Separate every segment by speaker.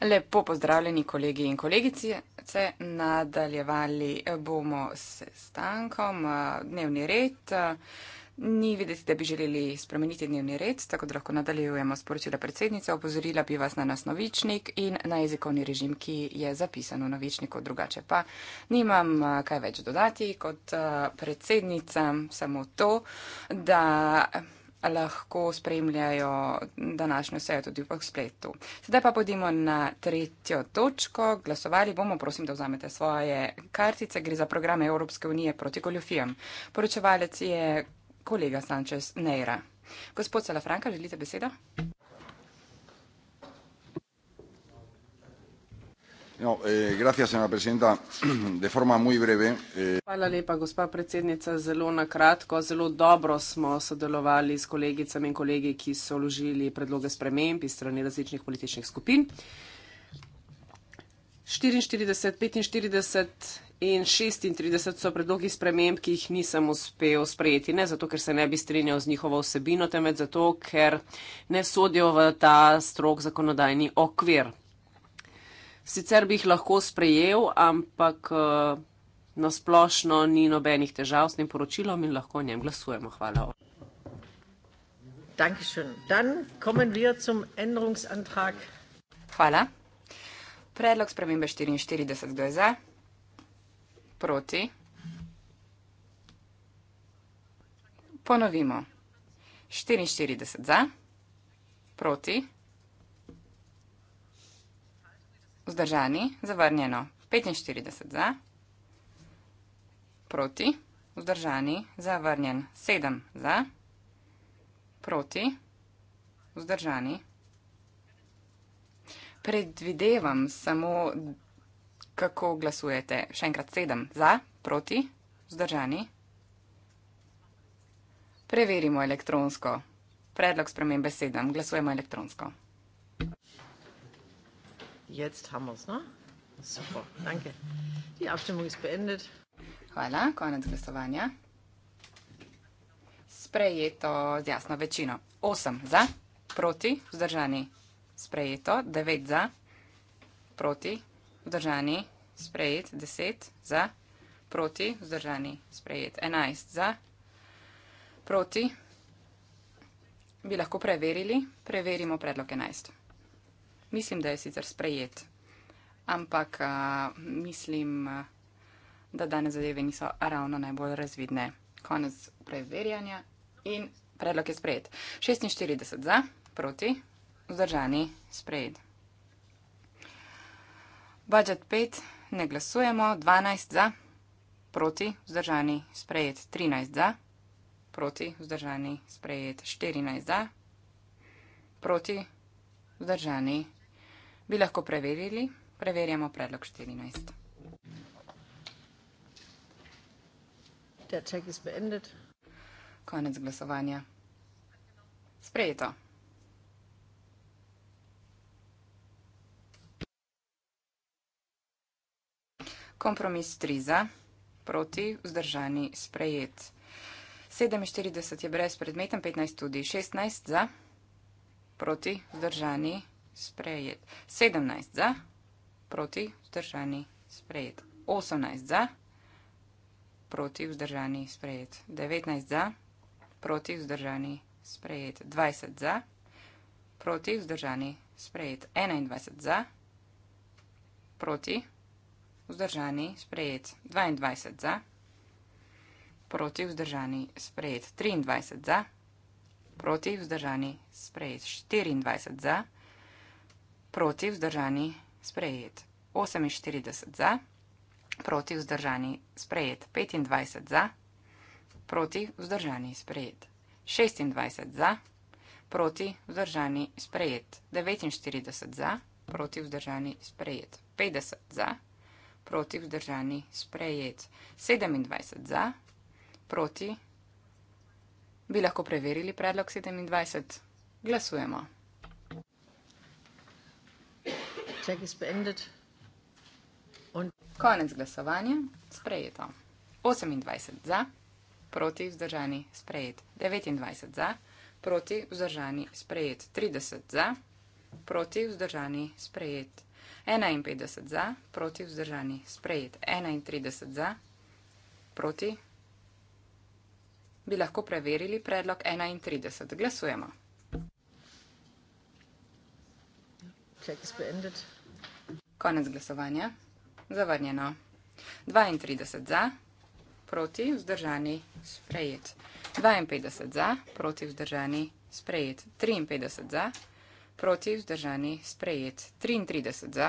Speaker 1: Lepo pozdravljeni, kolegi in kolegice. Nadaljevali bomo s sestankom. Eh, dnevni red. Ni videti, da bi želeli spremeniti dnevni red, tako da lahko nadaljujemo s poročila predsednice. Opozorila bi vas na nas novičnik in na jezikovni režim, ki je zapisan v novičniku. Drugače pa nimam eh, kaj več dodati kot eh, predsednica. Samo to, da lahko spremljajo današnjo sejo tudi po spletu. Sedaj pa podimo na tretjo točko. Glasovali bomo, prosim, da vzamete svoje kartice. Gre za programe Evropske unije proti goljofijam. Poročevalec je kolega Sančez Neira. Gospod Salafranka, želite besedo? No, eh, gracias,
Speaker 2: De forma muy breve, eh... Hvala lepa, gospa predsednica. Zelo na kratko, zelo dobro smo sodelovali s kolegicami in kolegi, ki so vložili predloge sprememb iz strani različnih političnih skupin. 44, 45 in 36 so predlogi sprememb, ki jih nisem uspel sprejeti. Ne zato, ker se ne bi strinjal z njihovo vsebino, temveč zato, ker ne sodijo v ta strok zakonodajni okvir. Sicer bi jih lahko sprejel, ampak eh, nasplošno ni nobenih težav s tem poročilom in lahko o njem
Speaker 1: glasujemo. Hvala. Hvala. Predlog spremembe 44. Kdo je za? Proti? Ponovimo. 44 za. Proti? Vzdržani, zavrnjeno 45 za. Proti, vzdržani, zavrnjen 7 za. Proti, vzdržani. Predvidevam samo, kako glasujete. Še enkrat 7 za, proti, vzdržani. Preverimo elektronsko. Predlog spremembe 7. Glasujemo elektronsko.
Speaker 2: Jetzt haben wir es, ne? Super, danke.
Speaker 1: Die Abstimmung ist beendet. Hvala, konec glasovanja. Sprejeto z jasno večino. 8 za, proti, vzdržani. Sprejeto, 9 za, proti, vzdržani. Sprejet, 10 za, proti, vzdržani. Sprejet, 11 za, proti. Bi lahko preverili? Preverimo predlog 11. Mislim, da je sicer sprejet, ampak uh, mislim, da danes zadeve niso ravno najbolj razvidne. Konec preverjanja in predlog je sprejet. 46 za, proti, vzdržani, sprejet. Budget 5, ne glasujemo, 12 za, proti, vzdržani, sprejet. 13 za, proti, vzdržani, sprejet. 14 za, proti, vzdržani, sprejet. Bi lahko preverili? Preverjamo predlog 14. Konec glasovanja. Sprejeto. Kompromis 3 za, proti, vzdržani, sprejet. 47 je brez predmetem, 15 tudi 16 za, proti, vzdržani, sprejet sprejet. 17 za, proti vzdržani sprejet. 18 za, proti vzdržani sprejet. 19 za, proti vzdržani sprejet. 20 za, proti vzdržani sprejet. 21 za, proti vzdržani sprejet. 22 za, proti vzdržani sprejet. 23 za, proti vzdržani sprejet. 24 za, proti vzdržani sprejet proti vzdržani sprejet. 48 za, proti vzdržani sprejet. 25 za, proti vzdržani sprejet. 26 za, proti vzdržani sprejet. 49 za, proti vzdržani sprejet. 50 za, proti vzdržani sprejet. 27 za, proti. Bi lahko preverili predlog 27? Glasujemo. Check is beendet. Und Konec glasovanja, sprejeto. 28 za, proti vzdržani, sprejet. 29 za, proti vzdržani, sprejet. 30 za, proti vzdržani, sprejet. 51 za, proti vzdržani, sprejet. 31 za, proti. Bi lahko preverili predlog 31. Glasujemo. Check is beendet. Konec glasovanja. Zavrnjeno. 32 za, proti vzdržani, sprejet. 52 za, proti vzdržani, sprejet. 53 za, proti vzdržani, sprejet. 33 za,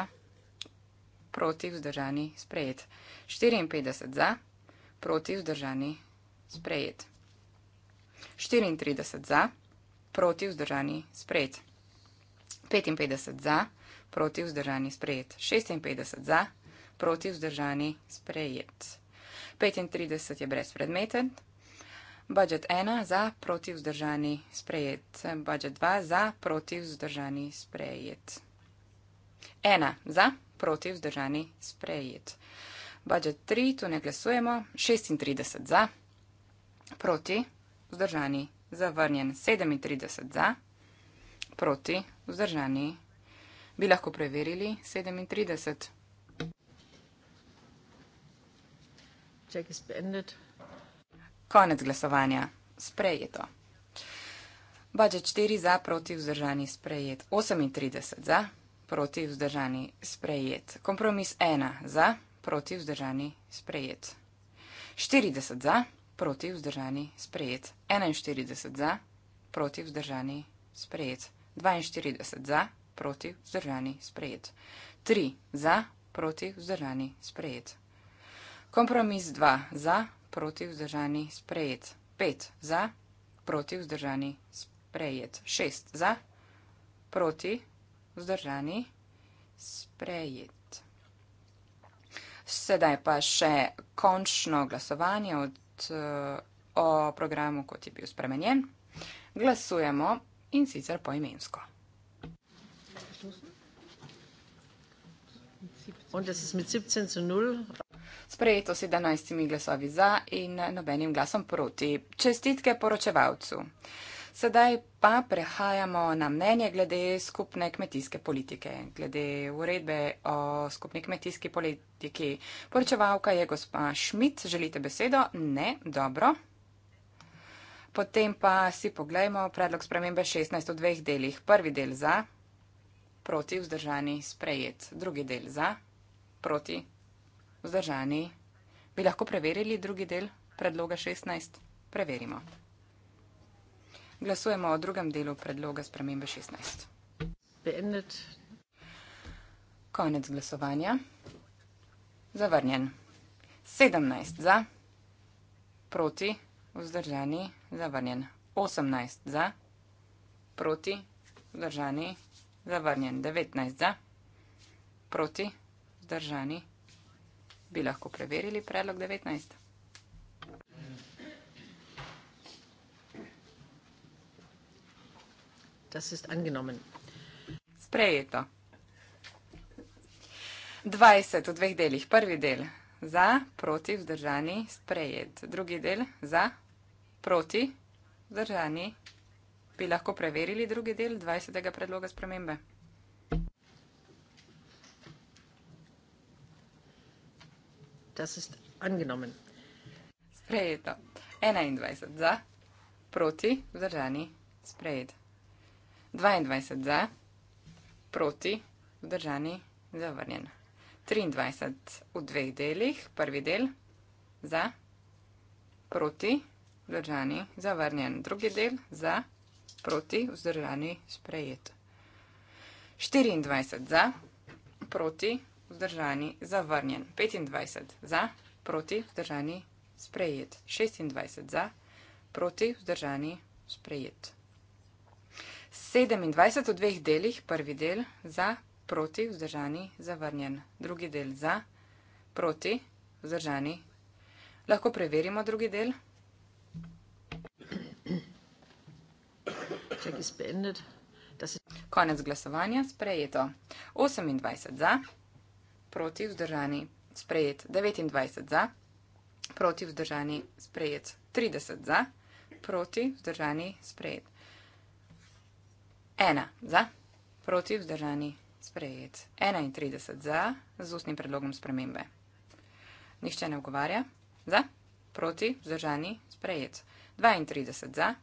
Speaker 1: proti vzdržani, sprejet. 54 za, proti vzdržani, sprejet. 34 za, proti vzdržani, sprejet. 55 za, proti vzdržani, sprejet proti vzdržani sprejet. 56 za, proti vzdržani sprejet. 35 je brezpredmeten. Budget 1 za, proti vzdržani sprejet. Budget 2 za, proti vzdržani sprejet. 1 za, proti vzdržani sprejet. Budget 3, tu ne glasujemo. 36 za, proti vzdržani zavrnjen. 37 za, proti vzdržani sprejet bi lahko preverili 37. Konec glasovanja. Sprejeto. Bađa 4 za, proti vzdržani sprejet. 38 za, proti vzdržani sprejet. Kompromis 1 za, proti vzdržani sprejet. 40 za, proti vzdržani sprejet. 41 za, proti vzdržani sprejet. 42 za, proti, vzdržani, sprejet. 3. Za, proti, vzdržani, sprejet. Kompromis 2. Za, proti, vzdržani, sprejet. 5. Za, proti, vzdržani, sprejet. 6. Za, proti, vzdržani, sprejet. Sedaj pa še končno glasovanje od, eh, o programu, kot je bil spremenjen. Glasujemo in sicer poimensko. Und es ist mit 17 zu 0. Sprejeto 17 glasovi za in nobenim glasom proti. Čestitke poročevalcu. Sedaj pa prehajamo na mnenje glede skupne kmetijske politike, glede uredbe o skupni kmetijski politiki. Poročevalka je gospa Šmit. Želite besedo? Ne, dobro. Potem pa si poglejmo predlog spremembe 16 v dveh delih. Prvi del za proti vzdržani sprejet. Drugi del za, proti vzdržani. Bi lahko preverili drugi del predloga 16? Preverimo. Glasujemo o drugem delu predloga spremembe 16. Beendet. Konec glasovanja. Zavrnjen. 17 za, proti, vzdržani, zavrnjen. 18 za, proti, vzdržani, zavrnjen 19 za, proti zdržani bi lahko preverili predlog 19. Das ist angenommen. Sprejeto. 20 v dveh delih. Prvi del za, proti, vzdržani, sprejet. Drugi del za, proti, vzdržani, bi lahko preverili drugi del 20. predloga spremembe? Sprejeto. 21 za, proti, vzdržani, sprejet. 22 za, proti, vzdržani, zavrnjen. 23 v dveh delih, prvi del za, proti, vzdržani, zavrnjen. Drugi del za, proti, vzdržani, sprejet. 24 za, proti, vzdržani, zavrnjen. 25 za, proti, vzdržani, sprejet. 26 za, proti, vzdržani, sprejet. 27 v dveh delih, prvi del za, proti, vzdržani, zavrnjen. Drugi del za, proti, vzdržani. Lahko preverimo drugi del. Konec glasovanja sprejeto. 28 za, proti vzdržani sprejet 29 za, proti vzdržani sprejet 30 za, proti vzdržani sprejet 1 za, proti vzdržani sprejet 31 za, z ustnim predlogom spremembe. Nihče ne ogovarja za, proti vzdržani sprejet 32 za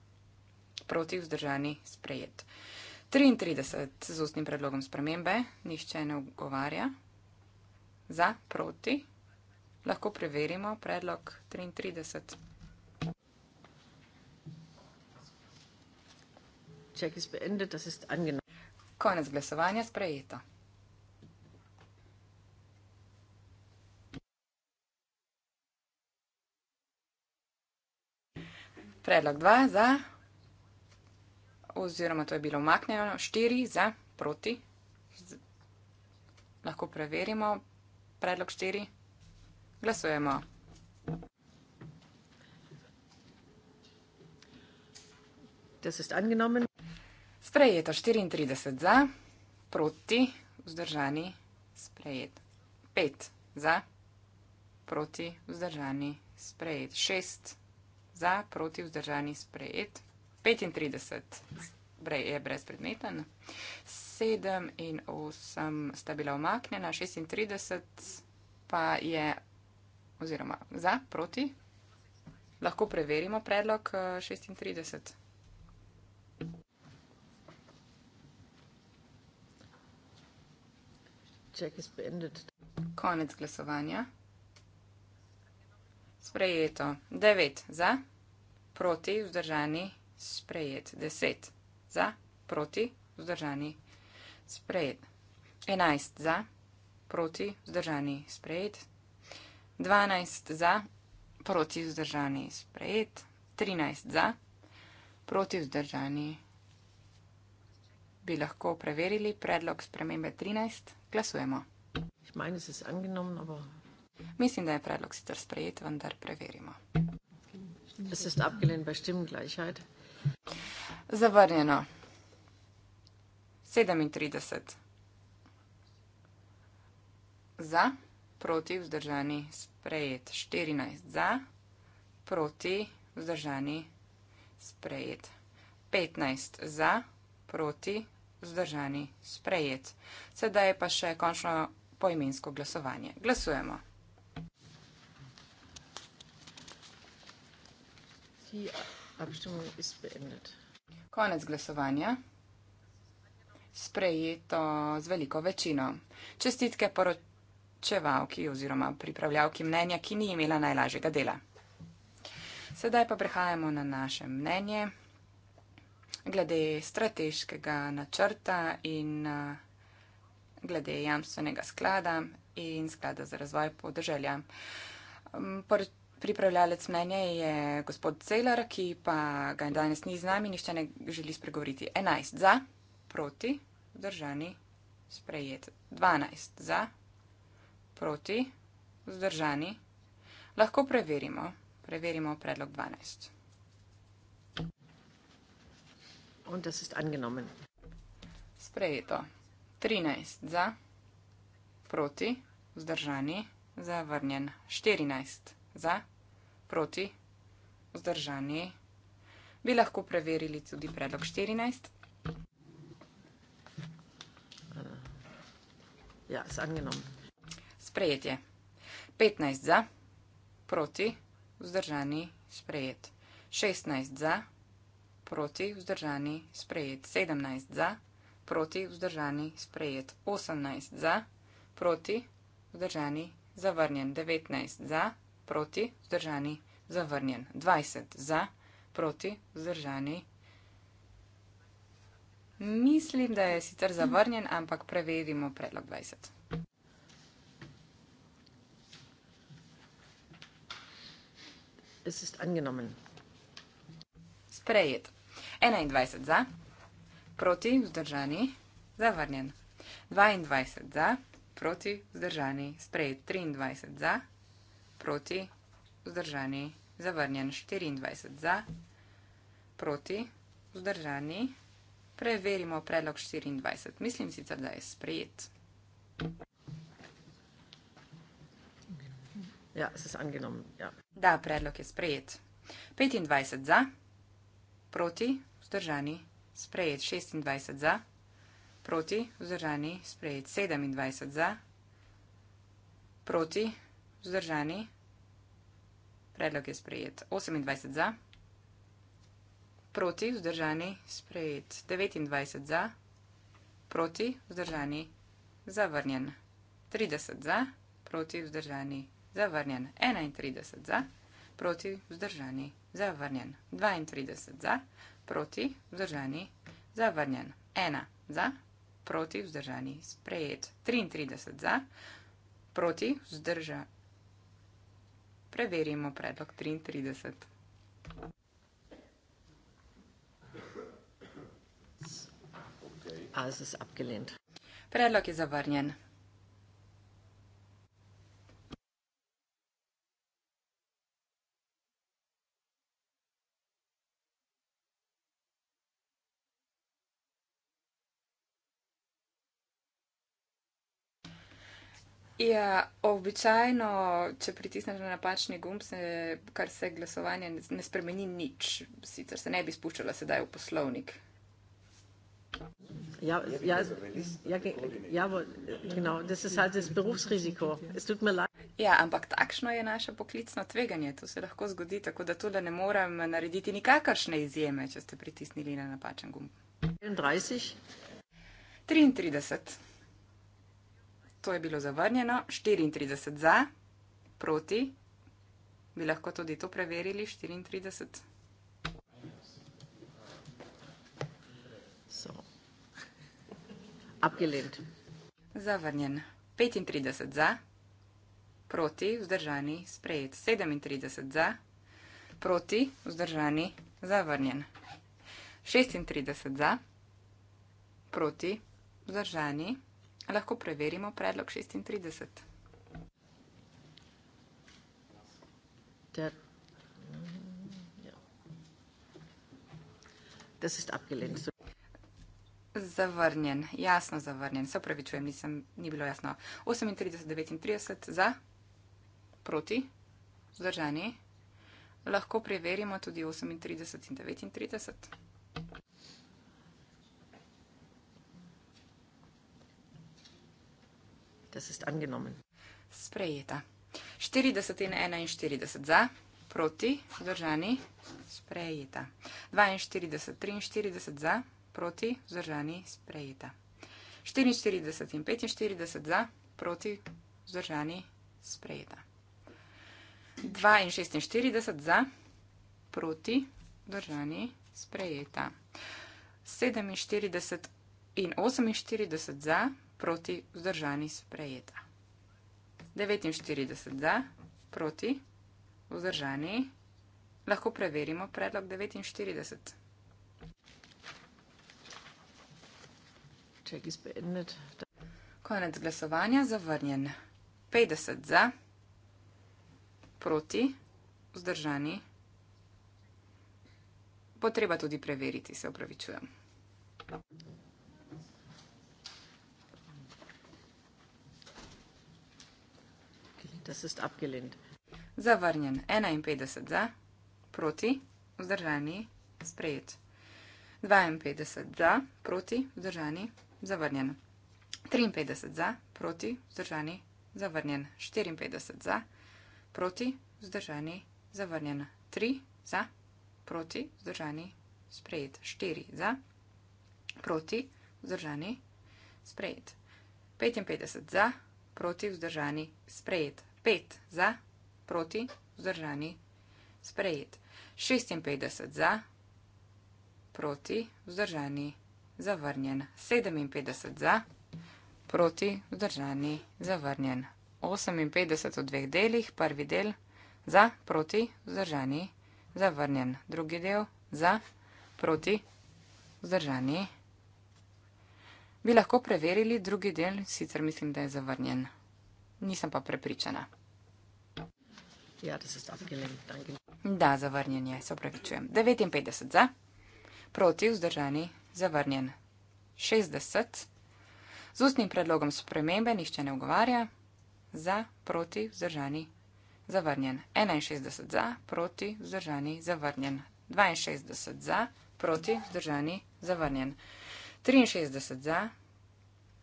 Speaker 1: proti vzdržani sprejet. 33 z ustnim predlogom spremembe, nišče ne ogovarja. Za, proti. Lahko preverimo predlog 33. Konec glasovanja sprejeto. Predlog 2 za, oziroma to je bilo umaknjeno, štiri za, proti. Z, lahko preverimo predlog štiri. Glasujemo. Sprejeto 34 za, proti, vzdržani, sprejet 5 za, proti, vzdržani, sprejet 6 za, proti, vzdržani, sprejet 5. 35 je brezpredmeten, 7 in 8 sta bila omaknjena, 36 pa je oziroma za, proti. Lahko preverimo predlog 36. Eh, Konec glasovanja. Sprejeto. 9 za, proti, vzdržani sprejet. 10 za, proti, vzdržani, sprejet. 11 za, proti, vzdržani, sprejet. 12 za, proti, vzdržani, sprejet. 13 za, proti, vzdržani. Bi lahko preverili predlog spremembe 13? Glasujemo. Mislim, da je predlog sicer sprejet, vendar preverimo. Es ist abgelehnt bei Stimmengleichheit. Zavrnjeno. 37. Za, proti, vzdržani, sprejet. 14. Za, proti, vzdržani, sprejet. 15. Za, proti, vzdržani, sprejet. Sedaj je pa še končno poimensko glasovanje. Glasujemo. Ja. Abstimmung ist beendet. Konec glasovanja. Sprejeto z veliko večino. Čestitke poročevalki oziroma pripravljavki mnenja, ki ni imela najlažjega dela. Sedaj pa prehajamo na naše mnenje glede strateškega načrta in eh, glede jamstvenega sklada in sklada za razvoj podeželja. Hm, poroč Pripravljalec mnenja je gospod Celar, ki pa ga danes ni z nami, nišče ne želi spregovoriti. 11 za, proti, vzdržani, sprejet. 12 za, proti, vzdržani. Lahko preverimo. Preverimo predlog 12. Sprejeto. 13 za, proti, vzdržani, zavrnjen. 14 za, proti proti, vzdržani, bi lahko preverili tudi predlog 14. Ja, s Agnenom. Sprejetje. 15 za, proti, vzdržani, sprejet. 16 za, proti, vzdržani, sprejet. 17 za, proti, vzdržani, sprejet. 18 za, proti, vzdržani, zavrnjen. 19 za, proti, vzdržani, zavrnjen. 20 za, proti, vzdržani. Mislim, da je sicer zavrnjen, ampak preverimo predlog 20. Sprejet. 21 za, proti, vzdržani, zavrnjen. 22 za, proti, vzdržani, sprejet. 23 za, proti, vzdržani vzdržani, zavrnjen 24 za, proti, vzdržani, preverimo predlog 24. Mislim sicer, da je sprejet. Ja, se s Angelom, ja. Da, predlog je sprejet. 25 za, proti, vzdržani, sprejet 26 za, proti, vzdržani, sprejet 27 za, proti, vzdržani, Predlog je sprejet 28 za, proti vzdržani sprejet 29 za, proti vzdržani zavrnjen 30 za, proti vzdržani zavrnjen 31 za, proti vzdržani zavrnjen 32 za, proti vzdržani zavrnjen 1 za, proti vzdržani sprejet 33 za, proti vzdržani preverimo predlog 33. Ah, predlog je zavrnjen. Ja, običajno, če pritisneš na napačni gumb, se, kar se glasovanje ne, ne spremeni nič. Sicer se ne bi spuščala sedaj v poslovnik. Ja, ja, ja, ja, ja, genau, das ist halt das Berufsrisiko. Es tut mir leid. Ja, ampak takšno je naše poklicno tveganje. To se lahko zgodi, tako da tole ne morem narediti nikakršne izjeme, če ste pritisnili na napačen gumb. 33. 33. To je bilo zavrnjeno, 34 za, proti. Bi lahko tudi to preverili, 34. Abgelent. Zavrnjen. 35 za, proti, vzdržani, sprejet. 37 za, proti, vzdržani, zavrnjen. 36 za, proti, vzdržani, zavrnjen. Lahko preverimo predlog 36. Zavrnjen, jasno zavrnjen. Se upravičujem, nisem, ni bilo jasno. 38, 39 za, proti, zdržani. Lahko preverimo tudi 38 in 39. Das ist angenommen. Sprejeta. 40 in 41 za, proti, vzdržani, sprejeta. 42, 43 za, proti, vzdržani, sprejeta. 44 in 45 za, proti, vzdržani, sprejeta. 42 za, proti, vzdržani, sprejeta. 47 in 48 za, proti vzdržani sprejeta. 49 za, proti vzdržani. Lahko preverimo predlog 49. Če je izpednet. Konec glasovanja zavrnjen. 50 za, proti vzdržani. Potreba tudi preveriti, se upravičujem. No. Das ist abgelehnt. Zavrnjen. 51 za. Proti. Vzdržani. Sprejet. 52 za. Proti. Vzdržani. Zavrnjen. 53 za. Proti. Vzdržani. Zavrnjen. 54 za. Proti. Vzdržani. Zavrnjen. 3 za. Proti. Vzdržani. Sprejet. 4 za. Proti. Vzdržani. Sprejet. 55 za. Proti. Vzdržani. Sprejet. 5 za, proti, vzdržani, sprejet. 56 za, proti, vzdržani, zavrnjen. 57 za, proti, vzdržani, zavrnjen. 58 v dveh delih, prvi del za, proti, vzdržani, zavrnjen. Drugi del za, proti, vzdržani. Bi lahko preverili drugi del, sicer mislim, da je zavrnjen nisem pa prepričana. Ja, da, zavrnjen je, se opravičujem. 59 za, proti, vzdržani, zavrnjen 60. Z ustnim predlogom spremembe nišče ne ugovarja, za, proti, vzdržani, zavrnjen 61 za, proti, vzdržani, zavrnjen 62 za, proti, vzdržani, zavrnjen 63 za,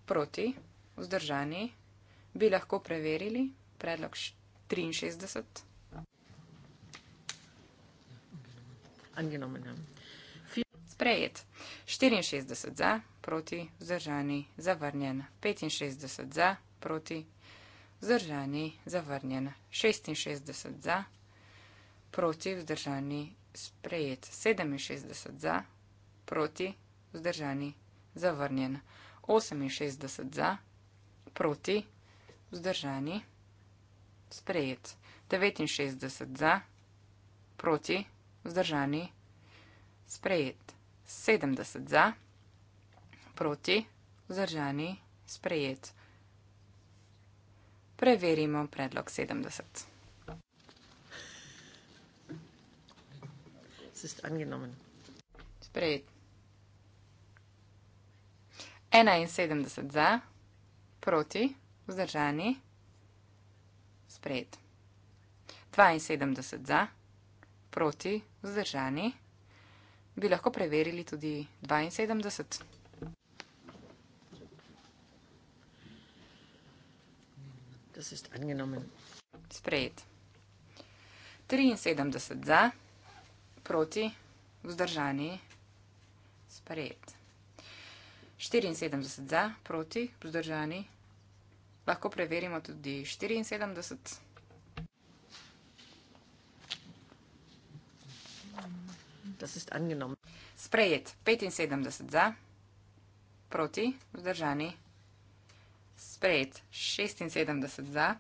Speaker 1: proti, vzdržani, zavrnjen bi lahko preverili predlog 63. Ja. Sprejet. 64 za, proti, zdržani, zavrnjen. 65 za, proti, zdržani, zavrnjen. 66 za, proti, zdržani, sprejet. 67 za, proti, zdržani, zavrnjen. 68 za, proti, vzdržani, sprejet. 69 za, proti, vzdržani, sprejet. 70 za, proti, vzdržani, sprejet. Preverimo predlog 70. Sprejet. 71 za, proti, Vzdržani. Sprejet. 72 za, proti, vzdržani. Bi lahko preverili tudi 72. Sprejet. 73 za, proti, vzdržani. Sprejet. 74 za, proti, vzdržani lahko preverimo tudi 74. Das ist angenommen. Sprejet 75 za, proti vzdržani. Sprejet 76 za,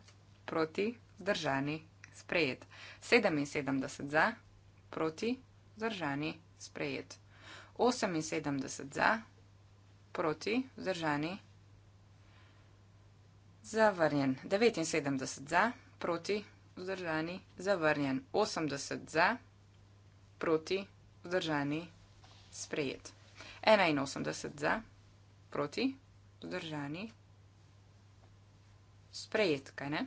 Speaker 1: proti vzdržani. Sprejet 77 za, proti vzdržani. Sprejet 78 za, proti vzdržani. Sprejet. Zavrnjen. 79 za, proti, vzdržani, zavrnjen. 80 za, proti, vzdržani, sprejet. 81 za, proti, vzdržani, sprejet, kaj ne?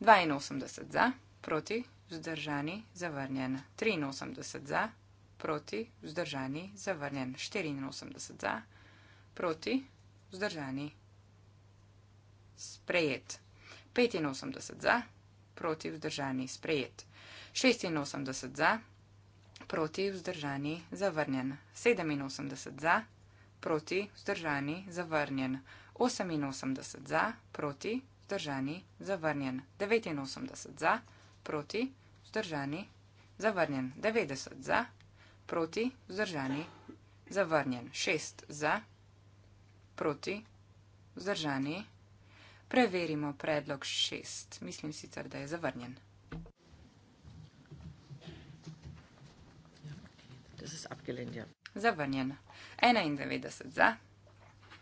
Speaker 1: 82 za, proti, vzdržani, zavrnjen. 83 za, proti, vzdržani, zavrnjen. 84 za, proti, vzdržani, zavrnjen sprejet. 85 za, proti vzdržani sprejet. 86 za, proti vzdržani zavrnjen. 87 za, proti vzdržani zavrnjen. 88 za, proti vzdržani zavrnjen. 89 za, proti vzdržani zavrnjen. 90 za, proti vzdržani zavrnjen. 6 za, proti vzdržani zavrnjen. Preverimo predlog šest. Mislim sicer, da je zavrnjen. Ja. Zavrnjen. 91 za,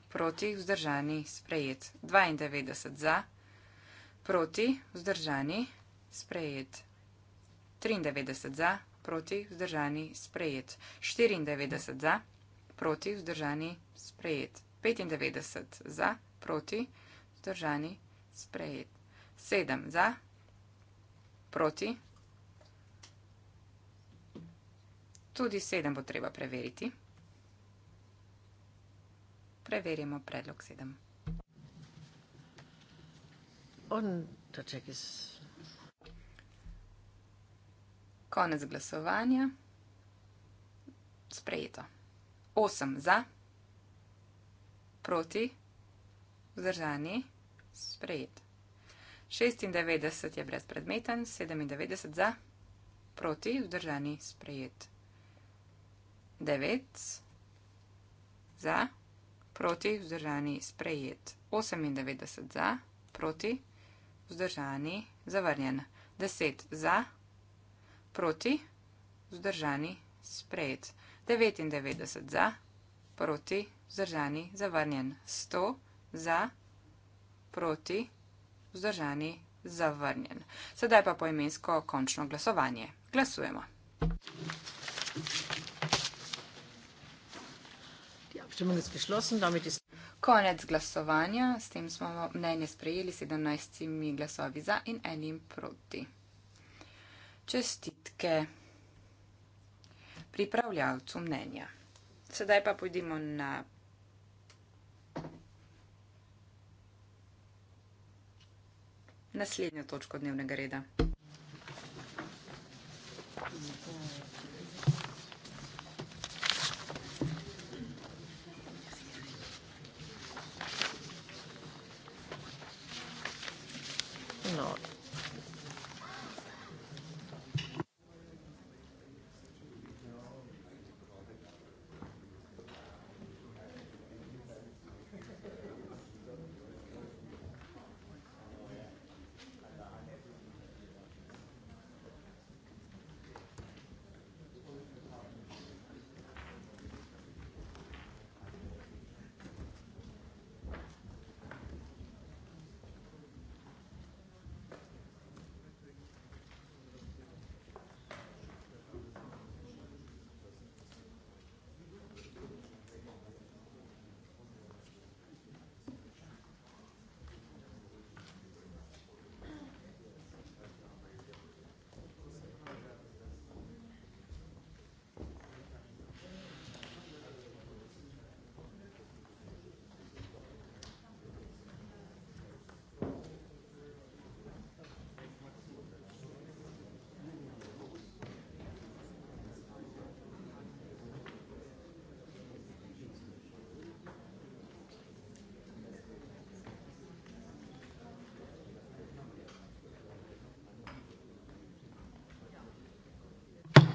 Speaker 1: proti vzdržani, sprejet. 92 za, proti vzdržani, sprejet. 93 za, proti vzdržani, sprejet. 94 za, proti vzdržani, sprejet. 95 za, proti vzdržani vzdržani, sprejet. Sedem za, proti, tudi sedem bo treba preveriti. Preverimo predlog sedem. Konec glasovanja, sprejeto. Osem za, proti, proti, vzdržani, sprejet. 96 je brezpredmeten, 97 za, proti, vzdržani, sprejet. 9 za, proti, vzdržani, sprejet. 98 za, proti, vzdržani, zavrnjen. 10 za, proti, vzdržani, sprejet. 99 za, proti, vzdržani, zavrnjen. 100 za za, proti, vzdržani, zavrnjen. Sedaj pa poimensko končno glasovanje. Glasujemo. Konec glasovanja, s tem smo mnenje sprejeli 17 glasovi za in enim proti. Čestitke pripravljavcu mnenja. Sedaj pa pojdimo na naslednjo točko dnevnega reda.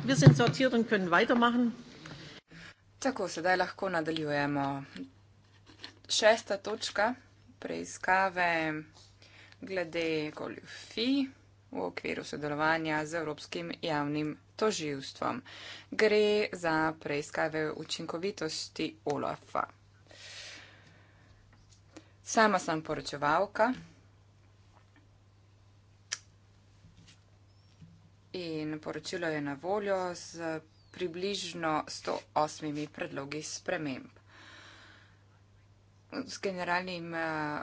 Speaker 1: Wir sind sortiert und können weitermachen. Tako, sedaj lahko nadaljujemo. Šesta točka preiskave glede goljufij v okviru sodelovanja z Evropskim javnim toživstvom. Gre za preiskave učinkovitosti Olafa. Sama sem poročevalka. in poročilo je na voljo z približno 108 predlogi sprememb. S generalnim eh,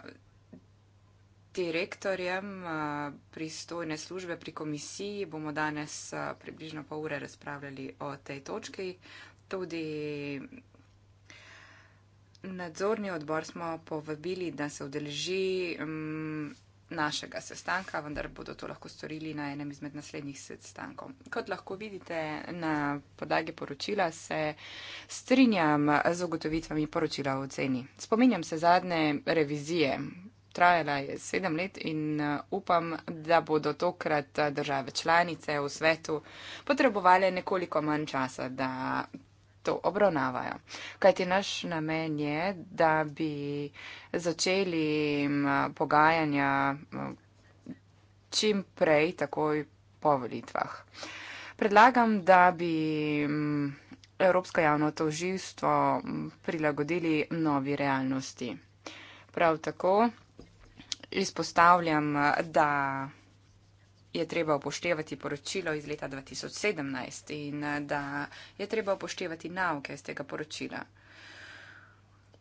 Speaker 1: direktorjem eh, pristojne službe pri komisiji bomo danes eh, približno pol ure razpravljali o tej točki. Tudi nadzorni odbor smo povabili, da se vdeleži. Um, mm, našega sestanka, vendar bodo to lahko storili na enem izmed naslednjih sestankov. Kot lahko vidite na podlagi poročila, se strinjam z ugotovitvami poročila o ceni. Spominjam se zadnje revizije. Trajala je sedem let in uh, upam, da bodo tokrat uh, države članice v svetu potrebovali nekoliko manj časa, da to obravnavajo. Kajti naš namen je, da bi začeli pogajanja čim prej, takoj po volitvah. Predlagam, da bi Evropsko javno toživstvo prilagodili novi realnosti. Prav tako izpostavljam, da je treba upoštevati poročilo iz leta 2017 in eh, da je treba upoštevati nauke iz tega poročila.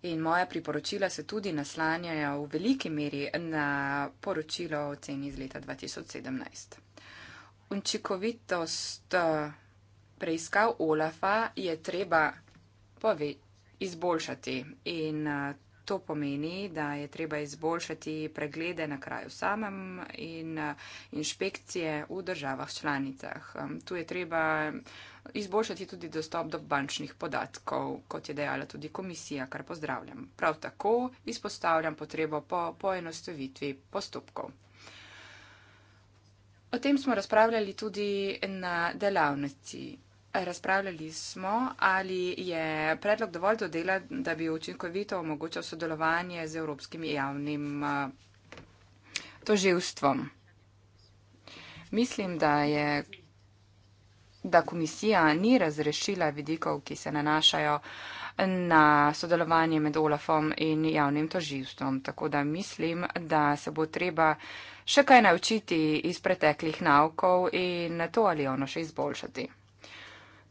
Speaker 1: In moja priporočila se tudi naslanjajo v veliki meri na poročilo o ceni iz leta 2017. Učinkovitost eh, preiskav OLAFA je treba izboljšati in eh, To pomeni, da je treba izboljšati preglede na kraju samem in eh, inšpekcije v državah članicah. Tu je treba izboljšati tudi dostop do bančnih podatkov, kot je dejala tudi komisija, kar pozdravljam. Prav tako izpostavljam potrebo po poenostavitvi postopkov. O tem smo razpravljali tudi na delavnici. Razpravljali smo, ali je predlog dovolj dodela, da bi učinkovito omogočal sodelovanje z evropskim javnim eh, toživstvom. Mislim, da je da komisija ni razrešila vidikov, ki se nanašajo na sodelovanje med Olafom in javnim toživstvom. Tako da mislim, da se bo treba še kaj naučiti iz preteklih naukov in to ali ono še izboljšati.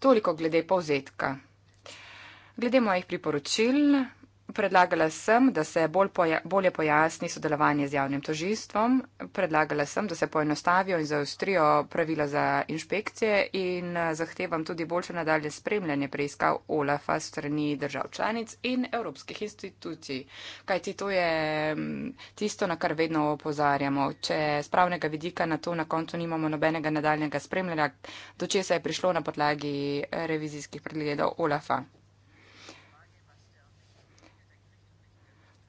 Speaker 1: Toliko glede povzetka. Glede mojih priporočil, predlagala sem, da se bolj poja bolje pojasni sodelovanje z javnim tožistvom, predlagala sem, da se poenostavijo in zaostrijo pravila za inšpekcije in eh, zahtevam tudi boljše nadalje spremljanje preiskav OLAF-a strani držav članic in evropskih institucij. Kaj ti to je mm, tisto, na kar vedno opozarjamo? Če spravnega vidika na to na koncu nimamo nobenega nadaljnega spremljanja, do česa je prišlo na podlagi eh, revizijskih pregledov OLAF-a?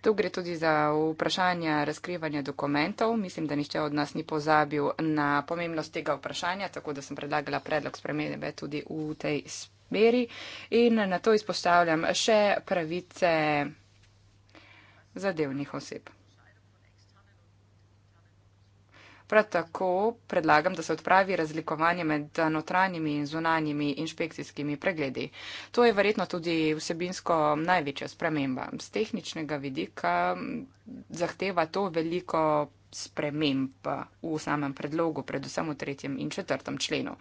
Speaker 1: Tu gre tudi za vprašanje razkrivanja dokumentov. Mislim, da nišče od nas ni pozabil na pomembnost tega vprašanja, tako da sem predlagala predlog spremenbe tudi v tej smeri. In na to izpostavljam še pravice zadevnih oseb. Prav tako predlagam, da se odpravi razlikovanje med notranjimi in zunanjimi inšpekcijskimi pregledi. To je verjetno tudi vsebinsko največja sprememba. Z tehničnega vidika zahteva to veliko sprememb v samem predlogu, predvsem v tretjem in četrtem členu.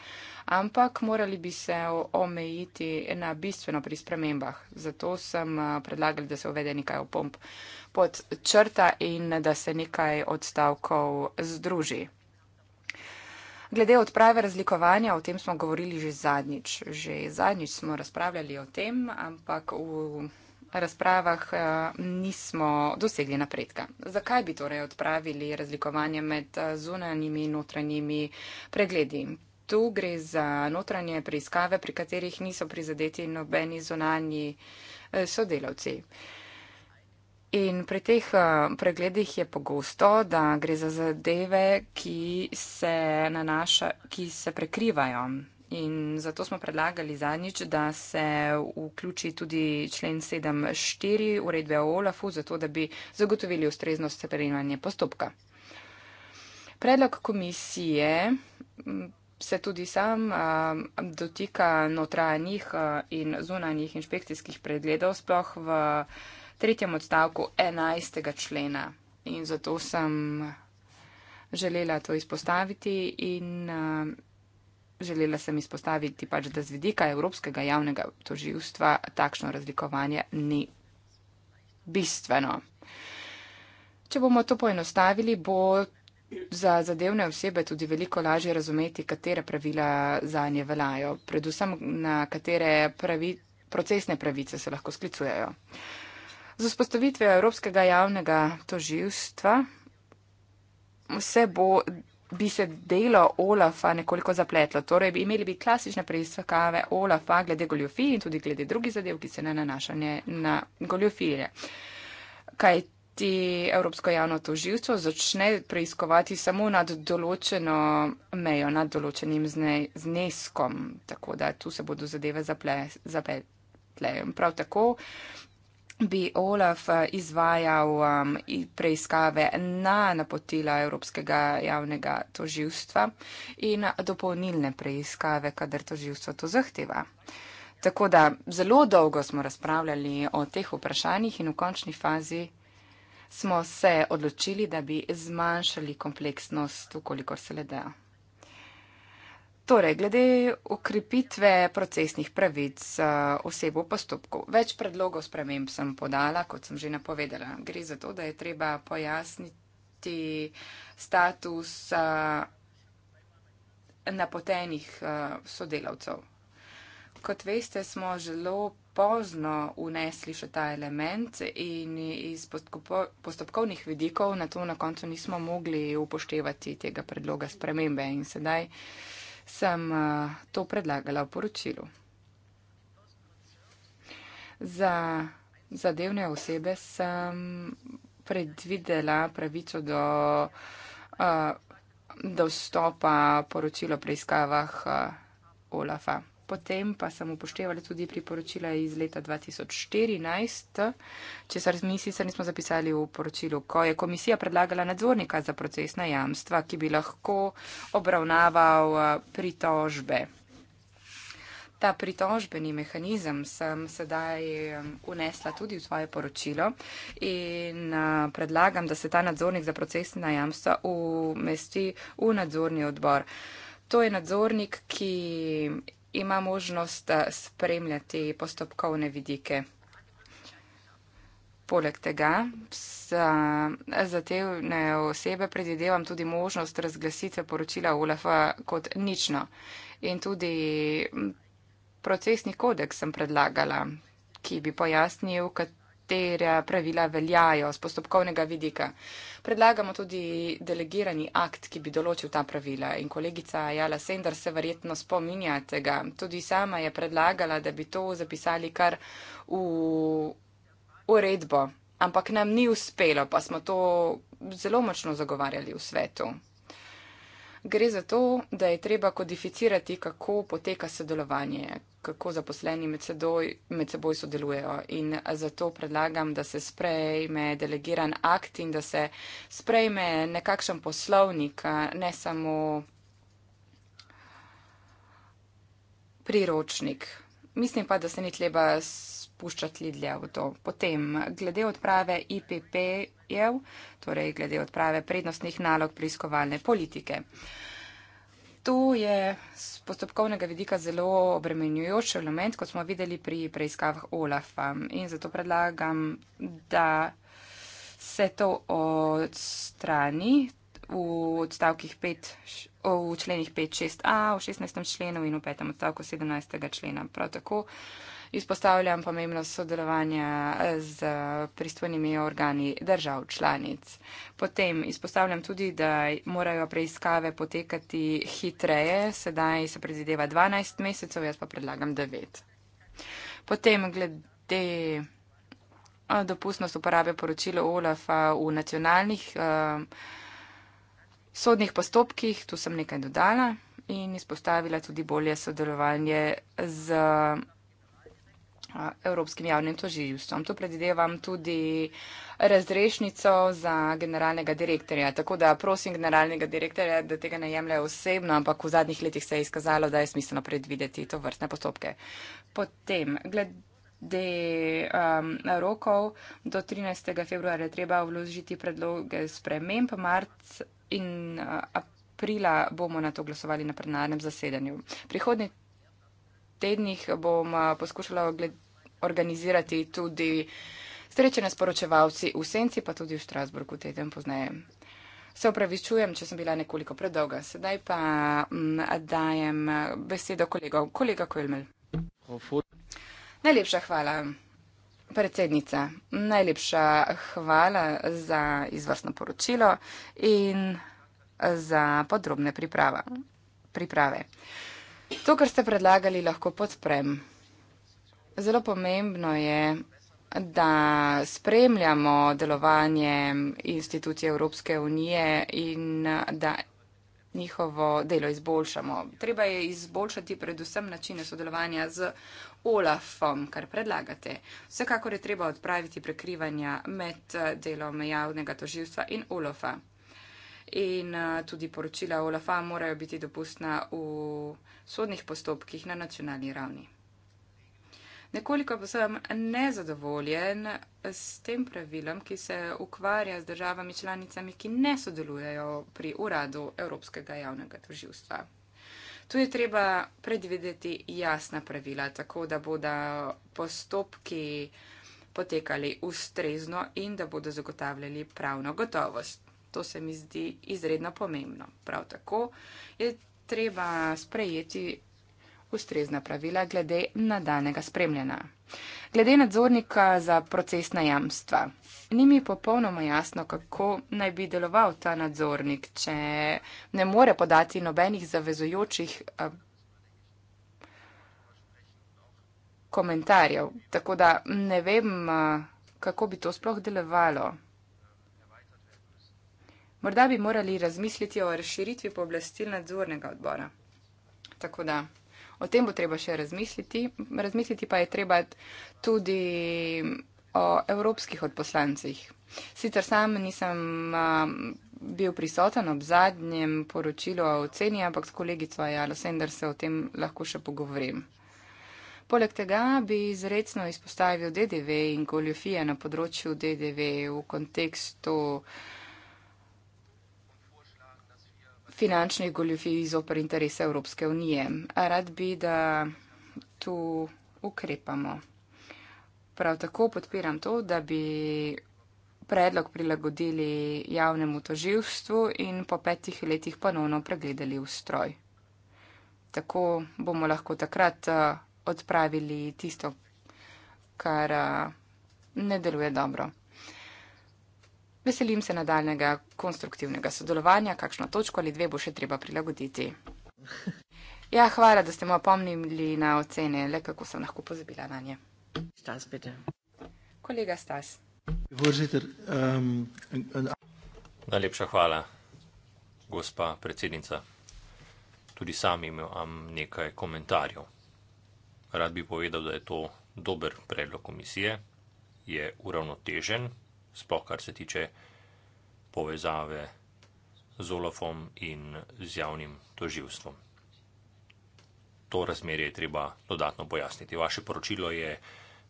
Speaker 1: Ampak morali bi se omejiti na bistveno pri spremembah. Zato sem predlagal, da se uvede nekaj opomp podčrta in da se nekaj odstavkov združi. Glede odprave razlikovanja, o tem smo govorili že zadnjič. Že zadnjič smo razpravljali o tem, ampak v razpravah eh, nismo dosegli napredka. Zakaj bi torej odpravili razlikovanje med eh, zunanjimi in notranjimi pregledi? Tu gre za notranje preiskave, pri katerih niso prizadeti nobeni zunanji eh, sodelavci. In pri teh eh, pregledih je pogosto, da gre za zadeve, ki se, nanaša, ki se prekrivajo. In zato smo predlagali zadnjič, da se vključi tudi člen 7.4 uredbe o OLAF-u, zato da bi zagotovili ustrezno separiranje postopka. Predlog komisije se tudi sam uh, dotika notranjih uh, in zunanjih inšpekcijskih pregledov, sploh v. Uh, tretjem odstavku 11. člena. In zato sem želela to izpostaviti in uh, želela sem izpostaviti pač, da z vidika Evropskega javnega toživstva takšno razlikovanje ni bistveno. Če bomo to poenostavili, bo za zadevne osebe tudi veliko lažje razumeti, katere pravila za nje veljajo, predvsem na katere pravi, procesne pravice se lahko sklicujejo. Uh, Z vzpostavitvijo Evropskega javnega toživstva vse bo, bi se delo Olafa nekoliko zapletlo. Torej, bi imeli bi klasične preiskave Olafa glede goljofij in tudi glede drugih zadev, ki se ne nanašanje na goljofije. Kaj ti Evropsko javno toživstvo začne preiskovati samo nad določeno mejo, nad določenim zneskom, tako da tu se bodo zadeve zaple, zapletle. Prav tako bi Olaf eh, izvajal um, preiskave na napotila Evropskega javnega toživstva in dopolnilne preiskave, kadar toživstvo to zahteva. Tako da zelo dolgo smo razpravljali o teh vprašanjih in v končni fazi smo se odločili, da bi zmanjšali kompleksnost, ukolikor se le da. Torej, glede okrepitve procesnih pravic eh, osebo v postopku. Več predlogov sprememb sem podala, kot sem že napovedala. Gre za to, da je treba pojasniti status eh, napotenih eh, sodelavcev. Kot veste, smo zelo pozno unesli še ta element in iz postopkovnih vidikov na to na koncu nismo mogli upoštevati tega predloga spremembe. In sedaj sem eh, to predlagala v poročilu. Za zadevne osebe sem predvidela pravico do eh, dostopa poročila o preiskavah eh, Olafa potem pa sem upoštevala tudi priporočila iz leta 2014, če se razmislice nismo zapisali v poročilu, ko je komisija predlagala nadzornika za procesna jamstva, ki bi lahko obravnaval eh, pritožbe. Ta pritožbeni mehanizem sem sedaj unesla tudi v svoje poročilo in eh, predlagam, da se ta nadzornik za procesna jamstva umesti v nadzorni odbor. To je nadzornik, ki ima možnost eh, spremljati postopkovne vidike. Poleg tega, eh, za te osebe predvidevam tudi možnost razglasitve poročila ULF-a kot nično. In tudi mm, procesni kodeks sem predlagala, ki bi pojasnil, kot katera pravila veljajo z postopkovnega vidika. Predlagamo tudi delegirani akt, ki bi določil ta pravila in kolegica Jala Sender se verjetno spominja tega. Tudi sama je predlagala, da bi to zapisali kar v uredbo, ampak nam ni uspelo, pa smo to zelo močno zagovarjali v svetu gre za to, da je treba kodificirati, kako poteka sodelovanje, kako zaposleni med seboj, med seboj sodelujejo. In zato predlagam, da se sprejme delegiran akt in da se sprejme nekakšen poslovnik, ne samo priročnik. Mislim pa, da se ni treba puščati lidlje v to. Potem, glede odprave IPP-jev, torej glede odprave prednostnih nalog preiskovalne politike. To je z postopkovnega vidika zelo obremenjujoč element, kot smo videli pri preiskavah OLAF-a. In zato predlagam, da se to odstrani v odstavkih 5, v členih 5.6a, v 16. členu in v 5. odstavku 17. člena. Prav tako. Izpostavljam pomembnost sodelovanja eh, z pristojnimi organi držav članic. Potem izpostavljam tudi, da morajo preiskave potekati hitreje. Sedaj se predvideva 12 mesecev, jaz pa predlagam 9. Potem glede eh, dopustnost uporabe poročila OLAF-a v nacionalnih uh, sodnih postopkih, tu sem nekaj dodala in izpostavila tudi bolje sodelovanje z. Uh, Evropskim javnim toživstvom. To predvidevam tudi razrešnico za generalnega direktorja. Tako da prosim generalnega direktorja, da tega ne jemlje osebno, ampak v zadnjih letih se je izkazalo, da je smiselno predvideti to vrstne postopke. Potem, glede um, rokov, do 13. februarja treba vložiti predloge sprememb. Marc in uh, aprila bomo na to glasovali na prenarnem zasedanju. Prihodnje tednih bom poskušala organizirati tudi srečanje s poročevalci v Senci, pa tudi v Štrasburgu teden pozneje. Se upravičujem, če sem bila nekoliko predolga. Sedaj pa dajem besedo kolego, kolega Kojelmel. Najlepša hvala, predsednica. Najlepša hvala za izvrstno poročilo in za podrobne priprava, priprave. To, kar ste predlagali, lahko podprem. Zelo pomembno je, da spremljamo delovanje institucije Evropske unije in da njihovo delo izboljšamo. Treba je izboljšati predvsem načine sodelovanja z OLAF-om, kar predlagate. Vsekakor je treba odpraviti prekrivanja med delom javnega toživstva in OLAF-a in eh, tudi poročila OLAF-a morajo biti dopustna v sodnih postopkih na nacionalni ravni. Nekoliko pa sem nezadovoljen s tem pravilom, ki se ukvarja z državami članicami, ki ne sodelujejo pri uradu Evropskega javnega tožilstva. Tu je treba predvideti jasna pravila, tako da bodo postopki potekali ustrezno in da bodo zagotavljali pravno gotovost. To se mi zdi izredno pomembno. Prav tako je treba sprejeti ustrezna pravila glede nadanega spremljena. Glede nadzornika za procesna jamstva. Ni mi popolnoma jasno, kako naj bi deloval ta nadzornik, če ne more podati nobenih zavezujočih eh, komentarjev. Tako da ne vem, eh, kako bi to sploh delovalo. Morda bi morali razmisliti o razširitvi pooblastil nadzornega odbora. Tako da o tem bo treba še razmisliti. Razmisliti pa je treba tudi o evropskih odposlancih. Sicer sam nisem bil prisoten ob zadnjem poročilu o oceni, ampak s kolegico Ajalo Sender se o tem lahko še pogovorim. Poleg tega bi izredno izpostavil DDV in goljofije na področju DDV v kontekstu uh, finančnih goljufij zoper interese Evropske unije. Rad bi, da tu ukrepamo. Prav tako podpiram to, da bi predlog prilagodili javnemu toživstvu in po petih letih ponovno pregledali ustroj. Tako bomo lahko takrat odpravili tisto, kar ne deluje dobro. Veselim se nadaljnega konstruktivnega sodelovanja, kakšno točko ali dve bo še treba prilagoditi. Ja, hvala, da ste me opomnili na ocene, le kako sem lahko pozabila na nje. Stas, bitte. Kolega Stas.
Speaker 3: Ehm, Najlepša hvala, gospa predsednica. Tudi sam imam nekaj komentarjev. Rad bi povedal, da je to dober predlog komisije, je uravnotežen sploh kar se tiče povezave z Olofom in z javnim toživstvom. To razmerje je treba dodatno pojasniti. Vaše poročilo je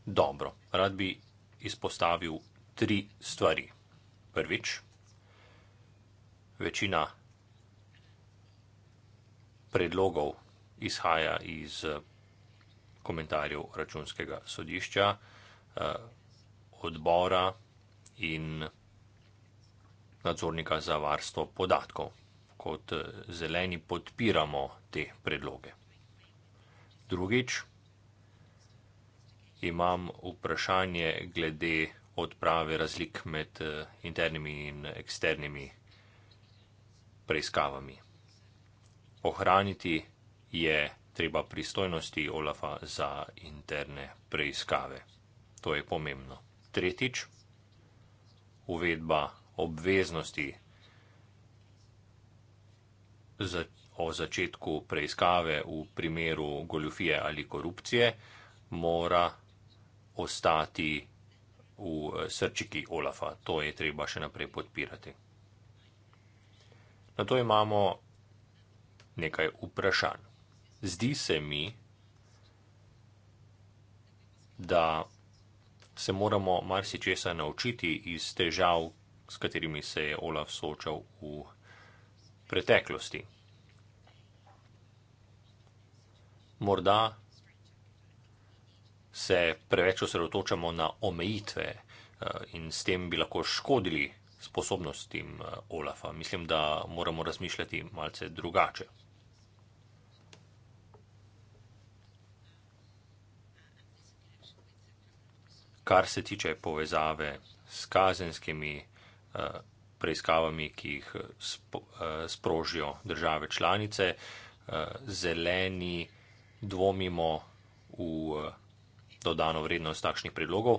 Speaker 3: dobro. Rad bi izpostavil tri stvari. Prvič, večina predlogov izhaja iz eh, komentarjev računskega sodišča, eh, odbora in nadzornika za varstvo podatkov. Kot eh, zeleni podpiramo te predloge. Drugič, imam vprašanje glede odprave razlik med eh, internimi in eksternimi preiskavami. Ohraniti je treba pristojnosti OLAF-a za interne preiskave. To je pomembno. Tretjič, uvedba obveznosti za, o začetku preiskave v primeru goljufije ali korupcije mora ostati v eh, srčiki Olafa. To je treba še naprej podpirati. Na to imamo nekaj vprašanj. Zdi se mi, da se moramo marsičesa naučiti iz težav, s katerimi se je Olaf soočal v preteklosti. Morda se preveč osredotočamo na omejitve eh, in s tem bi lahko škodili sposobnostim eh, Olafa. Mislim, da moramo razmišljati malce drugače. kar se tiče povezave s kazenskimi eh, preiskavami, ki jih eh, eh, sprožijo države članice, zeleni dvomimo v dodano vrednost takšnih predlogov.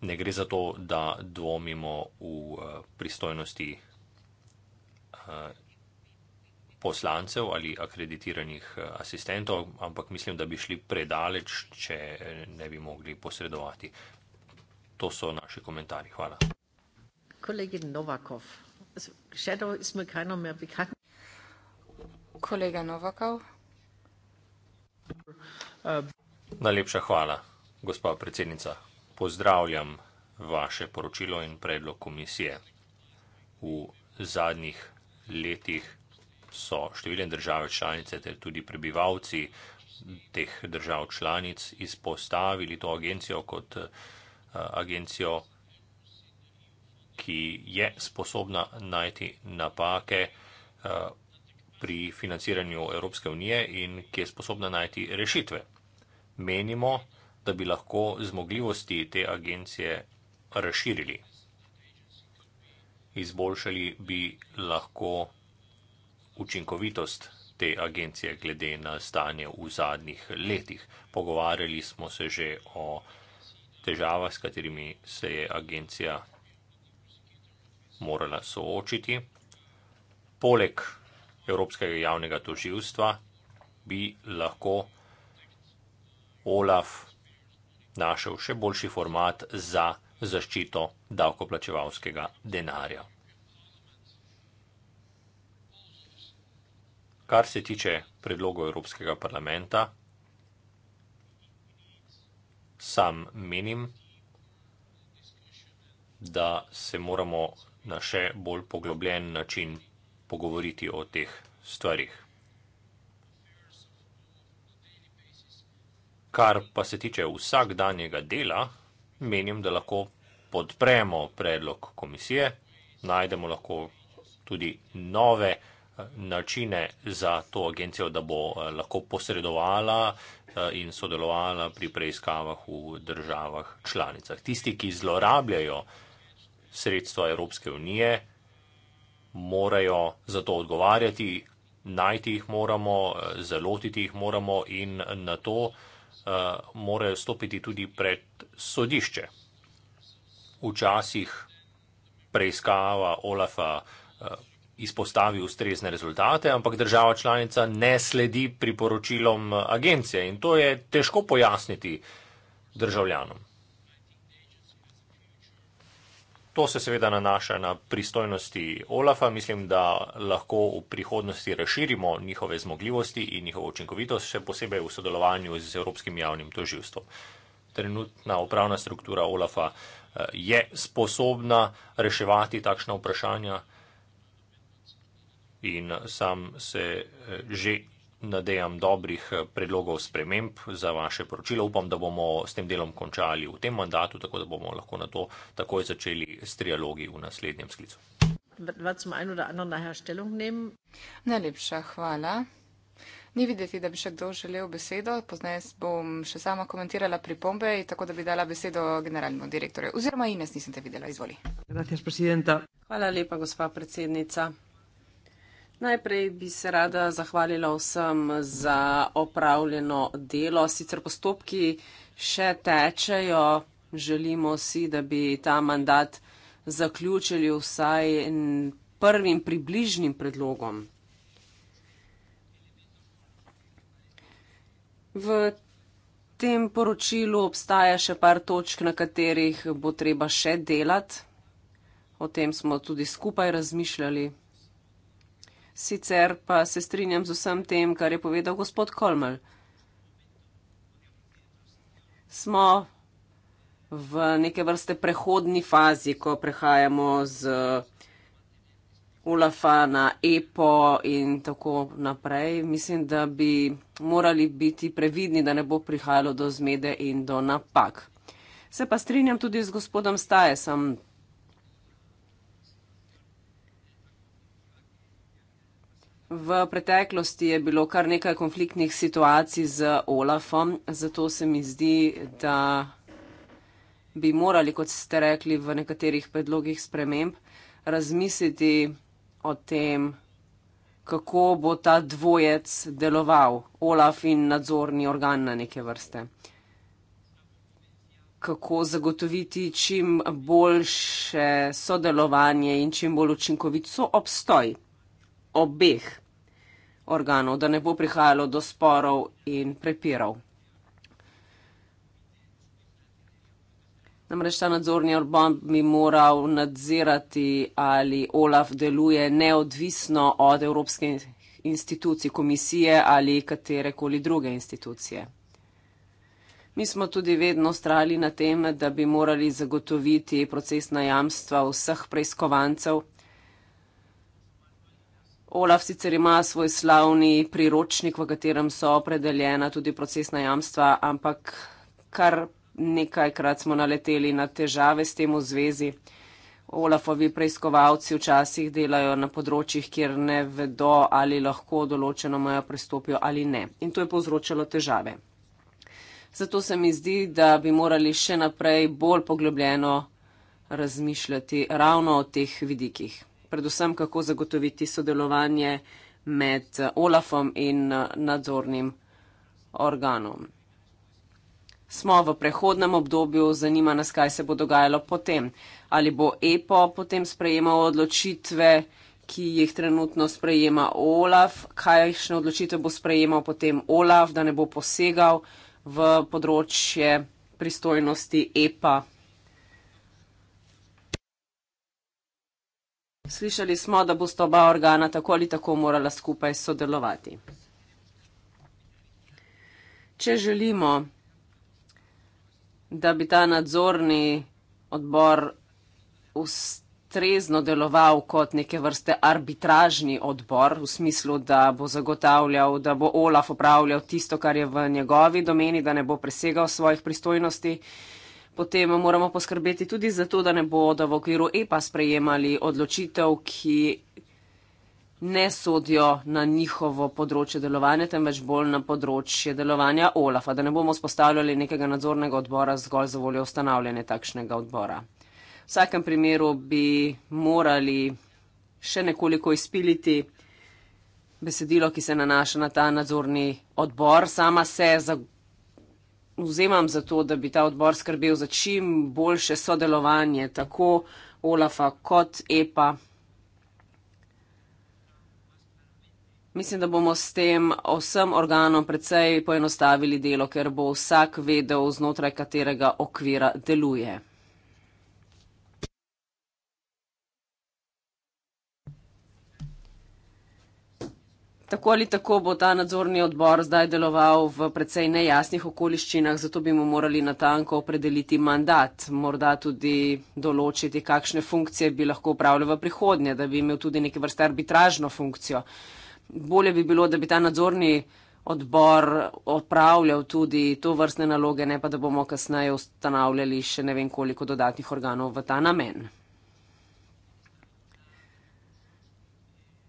Speaker 3: Ne gre za to, da dvomimo v pristojnosti poslancev ali akreditiranih eh, asistentov, ampak mislim, da bi šli predaleč, če ne bi mogli posredovati. To so naši komentarji. Hvala.
Speaker 1: Kolegin Novakov. Shadow is my kind of more bekannt. Kolega Novakov. Eh,
Speaker 3: najlepša hvala, gospa predsednica. Pozdravljam vaše poročilo in predlog komisije. V zadnjih letih so številne države članice ter tudi prebivalci teh držav članic izpostavili to agencijo kot eh, agencijo, ki je sposobna najti napake eh, pri financiranju Evropske unije in ki je sposobna najti rešitve. Menimo, da bi lahko zmogljivosti te agencije razširili. Izboljšali bi lahko učinkovitost te agencije glede na stanje v zadnjih letih. Pogovarjali smo se že o težavah, s katerimi se je agencija morala soočiti. Poleg Evropskega javnega toživstva bi lahko Olaf našel še boljši format za zaščito davkoplačevalskega denarja. Kar se tiče predlogov Evropskega parlamenta, sam menim, da se moramo na še bolj poglobljen način pogovoriti o teh stvarih. Kar pa se tiče vsakdanjega dela, menim, da lahko podpremo predlog komisije, najdemo lahko tudi nove predloge, načine za to agencijo, da bo eh, lahko posredovala eh, in sodelovala pri preiskavah v državah članicah. Tisti, ki zlorabljajo sredstva Evropske unije, morajo za to odgovarjati, najti jih moramo, eh, zalotiti jih moramo in na to morajo stopiti tudi pred sodišče. Včasih preiskava Olafa izpostavi ustrezne rezultate, ampak država članica ne sledi priporočilom agencije in to je težko pojasniti državljanom. To se seveda nanaša na pristojnosti OLAF-a. Mislim, da lahko v prihodnosti razširimo njihove zmogljivosti in njihovo učinkovitost, še posebej v sodelovanju z Evropskim javnim toživstvom. Trenutna upravna struktura OLAF-a eh, je sposobna reševati takšna vprašanja in sam se eh, že nadejam dobrih eh, predlogov sprememb za vaše poročilo. Upam, da bomo s tem delom končali v tem mandatu, tako da bomo lahko na to takoj začeli s trialogi v naslednjem sklicu.
Speaker 1: Najlepša hvala. Ni videti, da bi še kdo želel besedo. Poznaj bom še sama komentirala pripombe, tako da bi dala besedo generalnemu direktorju. Oziroma, Ines, nisem te videla. Izvoli. Hvala lepa, gospa predsednica. Najprej bi se rada
Speaker 2: zahvalila vsem za opravljeno delo. Sicer postopki še tečejo, želimo si, da bi ta mandat zaključili vsaj prvim približnim predlogom. V tem poročilu obstaja še par točk, na katerih bo treba še delati. O tem smo tudi skupaj razmišljali sicer pa se strinjam z vsem tem, kar je povedal gospod Kolmel. Smo v neke vrste prehodni fazi, ko prehajamo z ULAFA na EPO in tako naprej. Mislim, da bi morali biti previdni, da ne bo prihajalo do zmede in do napak. Se pa strinjam tudi z gospodom Stajesom. V preteklosti je bilo kar nekaj konfliktnih situacij z Olafom, zato se mi zdi, da bi morali, kot ste rekli, v nekaterih predlogih sprememb razmisliti o tem, kako bo ta dvojec deloval, Olaf in nadzorni organ na neke vrste. Kako zagotoviti čim boljše sodelovanje in čim bolj učinkovit so obstoj obeh organov, da ne bo prihajalo do sporov in prepirov. Namreč ta nadzorni orban bi moral nadzirati, ali OLAF deluje neodvisno od Evropske institucije, komisije ali katerekoli druge institucije. Mi smo tudi vedno strali na tem, da bi morali zagotoviti procesna jamstva vseh preiskovancev, Olaf sicer ima svoj slavni priročnik, v katerem so opredeljena tudi procesna jamstva, ampak kar nekajkrat smo naleteli na težave s tem v zvezi. Olafovi preiskovalci včasih delajo na področjih, kjer ne vedo, ali lahko določeno mojo prestopijo ali ne. In to je povzročalo težave. Zato se mi zdi, da bi morali še naprej bolj poglobljeno razmišljati ravno o teh vidikih predvsem kako zagotoviti sodelovanje med eh, OLAFom in eh, nadzornim organom. Smo v prehodnem obdobju, zanima nas, kaj se bo dogajalo potem. Ali bo EPO potem sprejemal odločitve, ki jih trenutno sprejema OLAF, kakšne odločitve bo sprejemal potem OLAF, da ne bo posegal v področje pristojnosti EPA. Slišali smo, da bosta oba organa tako ali tako morala skupaj sodelovati. Če želimo, da bi ta nadzorni odbor ustrezno deloval kot neke vrste arbitražni odbor, v smislu, da bo zagotavljal, da bo Olaf upravljal tisto, kar je v njegovi domeni, da ne bo presegal svojih pristojnosti, potem moramo poskrbeti tudi za to, da ne bodo v okviru EPA sprejemali odločitev, ki ne sodijo na njihovo področje delovanja, temveč bolj na področje delovanja OLAF-a, da ne bomo spostavljali nekega nadzornega odbora zgolj za voljo ustanavljanja takšnega odbora. V vsakem primeru bi morali še nekoliko izpiliti besedilo, ki se nanaša na ta nadzorni odbor. Sama se zagotovila vzemam za to, da bi ta odbor skrbel za čim boljše sodelovanje tako Olafa kot EPA. Mislim, da bomo s tem vsem organom precej poenostavili delo, ker bo vsak vedel, znotraj katerega okvira deluje. Tako ali tako bo ta nadzorni odbor zdaj deloval v precej nejasnih okoliščinah, zato bi mu morali natanko opredeliti mandat, morda tudi določiti, kakšne funkcije bi lahko upravljal v prihodnje, da bi imel tudi neke vrste arbitražno funkcijo. Bolje bi bilo, da bi ta nadzorni odbor opravljal tudi to vrstne naloge, ne pa da bomo kasneje ustanavljali še ne vem koliko dodatnih organov v ta namen.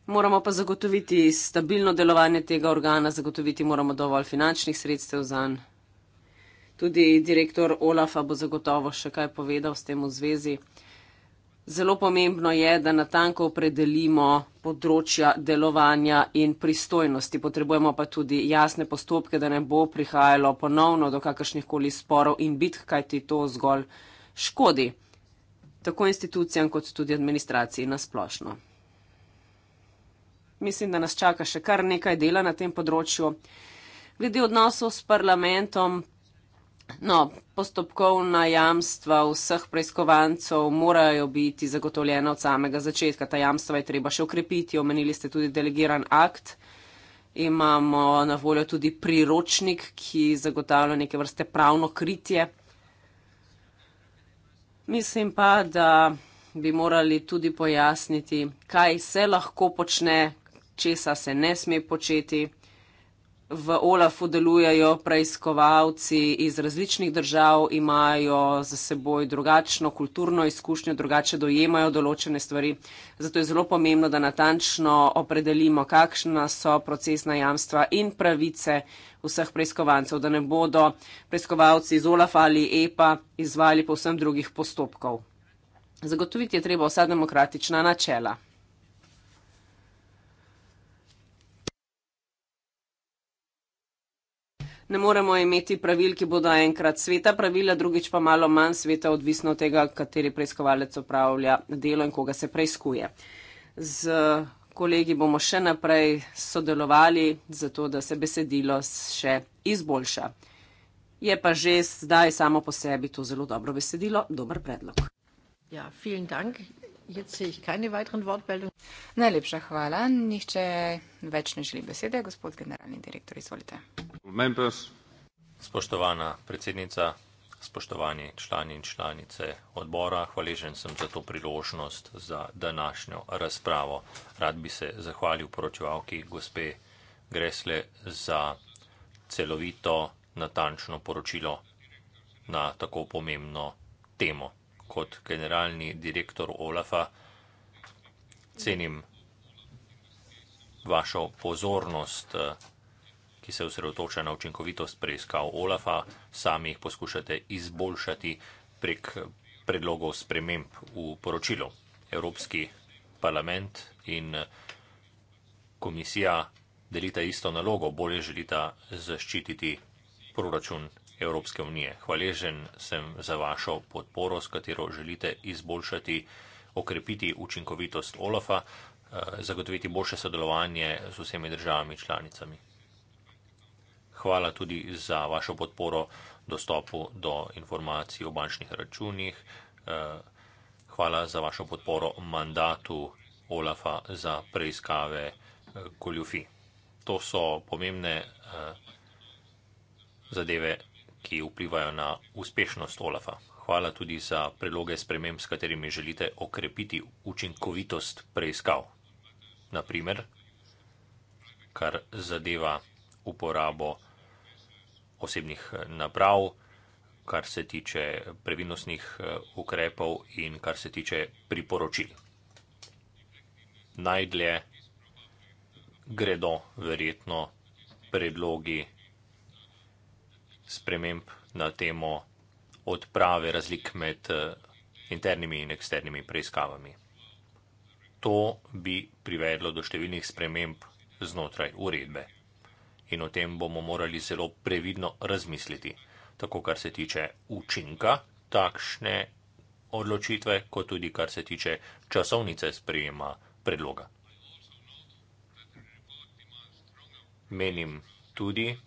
Speaker 2: Moramo pa zagotoviti stabilno delovanje tega organa, zagotoviti moramo dovolj finančnih sredstev za njen. Tudi direktor Olafa bo zagotovo še kaj povedal s tem v zvezi. Zelo pomembno je, da natanko opredelimo področja delovanja in pristojnosti. Potrebujemo pa tudi jasne postopke, da ne bo prihajalo ponovno do kakršnih koli sporov in bitk, kajti to zgolj škodi tako institucijam kot tudi administraciji nasplošno. Mislim, da nas čaka še kar nekaj dela na tem področju. Glede odnosov s parlamentom, no, postopkovna jamstva vseh preiskovancov morajo biti zagotovljena od samega začetka. Ta jamstva je treba še ukrepiti. Omenili ste tudi delegiran akt. Imamo na voljo tudi priročnik, ki zagotavlja neke vrste pravno kritje. Mislim pa, da bi morali tudi pojasniti, kaj se lahko počne, česa se ne sme početi. V OLAF-u delujejo preiskovalci iz različnih držav, imajo za seboj drugačno kulturno izkušnjo, drugače dojemajo določene stvari. Zato je zelo pomembno, da natančno opredelimo, kakšna so procesna jamstva in pravice vseh preiskovancev, da ne bodo preiskovalci iz OLAF-a ali EPA izvali povsem drugih postopkov. Zagotoviti je treba vsa demokratična načela. ne moremo imeti pravil, ki bodo enkrat sveta pravila, drugič pa malo manj sveta, odvisno od tega, kateri preiskovalec opravlja delo in koga se preiskuje. Z kolegi bomo še naprej sodelovali, zato da se besedilo še izboljša. Je pa že zdaj samo po sebi to zelo dobro besedilo, dober predlog.
Speaker 1: Ja, vielen Dank. Najlepša hvala. Nihče več ne želi besede. Gospod generalni direktor, izvolite.
Speaker 3: Spoštovana predsednica, spoštovani člani in članice odbora, hvaležen sem za to priložnost za današnjo razpravo. Rad bi se zahvalil poročevalki gospe Gresle za celovito, natančno poročilo na tako pomembno temo. Kot generalni direktor OLAFA cenim vašo pozornost ki se osredotoča na učinkovitost preiskav OLAF-a, sami jih poskušate izboljšati prek predlogov sprememb v poročilu. Evropski parlament in komisija delita isto nalogo, bolje želita zaščititi proračun Evropske unije. Hvaležen sem za vašo podporo, s katero želite izboljšati, okrepiti učinkovitost OLAF-a, eh, zagotoviti boljše sodelovanje z vsemi državami članicami. Hvala tudi za vašo podporo dostopu do informacij o bančnih računih. Eh, hvala za vašo podporo mandatu Olafa za preiskave eh, goljufi. To so pomembne eh, zadeve, ki vplivajo na uspešnost Olafa. Hvala tudi za predloge spremem, s katerimi želite okrepiti učinkovitost preiskav. Naprimer, kar zadeva uporabo osebnih eh, naprav, kar se tiče eh, previdnostnih eh, ukrepov in kar se tiče priporočil. Najdlje gredo verjetno predlogi sprememb na temo odprave razlik med internimi in eksternimi preiskavami. To bi privedlo do številnih sprememb znotraj uredbe in o tem bomo morali zelo previdno razmisliti. Tako kar se tiče učinka takšne odločitve, kot tudi kar se tiče časovnice sprejema predloga. Menim tudi,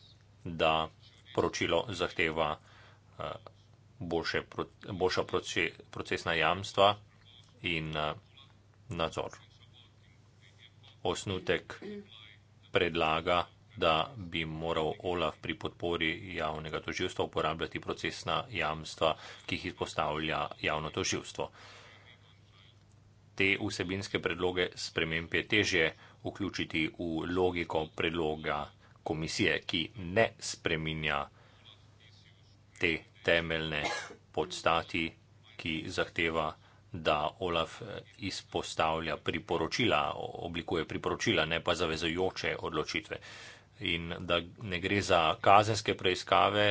Speaker 3: da poročilo zahteva eh, boljše, boljša procesna jamstva in eh, nadzor. Osnutek predlaga da bi moral OLAF pri podpori javnega toživstva uporabljati procesna jamstva, ki jih izpostavlja javno toživstvo. Te vsebinske predloge sprememb je težje vključiti v logiko predloga komisije, ki ne spreminja te temeljne podstati, ki zahteva, da OLAF izpostavlja priporočila, oblikuje priporočila, ne pa zavezojoče odločitve in da ne gre za kazenske preiskave,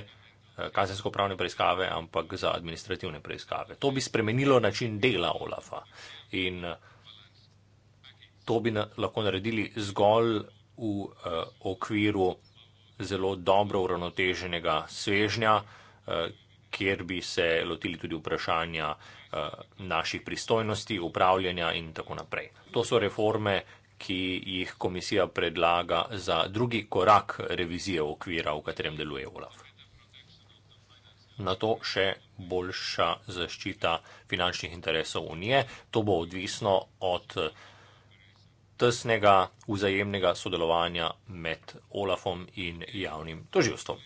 Speaker 3: eh, kazensko-pravne preiskave, ampak za administrativne preiskave. To bi spremenilo način dela Olafa in eh, to bi na, lahko naredili zgolj v uh, okviru zelo dobro uravnoteženega svežnja, uh, kjer bi se lotili tudi vprašanja uh, naših pristojnosti, upravljanja in tako naprej. To so reforme, ki jih komisija predlaga za drugi korak revizije okvira, v katerem deluje OLAF. Na to še boljša zaščita finančnih interesov Unije. To bo odvisno od tesnega vzajemnega sodelovanja med OLAFom in javnim toživstvom.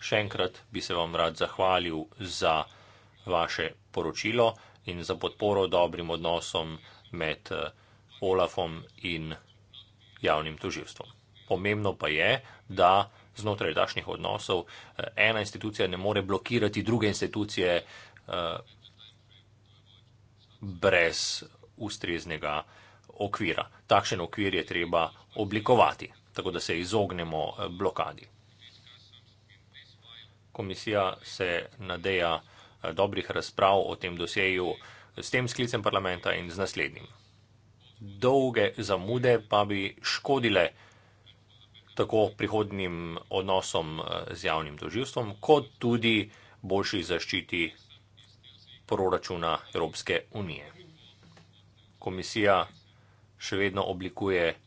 Speaker 3: Še enkrat bi se vam rad zahvalil za vaše poročilo in za podporo dobrim odnosom med eh, Olafom in javnim toživstvom. Pomembno pa je, da znotraj takšnih odnosov eh, ena institucija ne more blokirati druge institucije eh, brez ustreznega okvira. Takšen okvir je treba oblikovati, tako da se izognemo blokadi. Komisija se nadeja dobrih razprav o tem dosjeju s tem sklicem parlamenta in z naslednjim. Dolge zamude pa bi škodile tako prihodnim odnosom eh, z javnim doživstvom, kot tudi boljši zaščiti proračuna Evropske unije. Komisija še vedno oblikuje eh,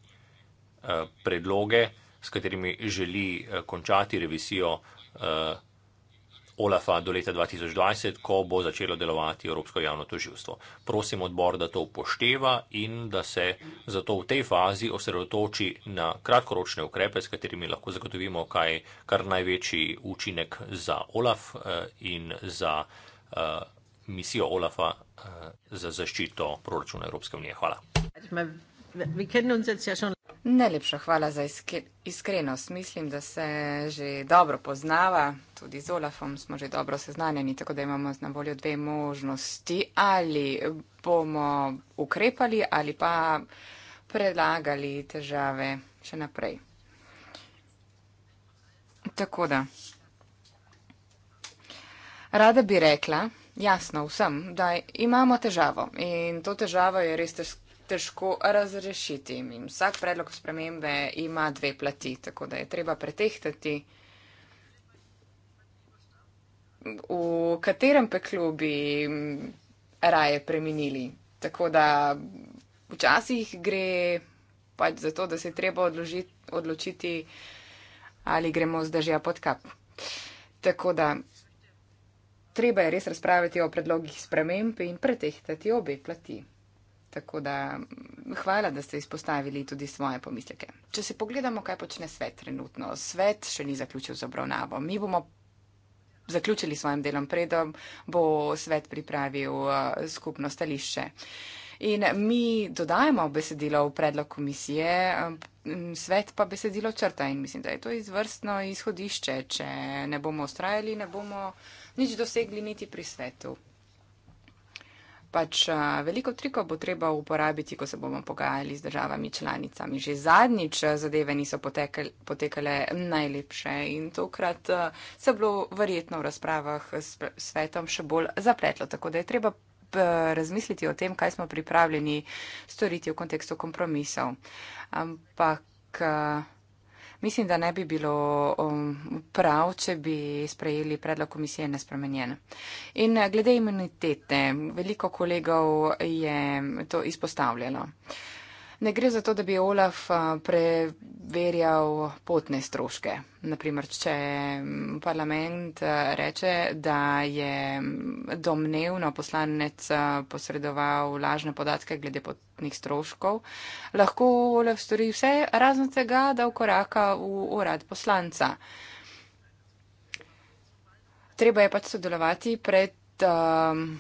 Speaker 3: predloge, s katerimi želi eh, končati revizijo OLAF-a do leta 2020, ko bo začelo delovati Evropsko javno toživstvo. Prosim odbor, da to upošteva in da se zato v tej fazi osredotoči na kratkoročne ukrepe, s katerimi lahko zagotovimo kaj, kar največji učinek za OLAF in za uh, misijo OLAF-a uh, za zaščito proračuna Evropske unije. Hvala.
Speaker 1: Wir kennen uns jetzt ja schon Najlepša hvala za iskrenost. Mislim, da se že dobro poznava, tudi z Olafom smo že dobro seznanjeni, tako da imamo na voljo dve možnosti. Ali bomo ukrepali ali pa predlagali težave še naprej. Tako da. Rada bi rekla jasno vsem, da imamo težavo in to težavo je res težko težko razrešiti. In vsak predlog spremembe ima dve plati, tako da je treba pretehtati, v katerem peklu bi raje preminili. Tako da včasih gre pač za to, da se je treba odložiti, odločiti, ali gremo z držja pod kap. Tako da treba je res razpraviti o predlogih sprememb in pretehtati obe plati. Tako da hvala, da ste izpostavili tudi svoje pomisleke. Če se pogledamo, kaj počne svet trenutno. Svet še ni zaključil z obravnavo. Mi bomo zaključili svojim delom predom, bo svet pripravil eh, skupno stališče. In mi dodajemo besedilo v predlog komisije, eh, svet pa besedilo črta in mislim, da je to izvrstno izhodišče. Če ne bomo ustrajali, ne bomo nič dosegli niti pri svetu pač uh, veliko trikov bo treba uporabiti, ko se bomo pogajali z državami članicami. Že zadnjič zadeve niso potekel, potekale najlepše in tokrat uh, se je bilo verjetno v razpravah s svetom še bolj zapletlo. Tako da je treba uh, razmisliti o tem, kaj smo pripravljeni storiti v kontekstu kompromisov. Ampak. Uh, Mislim, da ne bi bilo um, prav, če bi sprejeli predlog komisije nespremenjen. In eh, glede imunitete, veliko kolegov je to izpostavljalo. Ne gre za to, da bi Olaf preverjal potne stroške. Naprimer, če parlament reče, da je domnevno poslanec posredoval lažne podatke glede potnih stroškov, lahko Olaf stori vse razen tega, da vkoraka v urad poslanca. Treba je pač sodelovati pred. Um,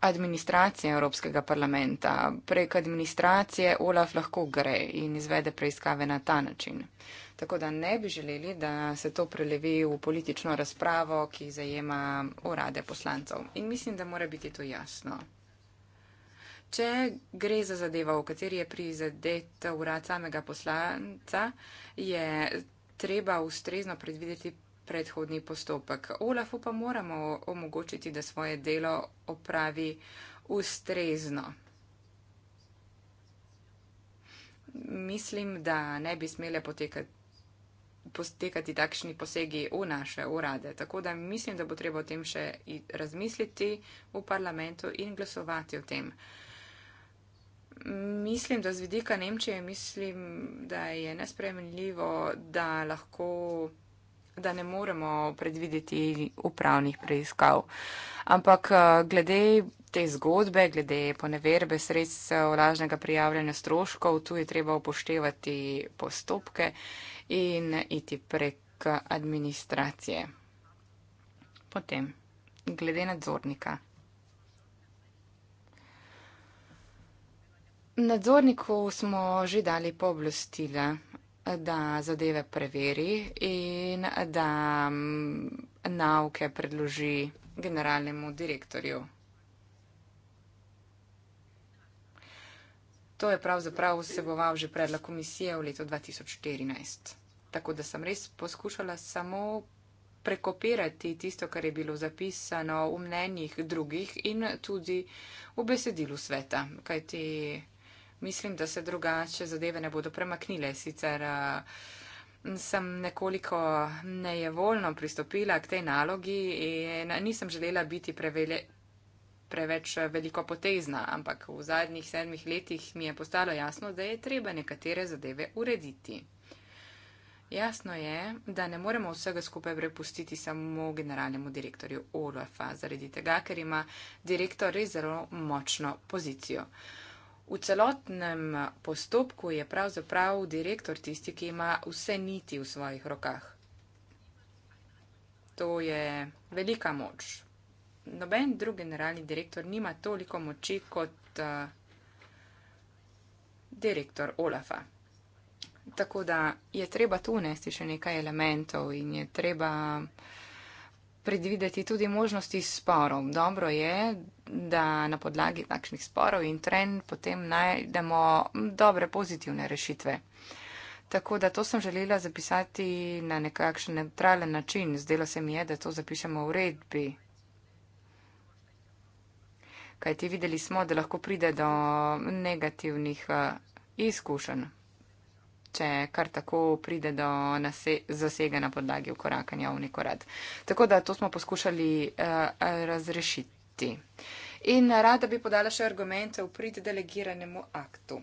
Speaker 1: administracije Evropskega parlamenta. Prek administracije Olaf lahko gre in izvede preiskave na ta način. Tako da ne bi želeli, da se to prelevi v politično razpravo, ki zajema urade poslancev. In mislim, da mora biti to jasno. Če gre za zadevo, v kateri je prizadeta urad samega poslanca, je treba ustrezno predvideti predhodni postopek. Olafu pa moramo omogočiti, da svoje delo opravi ustrezno. Mislim, da ne bi smele potekati, potekati takšni posegi v naše urade. Tako da mislim, da bo treba o tem še razmisliti v parlamentu in glasovati o tem. Mislim, da z vidika Nemčije mislim, da je nespremenljivo, da lahko da ne moremo predvideti upravnih preiskav. Ampak eh, glede te zgodbe, glede poneverbe sredstev lažnega prijavljanja stroškov, tu je treba upoštevati postopke in iti prek administracije. Potem, glede nadzornika. Nadzorniku smo že dali pooblastila, da zadeve preveri in da mm, nauke predloži generalnemu direktorju. To je pravzaprav vseboval že predlog komisije v letu 2014. Tako da sem res poskušala samo prekopirati tisto, kar je bilo zapisano v mnenjih drugih in tudi v besedilu sveta, kajti mislim, da se drugače zadeve ne bodo premaknile. Sicer eh, sem nekoliko nejevolno pristopila k tej nalogi in nisem želela biti prevele, preveč veliko potezna, ampak v zadnjih sedmih letih mi je postalo jasno, da je treba nekatere zadeve urediti. Jasno je, da ne moremo vsega skupaj prepustiti samo generalnemu direktorju Olafa, zaradi tega, ker ima direktor res zelo močno pozicijo. Uh, V celotnem postopku je pravzaprav direktor tisti, ki ima vse niti v svojih rokah. To je velika moč. Noben drug generalni direktor nima toliko moči kot uh, direktor Olafa. Tako da je treba tu unesti še nekaj elementov in je treba. Uh, predvideti tudi možnosti sporov. Dobro je, da na podlagi takšnih sporov in trenj potem najdemo dobre pozitivne rešitve. Tako da to sem želela zapisati na nekakšen neutralen način. Zdelo se mi je, da to zapišemo v redbi. Kaj ti videli smo, da lahko pride do negativnih eh, izkušenj če kar tako pride do zasega na podlagi ukorakanja v neko rad. Tako da to smo poskušali uh, razrešiti. In rada bi podala še argumente v prid delegiranemu aktu.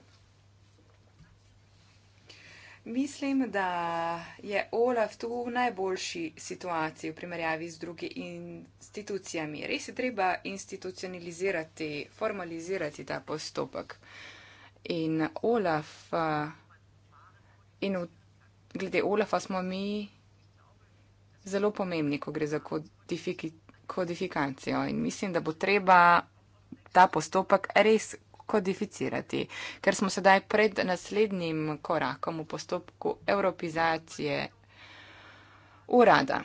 Speaker 1: Mislim, da je Olaf tu v najboljši situaciji v primerjavi z drugi institucijami. Res je treba institucionalizirati, formalizirati ta postopek. In Olaf. Uh, In v, glede Olafa smo mi zelo pomembni, ko gre za kodifiki, kodifikacijo. In mislim, da bo treba ta postopek res kodificirati, ker smo sedaj pred naslednjim korakom v postopku evropizacije urada.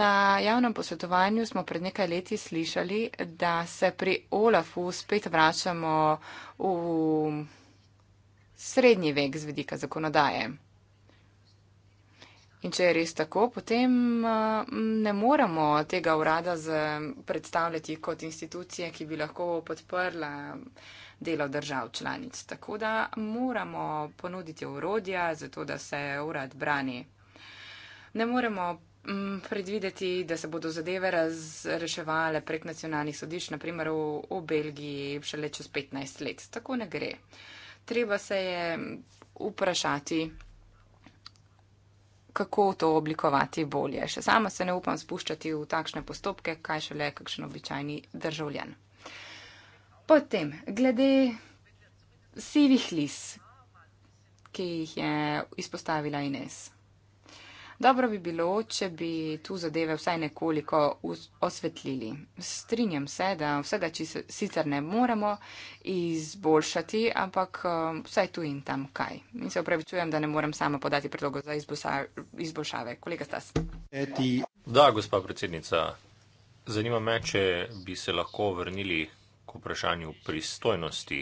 Speaker 1: Na javnem posvetovanju smo pred nekaj leti slišali, da se pri Olafu spet vračamo v srednji vek z vidika zakonodaje. In če je res tako, potem eh, ne moremo tega urada predstavljati kot institucije, ki bi lahko podprla delo držav članic. Tako da moramo ponuditi urodja, zato da se urad brani. Ne moremo mm, predvideti, da se bodo zadeve razreševale prek nacionalnih sodišč, naprimer v, v Belgiji, šele čez 15 let. Tako ne gre. Treba se je vprašati, kako to oblikovati bolje. Še sama se ne upam spuščati v takšne postopke, kaj še le kakšen običajni državljan. Potem, glede sivih lis, ki jih je izpostavila Ines. Dobro bi bilo, če bi tu zadeve vsaj nekoliko osvetlili. Strinjam se, da vsega sicer ne moremo izboljšati, ampak um, vsaj tu in tam kaj. In se upravičujem, da ne morem sama podati predlogo za izboljšave. Kolega Stas.
Speaker 2: Eti.
Speaker 3: Da, gospa predsednica, zanima me, če bi se lahko vrnili k vprašanju pristojnosti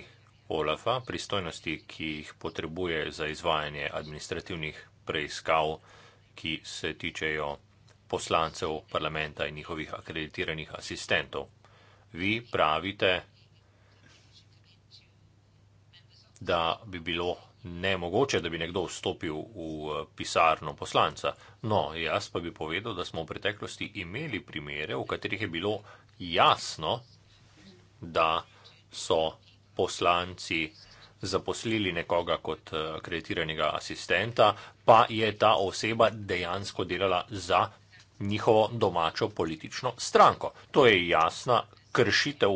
Speaker 3: OLAF-a, pristojnosti, ki jih potrebuje za izvajanje administrativnih preiskav ki se tičejo poslancev parlamenta in njihovih akreditiranih asistentov. Vi pravite, da bi bilo nemogoče, da bi nekdo vstopil v eh, pisarno poslanca. No, jaz pa bi povedal, da smo v preteklosti imeli primere, v katerih je bilo jasno, da so poslanci zaposlili nekoga kot eh, akreditiranega asistenta, pa je ta oseba dejansko delala za njihovo domačo politično stranko. To je jasna kršitev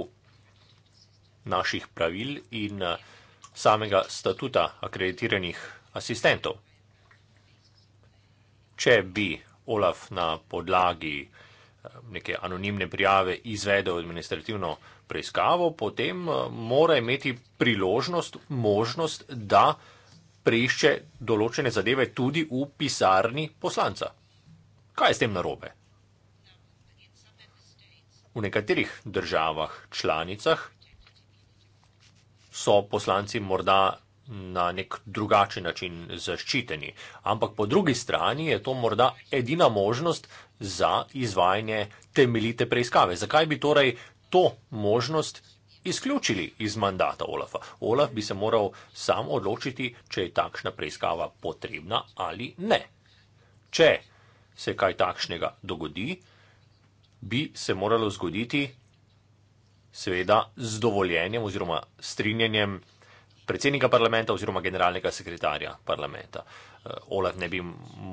Speaker 3: naših pravil in eh, samega statuta akreditiranih asistentov. Če bi Olaf na podlagi eh, neke anonimne prijave izvedel administrativno preiskavo, potem eh, mora imeti priložnost, možnost, da preišče določene zadeve tudi v pisarni poslanca. Kaj je s tem narobe? V nekaterih državah, članicah so poslanci morda na nek drugačen način zaščiteni, ampak po drugi strani je to morda edina možnost za izvajanje temeljite preiskave. Zakaj bi torej to možnost izključili iz mandata Olafa. Olaf bi se moral sam odločiti, če je takšna preiskava potrebna ali ne. Če se kaj takšnega dogodi, bi se moralo zgoditi seveda z dovoljenjem oziroma strinjanjem predsednika parlamenta oziroma generalnega sekretarja parlamenta. Eh, Olaf ne bi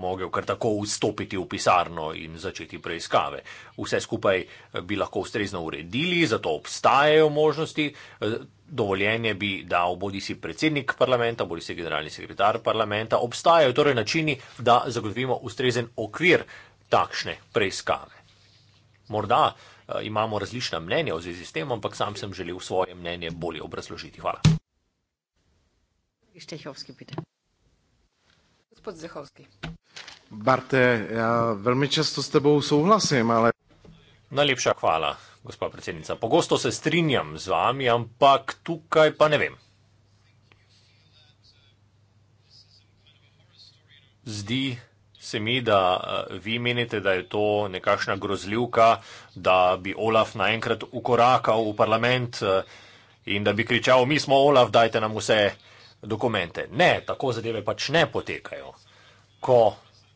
Speaker 3: mogel kar tako vstopiti v pisarno in začeti preiskave. Vse skupaj eh, bi lahko ustrezno uredili, zato obstajajo možnosti. Eh, Dovoljenje bi dal bodi si predsednik parlamenta, bodi si generalni sekretar parlamenta. Obstajajo torej načini, da zagotovimo ustrezen okvir takšne preiskave. Morda imamo različna mnenja v zvezi s tem, ampak sam sem želel svoje mnenje bolje obrazložiti. Hvala.
Speaker 1: Štechovský, bitte. Gospod Zechovský.
Speaker 2: Barte, ja veľmi často s tebou souhlasím, ale...
Speaker 3: Najlepša hvala, gospa predsednica. Pogosto se strinjam z vami, ampak tukaj pa ne vem. Zdi se mi, da eh, vi menite, da je to nekakšna grozljivka, da bi Olaf naenkrat ukorakal v parlament eh, in da bi kričal, mi smo Olaf, dajte nam vse dokumente. Ne, tako zadeve pač ne potekajo. Ko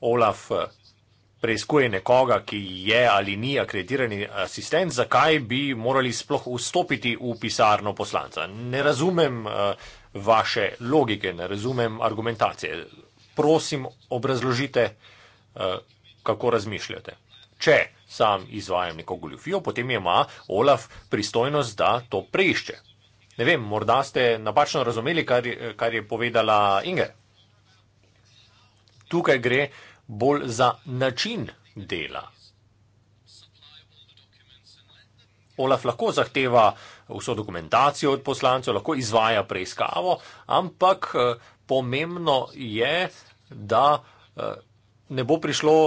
Speaker 3: Olaf eh, preizkuje nekoga, ki je ali ni akreditirani asistent, zakaj bi morali sploh vstopiti v pisarno poslanca? Ne razumem uh, vaše logike, ne razumem argumentacije. Prosim, obrazložite, uh, kako razmišljate. Če sam izvajam neko goljufijo, potem ima Olaf pristojnost, da to preišče. Ne vem, morda ste napačno razumeli, kar, kar je povedala Inger. Tukaj gre bolj za način dela. Olaf lahko zahteva vso dokumentacijo od poslancev, lahko izvaja preiskavo, ampak eh, pomembno je, da eh, ne bo prišlo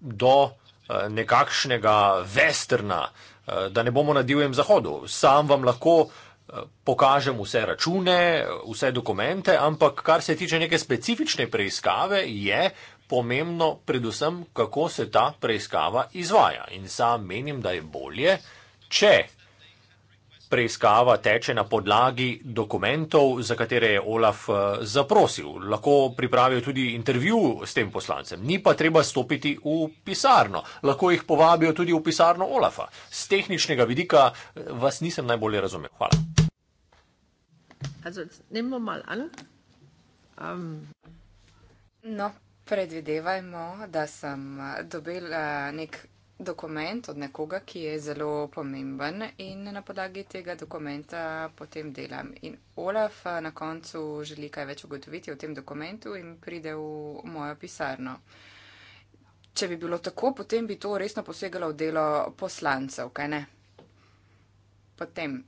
Speaker 3: do eh, nekakšnega vestrna, da ne bomo na divjem zahodu. Sam vam lahko uh, pokažem vse račune, vse dokumente, ampak kar se tiče neke specifične preiskave, je pomembno predvsem, kako se ta preiskava izvaja. In sam menim, da je bolje, če preiskava teče na podlagi dokumentov, za katere je Olaf eh, zaprosil. Lahko pripravijo tudi intervju s tem poslancem. Ni pa treba stopiti v pisarno. Lahko jih povabijo tudi v pisarno Olafa. Z tehničnega vidika eh, vas nisem najbolje razumel. Hvala.
Speaker 1: Also nehmen wir mal an. Ähm no, predvidevajmo, da sem eh, dobil eh, nek dokument od nekoga, ki je zelo pomemben in na podlagi tega dokumenta potem delam. In Olaf eh, na koncu želi kaj več ugotoviti o tem dokumentu in pride v mojo pisarno. Če bi bilo tako, potem bi to resno posegalo v delo poslancev, kaj ne? Potem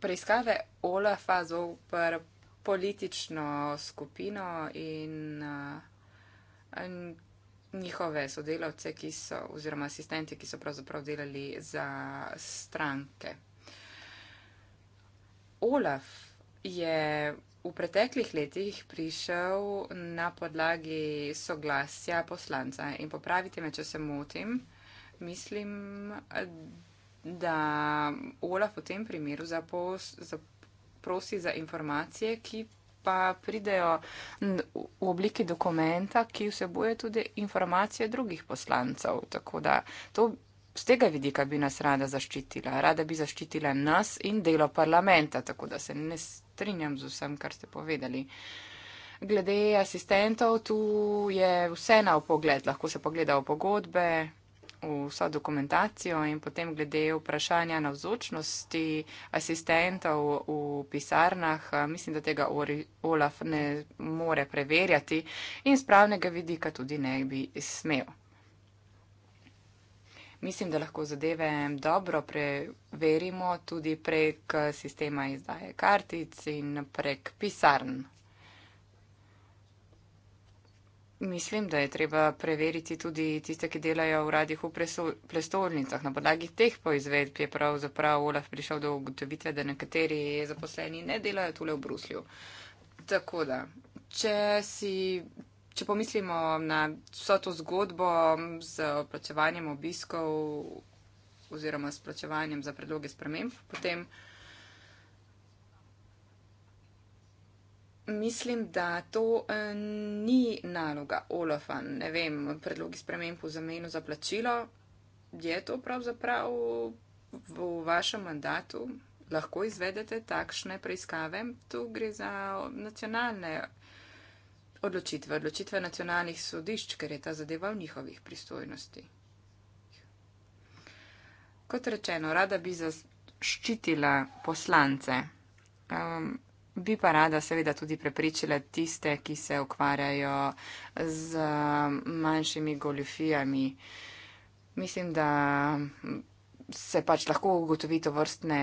Speaker 1: preiskave Olafa zoper politično skupino in, eh, in njihove sodelavce, ki so oziroma asistente, ki so pravzaprav delali za stranke. Olaf je v preteklih letih prišel na podlagi soglasja poslanca in popravite me, če se motim, mislim, da Olaf v tem primeru zapos, zaprosi za informacije, ki pa pridejo v obliki dokumenta, ki vsebuje tudi informacije drugih poslancev. Tako da to z tega vidika bi nas rada zaščitila. Rada bi zaščitila nas in delo parlamenta, tako da se ne strinjam z vsem, kar ste povedali. Glede asistentov, tu je vse na pogled, lahko se pogleda v pogodbe, vso dokumentacijo in potem glede vprašanja navzočnosti asistentov v pisarnah, eh, mislim, da tega Olaf ne more preverjati in z pravnega vidika tudi ne bi smel. Mislim, da lahko zadeve dobro preverimo tudi prek sistema izdaje kartic in prek pisarn. Mislim, da je treba preveriti tudi tiste, ki delajo v radih v prestolnicah. Na podlagi teh poizvedb je pravzaprav Olaf prišel do ugotovitve, da nekateri zaposleni ne delajo tule v Bruslju. Tako da, če si. Če pomislimo na vso to zgodbo z plačevanjem obiskov oziroma s plačevanjem za predloge sprememb, potem mislim, da to uh, ni naloga Olafa. Ne vem, predlogi sprememb v zamenu za plačilo. Je to pravzaprav v vašem mandatu? Lahko izvedete takšne preiskave? Tu gre za nacionalne odločitve, odločitve nacionalnih sodišč, ker je ta zadeva v njihovih pristojnosti. Kot rečeno, rada bi zaščitila poslance. Um, Bi pa rada seveda tudi prepričala tiste, ki se ukvarjajo z mm, manjšimi goljufijami. Mislim, da se pač lahko ugotovi to vrstne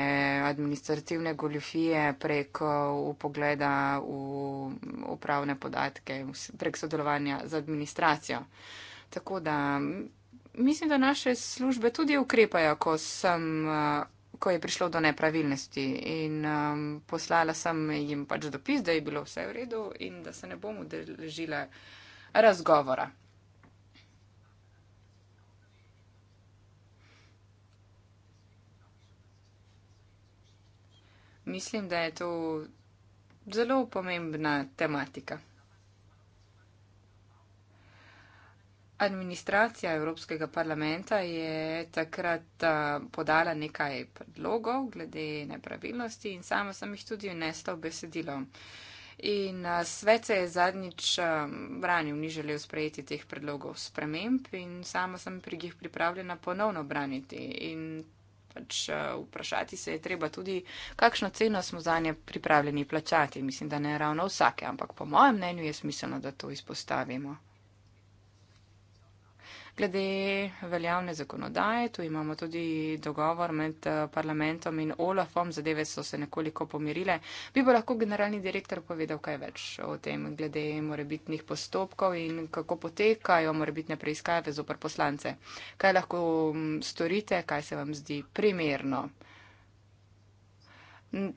Speaker 1: administrativne goljufije prek upogleda v upravne podatke, prek sodelovanja z administracijo. Tako da mm, mislim, da naše službe tudi ukrepajo, ko sem ko je prišlo do nepravilnosti in um, poslala sem jim pač dopis, da je bilo vse v redu in da se ne bom udeležila razgovora. Mislim, da je to zelo pomembna tematika. Administracija Evropskega parlamenta je takrat uh, podala nekaj predlogov glede nepravilnosti in sama sem jih tudi vnesla v besedilo. In uh, svet se je zadnjič eh, branil, um, ni želel sprejeti teh predlogov sprememb in sama sem pri jih pripravljena ponovno braniti. In pač uh, vprašati se je treba tudi, kakšno ceno smo za nje pripravljeni plačati. Mislim, da ne ravno vsake, ampak po mojem mnenju je smiselno, da to izpostavimo glede veljavne zakonodaje. Tu imamo tudi dogovor med eh, parlamentom in Olafom. Zadeve so se nekoliko pomirile. Bi pa lahko generalni direktor povedal kaj več o tem, glede morebitnih postopkov in kako potekajo morebitne preiskave zopr poslance. Kaj lahko mm, storite, kaj se vam zdi primerno?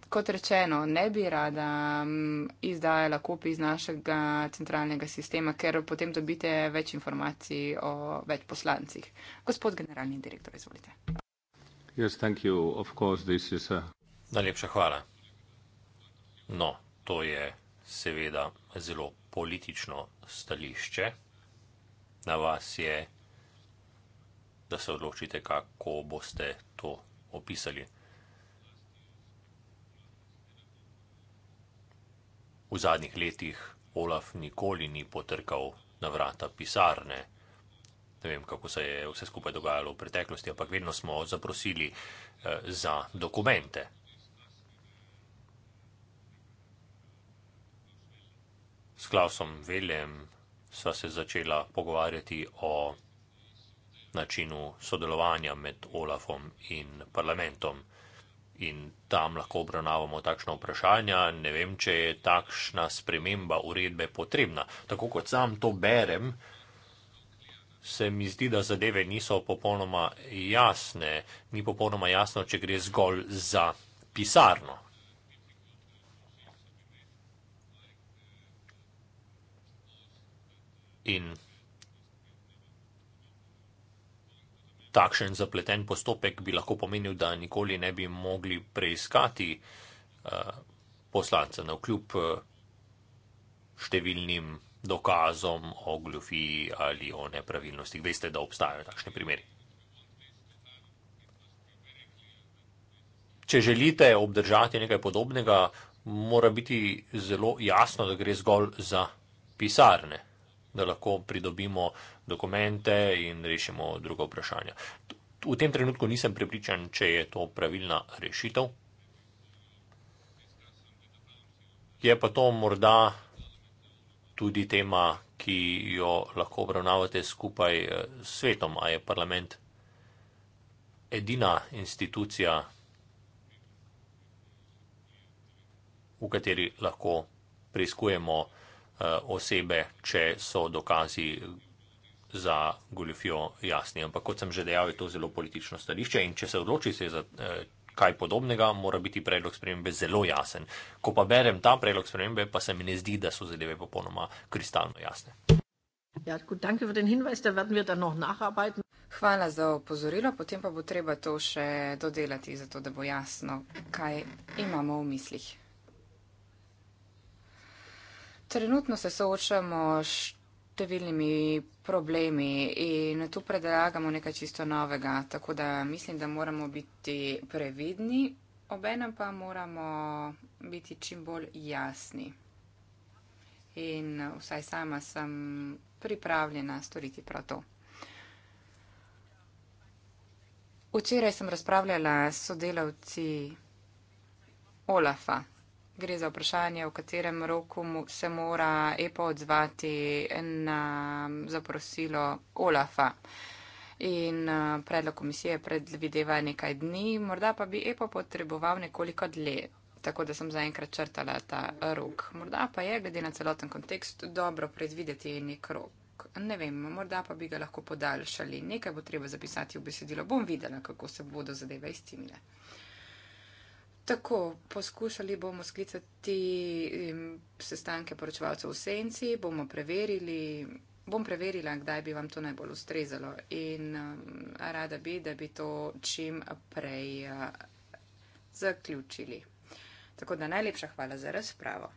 Speaker 1: kot rečeno, ne bi rada mm, izdajala kopij iz našega centralnega sistema, ker potem dobite več informacij o več poslancih. Gospod generalni direktor, izvolite.
Speaker 3: Yes, is, uh... Najlepša hvala. No, to je seveda zelo politično stališče. Na vas je, da se odločite, kako boste to opisali. V zadnjih letih Olaf nikoli ni potrkal na vrata pisarne. Ne vem, kako se je vse skupaj dogajalo v preteklosti, ampak vedno smo zaprosili eh, za dokumente. S Klausom Veljem sva se začela pogovarjati o načinu sodelovanja med Olafom in parlamentom in tam lahko obravnavamo takšno vprašanje. Ne vem, če je takšna sprememba uredbe potrebna. Tako kot sam to berem, se mi zdi, da zadeve niso popolnoma jasne. Ni popolnoma jasno, če gre zgolj za pisarno. In takšen zapleten postopek bi lahko pomenil, da nikoli ne bi mogli preiskati eh, poslance na vkljub eh, številnim dokazom o glufiji ali o nepravilnostih. Veste, da obstajajo takšne primeri. Če želite obdržati nekaj podobnega, mora biti zelo jasno, da gre zgolj za pisarne, da lahko pridobimo dokumente in rešimo druga vprašanja. V tem trenutku nisem prepričan, če je to pravilna rešitev. Je pa to morda tudi tema, ki jo lahko obravnavate skupaj eh, s svetom, a je parlament edina institucija, v kateri lahko preizkujemo eh, osebe, če so dokazi za goljofijo jasni. Ampak kot sem že dejal, je to zelo politično stališče in če se odloči se za eh, kaj podobnega, mora biti predlog spremembe zelo jasen. Ko pa berem ta predlog spremembe, pa se mi ne zdi, da so zadeve popolnoma kristalno jasne.
Speaker 1: Ja, gut, hinweis, Hvala za opozorilo, potem pa bo treba to še dodelati, zato da bo jasno, kaj imamo v mislih. Trenutno se soočamo s številnimi problemi in tu predlagamo nekaj čisto novega, tako da mislim, da moramo biti previdni, obenem pa moramo biti čim bolj jasni. In vsaj sama sem pripravljena storiti prav to. Včeraj sem razpravljala s sodelavci Olafa. Gre za vprašanje, v katerem roku mu se mora EPO odzvati na zaprosilo OLAFA. In eh, predlog komisije predvideva nekaj dni, morda pa bi EPO potreboval nekoliko dlje, tako da sem zaenkrat črtala ta rok. Morda pa je, glede na celoten kontekst, dobro predvideti nek rok. Ne vem, morda pa bi ga lahko podaljšali. Nekaj bo treba zapisati v besedilo. Bom videla, kako se bodo zadeve iztimile. Tako, poskušali bomo sklicati sestanke poročevalcev v senci, bomo preverili, bom preverila, kdaj bi vam to najbolj ustrezalo in rada bi, da bi to čim prej eh, zaključili. Tako da najlepša hvala za razpravo.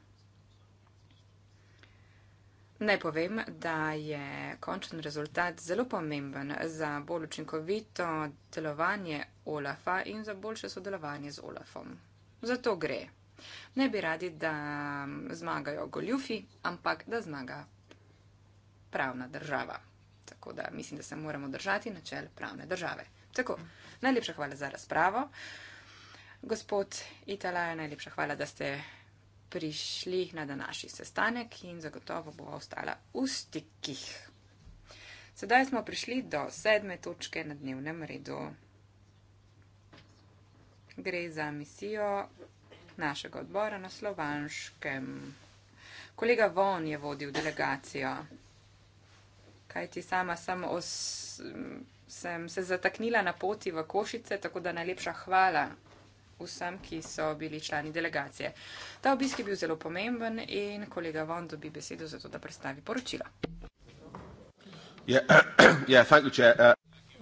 Speaker 1: Naj povem, da je končen rezultat zelo pomemben za bolj učinkovito delovanje OLAF-a in za boljše sodelovanje z OLAF-om. Zato gre. Ne bi radi, da zmagajo goljufi, ampak da zmaga pravna država. Tako da mislim, da se moramo držati načel pravne države. Tako, najlepša hvala za razpravo. Gospod Itala, najlepša hvala, da ste prišli na današnji sestanek in zagotovo bo ostala v stikih. Sedaj smo prišli do sedme točke na dnevnem redu gre za misijo našega odbora na Slovanškem. Kolega Von je vodil delegacijo, kajti sama sem, os, sem se zataknila na poti v Košice, tako da najlepša hvala vsem, ki so bili člani delegacije. Ta obisk je bil zelo pomemben in kolega Von dobi besedo za to, da predstavi poročila.
Speaker 3: Yeah, yeah, uh...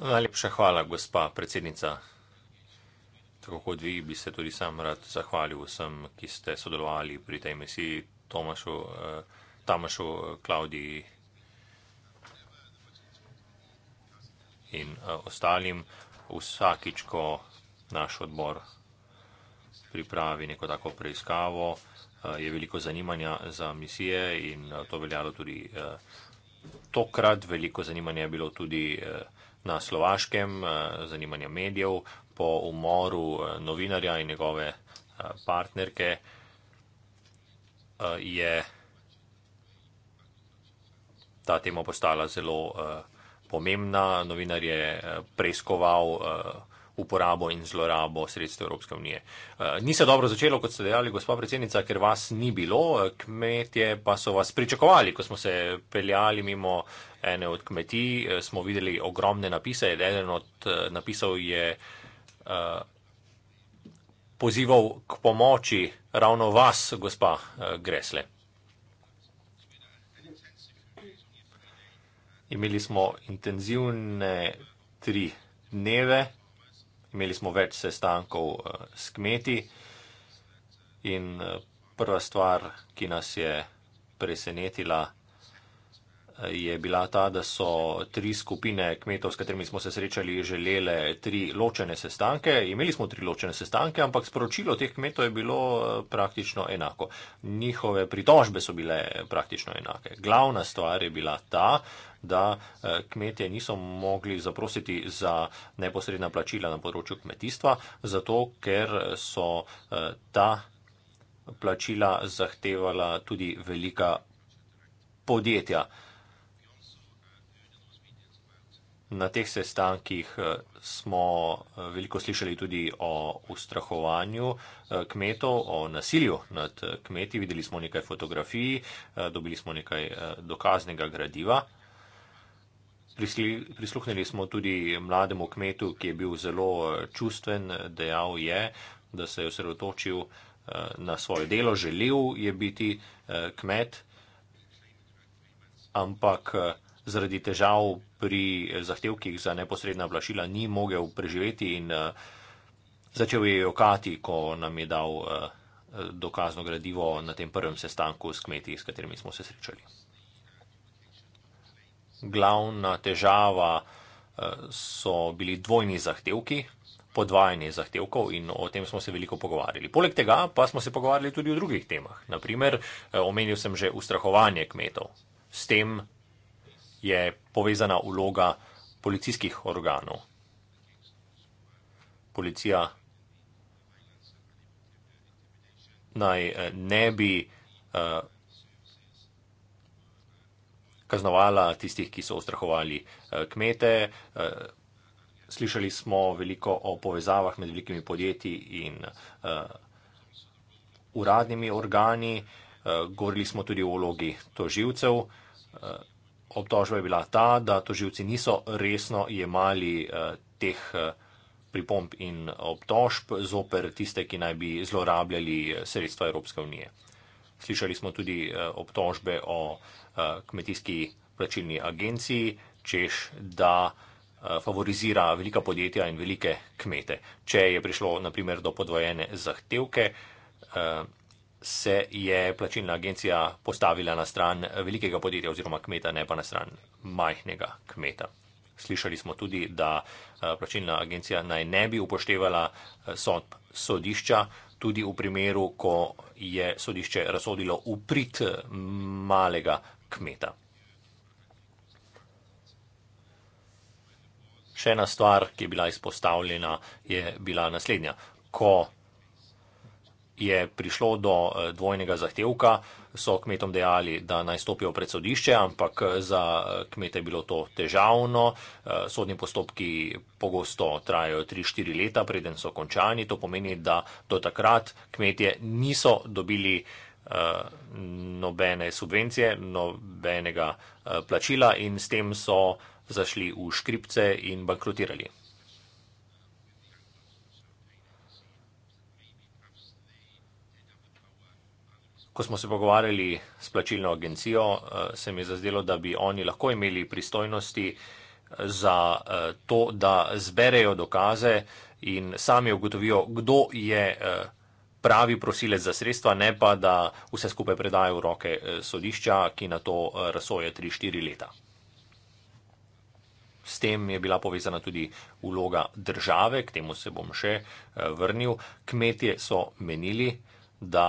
Speaker 3: Najlepša hvala, gospa predsednica Tako kot vi, bi se tudi sam rad zahvalil vsem, ki ste sodelovali pri tej misiji, Tomašu, eh, Tamašu, eh, Klaudiji in eh, ostalim. Vsakič, ko naš odbor pripravi neko tako preiskavo, eh, je veliko zanimanja za misije in eh, to veljalo tudi eh, tokrat. Veliko zanimanja je bilo tudi. Eh, Na slovaškem, eh, zanimanja medijev, po umoru eh, novinarja in njegove eh, partnerke eh, je ta tema postala zelo pomembna. Novinar je preiskoval uporabo in zlorabo sredstev Evropske unije. Ni se dobro začelo, kot ste dejali, gospod predsednica, ker vas ni bilo, kmetje pa so vas pričakovali, ko smo se peljali mimo ene od kmetij, smo videli ogromne napise, eden od napisov je uh, Eh, pozival k pomoči ravno vas, gospa eh, Gresle. Imeli smo intenzivne tri dneve, imeli smo več sestankov eh, s kmeti in prva stvar, ki nas je presenetila, je, je bila ta, da so tri skupine kmetov, s katerimi smo se srečali, želele tri ločene sestanke. Imeli smo tri ločene sestanke, ampak sporočilo teh kmetov je bilo eh, praktično enako. Njihove pritožbe so bile praktično enake. Glavna stvar je bila ta, da eh, kmetje niso mogli zaprositi za neposredna plačila na področju kmetijstva, zato ker so eh, ta plačila zahtevala tudi velika podjetja. Na teh sestankih eh, smo eh, veliko slišali tudi o ustrahovanju eh, kmetov, o nasilju nad kmeti. Videli smo nekaj fotografij, dobili smo nekaj dokaznega gradiva. Prisluhnili smo tudi mlademu kmetu, ki je bil zelo čustven, dejal je, da se je osredotočil na svoje delo, želel je biti kmet, ampak zaradi težav pri eh, zahtevkih za neposredna vlašila ni mogel preživeti in eh, začel je jokati, ko nam je dal eh, dokazno gradivo na tem prvem sestanku s kmeti, s katerimi smo se srečali. Glavna težava so bili dvojni zahtevki, podvajanje zahtevkov in o tem smo se veliko pogovarjali. Poleg tega pa smo se pogovarjali tudi o drugih temah. Naprimer, omenil sem že ustrahovanje kmetov. S tem je povezana vloga policijskih organov. Policija naj eh, ne bi eh, kaznovala tistih, ki so ustrahovali eh, kmete. Slišali smo veliko o povezavah med velikimi podjetji in uradnimi organi. Govorili smo tudi o vlogi toživcev obtožba je bila ta, da toživci niso resno jemali eh, teh eh, pripomp in obtožb zoper tiste, ki naj bi zlorabljali eh, sredstva Evropske unije. Slišali smo tudi eh, obtožbe o eh, kmetijski plačilni agenciji, češ da eh, favorizira velika podjetja in velike kmete. Če je prišlo naprimer do podvojene zahtevke, se je plačilna agencija postavila na stran velikega podjetja oziroma kmeta, ne pa na stran majhnega kmeta. Slišali smo tudi, da eh, plačilna agencija naj ne bi upoštevala eh, sodb sodišča, tudi v primeru, ko je sodišče razsodilo uprit eh, malega kmeta. Še ena stvar, ki je bila izpostavljena, je bila naslednja. Ko je prišlo do eh, dvojnega zahtevka, so kmetom dejali, da naj stopijo pred sodišče, ampak eh, za eh, kmete je bilo to težavno. Sodni postopki pogosto trajajo 3-4 leta, preden so končani. To pomeni, da do takrat kmetje niso dobili nobene subvencije, nobenega plačila in s tem so zašli v škripce in bankrotirali. Ko smo se pogovarjali s plačilno agencijo, eh, se mi je zazdelo, da bi oni lahko imeli pristojnosti eh, za eh, to, da zberejo dokaze in sami ugotovijo, kdo je pravi prosilec za sredstva, ne pa da vse skupaj predajo v roke sodišča, ki na to razsoje 3-4 leta. S tem je bila povezana tudi vloga države, k temu se bom še vrnil. Kmetje so menili, da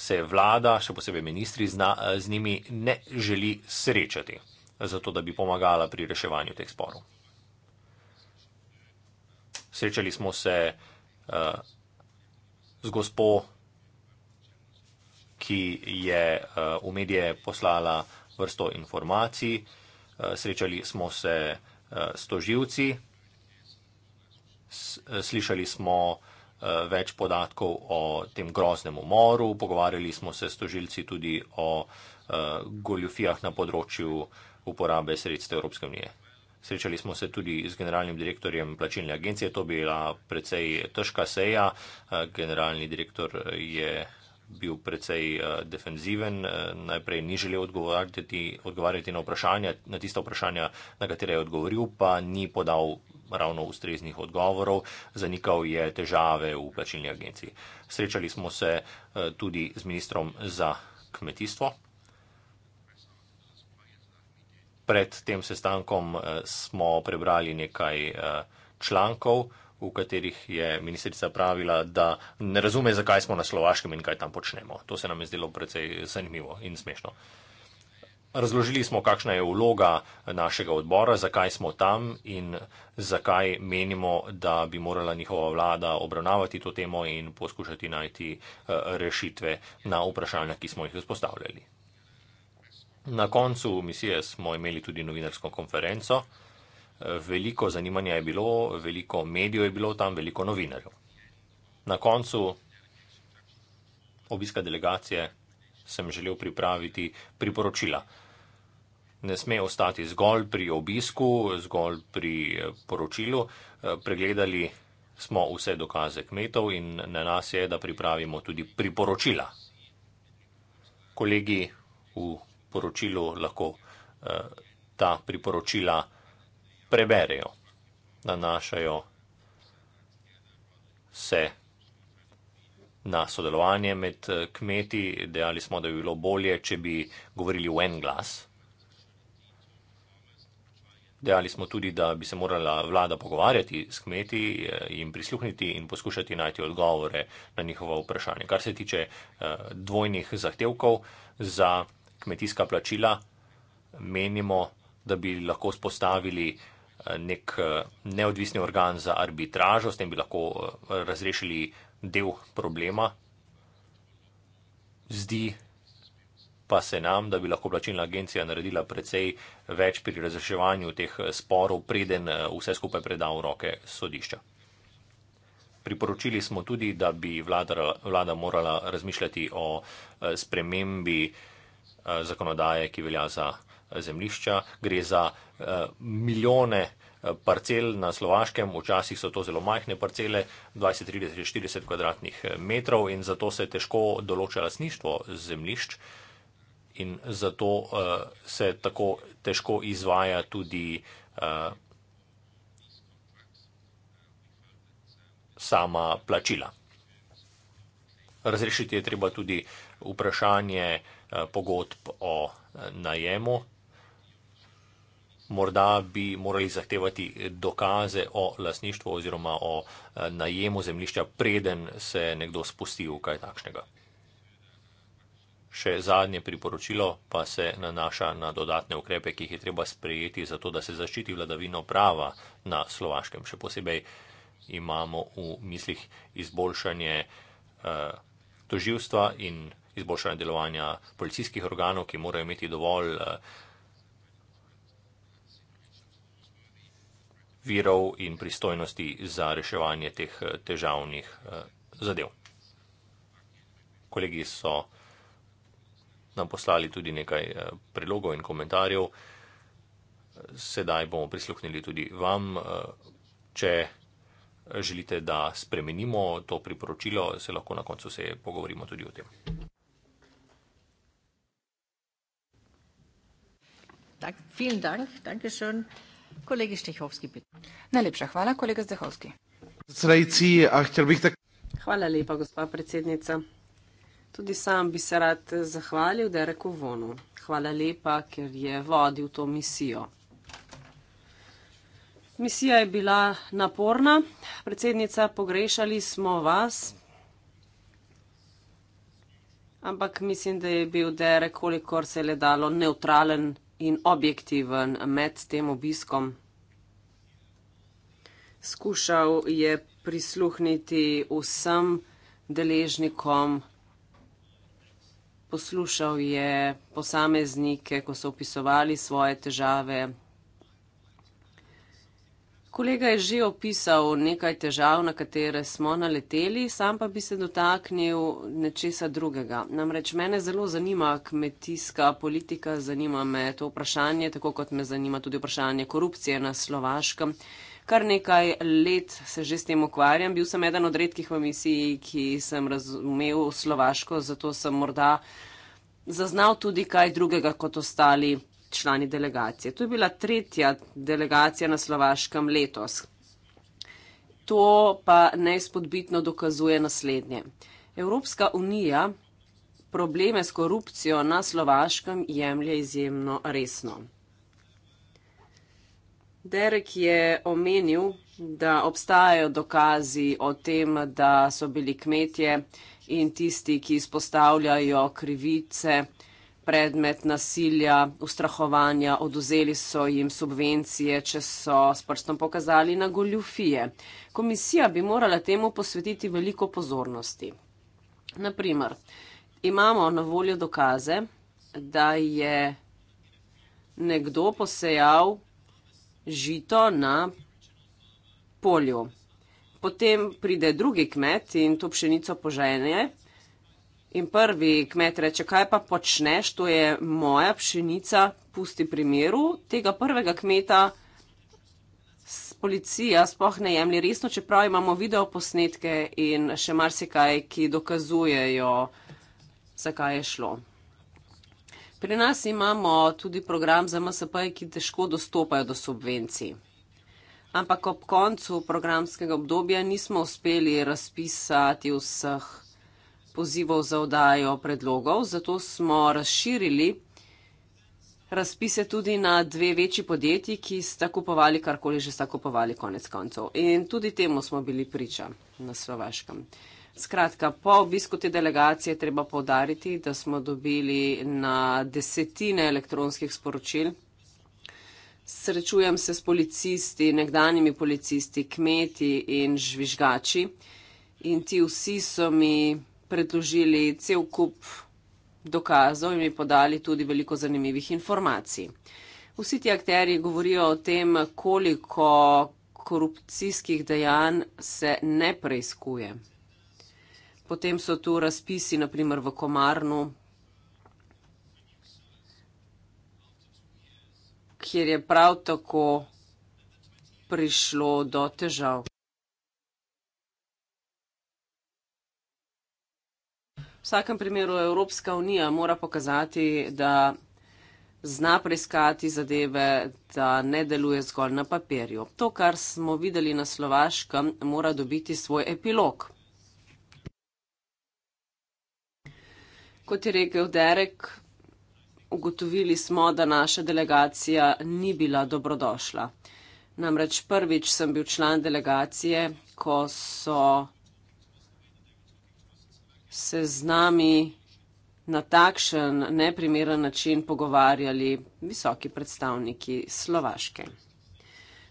Speaker 3: se vlada, še posebej ministri, zna, eh, z njimi ne želi srečati, zato da bi pomagala pri reševanju teh sporov. Srečali smo se uh, z gospo, ki je uh, v medije poslala vrsto informacij, uh, srečali smo se uh, s toživci, slišali smo uh, Eh, več podatkov o tem groznem umoru, pogovarjali smo se s tožilci tudi o eh, goljufijah na področju uporabe sredstev Evropske unije. Srečali smo se tudi z generalnim direktorjem plačilne agencije, to bila precej težka seja. Eh, generalni direktor je bil precej defenziven, najprej ni želel odgovarjati, odgovarjati na, na tiste vprašanja, na katere je odgovoril, pa ni podal ravno ustreznih odgovorov, zanikal je težave v plačilni agenciji. Srečali smo se eh, tudi z ministrom za kmetijstvo. Pred tem sestankom eh, smo prebrali nekaj eh, člankov, v katerih je ministrica pravila, da ne razume, zakaj smo na Slovaškem in kaj tam počnemo. To se nam je zdelo precej zanimivo in smešno. Razložili smo, kakšna je vloga našega odbora, zakaj smo tam in zakaj menimo, da bi morala njihova vlada obravnavati to temo in poskušati najti eh, rešitve na vprašanja, ki smo jih izpostavljali. Na koncu misije smo imeli tudi novinarsko konferenco. Veliko zanimanja je bilo, veliko medijev je bilo tam, veliko novinarjev. Na koncu obiska delegacije sem želel pripraviti priporočila. Ne sme ostati zgolj pri obisku, zgolj pri eh, poročilu. Eh, pregledali smo vse dokaze kmetov in na nas je, da pripravimo tudi priporočila. Kolegi v poročilu lahko eh, ta priporočila preberejo, nanašajo se na sodelovanje med eh, kmeti, dejali smo, da bi bilo bolje, če bi govorili v en glas. Dejali smo tudi, da bi se morala vlada pogovarjati s kmeti eh, in prisluhniti in poskušati najti odgovore na njihova vprašanja. Kar se tiče eh, dvojnih zahtevkov za kmetijska plačila, menimo, da bi lahko spostavili nek neodvisni organ za arbitražo, s tem bi lahko razrešili del problema. Zdi pa se nam, da bi lahko plačilna agencija naredila precej več pri razreševanju teh sporov, preden eh, vse skupaj preda v roke sodišča. Priporočili smo tudi, da bi vlada, vlada morala razmišljati o eh, spremembi eh, zakonodaje, ki velja za zemlišča. Gre za milijone parcel na Slovaškem, včasih so to zelo majhne parcele, 20, 30, 40 kvadratnih eh, metrov in zato se težko določa lasništvo zemlišč in zato uh, se tako težko izvaja tudi uh, sama plačila. Razrešiti je treba tudi vprašanje uh, pogodb o najemu morda bi morali zahtevati dokaze o lasništvu oziroma o eh, najemu zemljišča, preden se nekdo spusti v kaj takšnega. Še zadnje priporočilo pa se nanaša na dodatne ukrepe, ki jih je treba sprejeti, zato da se zaščiti vladavino prava na slovaškem. Še posebej imamo v mislih izboljšanje uh, eh, toživstva in izboljšanje delovanja policijskih organov, ki morajo imeti dovolj uh, virov in pristojnosti za reševanje teh eh, težavnih eh, zadev. Kolegi so nam poslali tudi nekaj eh, prilogov in komentarjev. Sedaj bomo prisluhnili tudi vam, če želite, da spremenimo to priporočilo, se lahko na koncu se pogovorimo tudi o tem.
Speaker 1: Tak, vielen Dank, Dankeschön. Kolegi Štehovski, bitno. Najlepša hvala, kolega Zdehovski. Hvala lepa, gospa
Speaker 2: predsednica. Tudi sam bi se rad zahvalil Dereku Vonu. Hvala lepa, ker je vodil to misijo. Misija je bila naporna. Predsednica, pogrešali smo vas. Ampak mislim, da je bil Derek, kolikor se je le dalo, neutralen in objektiven med tem obiskom. Skušal je prisluhniti vsem deležnikom, poslušal je posameznike, ko so opisovali svoje težave, Kolega je že opisal nekaj težav, na katere smo naleteli, sam pa bi se dotaknil nečesa drugega. Namreč mene zelo zanima kmetijska politika, zanima me to vprašanje, tako kot me zanima tudi vprašanje korupcije na Slovaškem. Kar nekaj let se že s tem ukvarjam, bil sem eden od redkih v emisiji, ki sem razumel Slovaško, zato sem morda zaznal tudi kaj drugega kot ostali člani delegacije. To je bila tretja delegacija na Slovaškem letos. To pa neizpodbitno dokazuje naslednje. Evropska unija probleme s korupcijo na Slovaškem jemlje izjemno resno. Derek je omenil, da obstajajo dokazi o tem, da so bili kmetje in tisti, ki izpostavljajo krivice, predmet nasilja, ustrahovanja, oduzeli so jim subvencije, če so s prstom pokazali na goljufije. Komisija bi morala temu posvetiti veliko pozornosti. Naprimer, imamo na voljo dokaze, da je nekdo posejal žito na polju. Potem pride drugi kmet in to pšenico požene. In prvi kmet reče, kaj pa počneš, to je moja pšenica, pusti primeru. Tega prvega kmeta policija spoh ne jemlje resno, čeprav imamo video posnetke in še marsikaj, ki dokazujejo, zakaj je šlo. Pri nas imamo tudi program za MSP, ki težko dostopajo do subvencij. Ampak ob koncu programskega obdobja nismo uspeli razpisati vseh pozivov za odajo predlogov, zato smo razširili razpise tudi na dve večji podjetji, ki sta kupovali karkoli že sta kupovali konec koncev. In tudi temu smo bili priča na Slovaškem. Skratka, po obisku te delegacije treba povdariti, da smo dobili na desetine elektronskih sporočil. Srečujem se s policisti, nekdanjimi policisti, kmeti in žvižgači. In ti vsi so mi predložili cel kup dokazov in mi podali tudi veliko zanimivih informacij. Vsi ti akteri govorijo o tem, koliko korupcijskih dejanj se ne preizkuje. Potem so tu razpisi, naprimer v Komarnu, kjer je prav tako prišlo do težav. vsakem primeru Evropska unija mora pokazati, da zna preiskati zadeve, da ne deluje zgolj na papirju. To, kar smo videli na Slovaškem, mora dobiti svoj epilog. Kot je rekel Derek, ugotovili smo, da naša delegacija ni bila dobrodošla. Namreč prvič sem bil član delegacije, ko so se z nami na takšen neprimeren način pogovarjali visoki predstavniki Slovaške.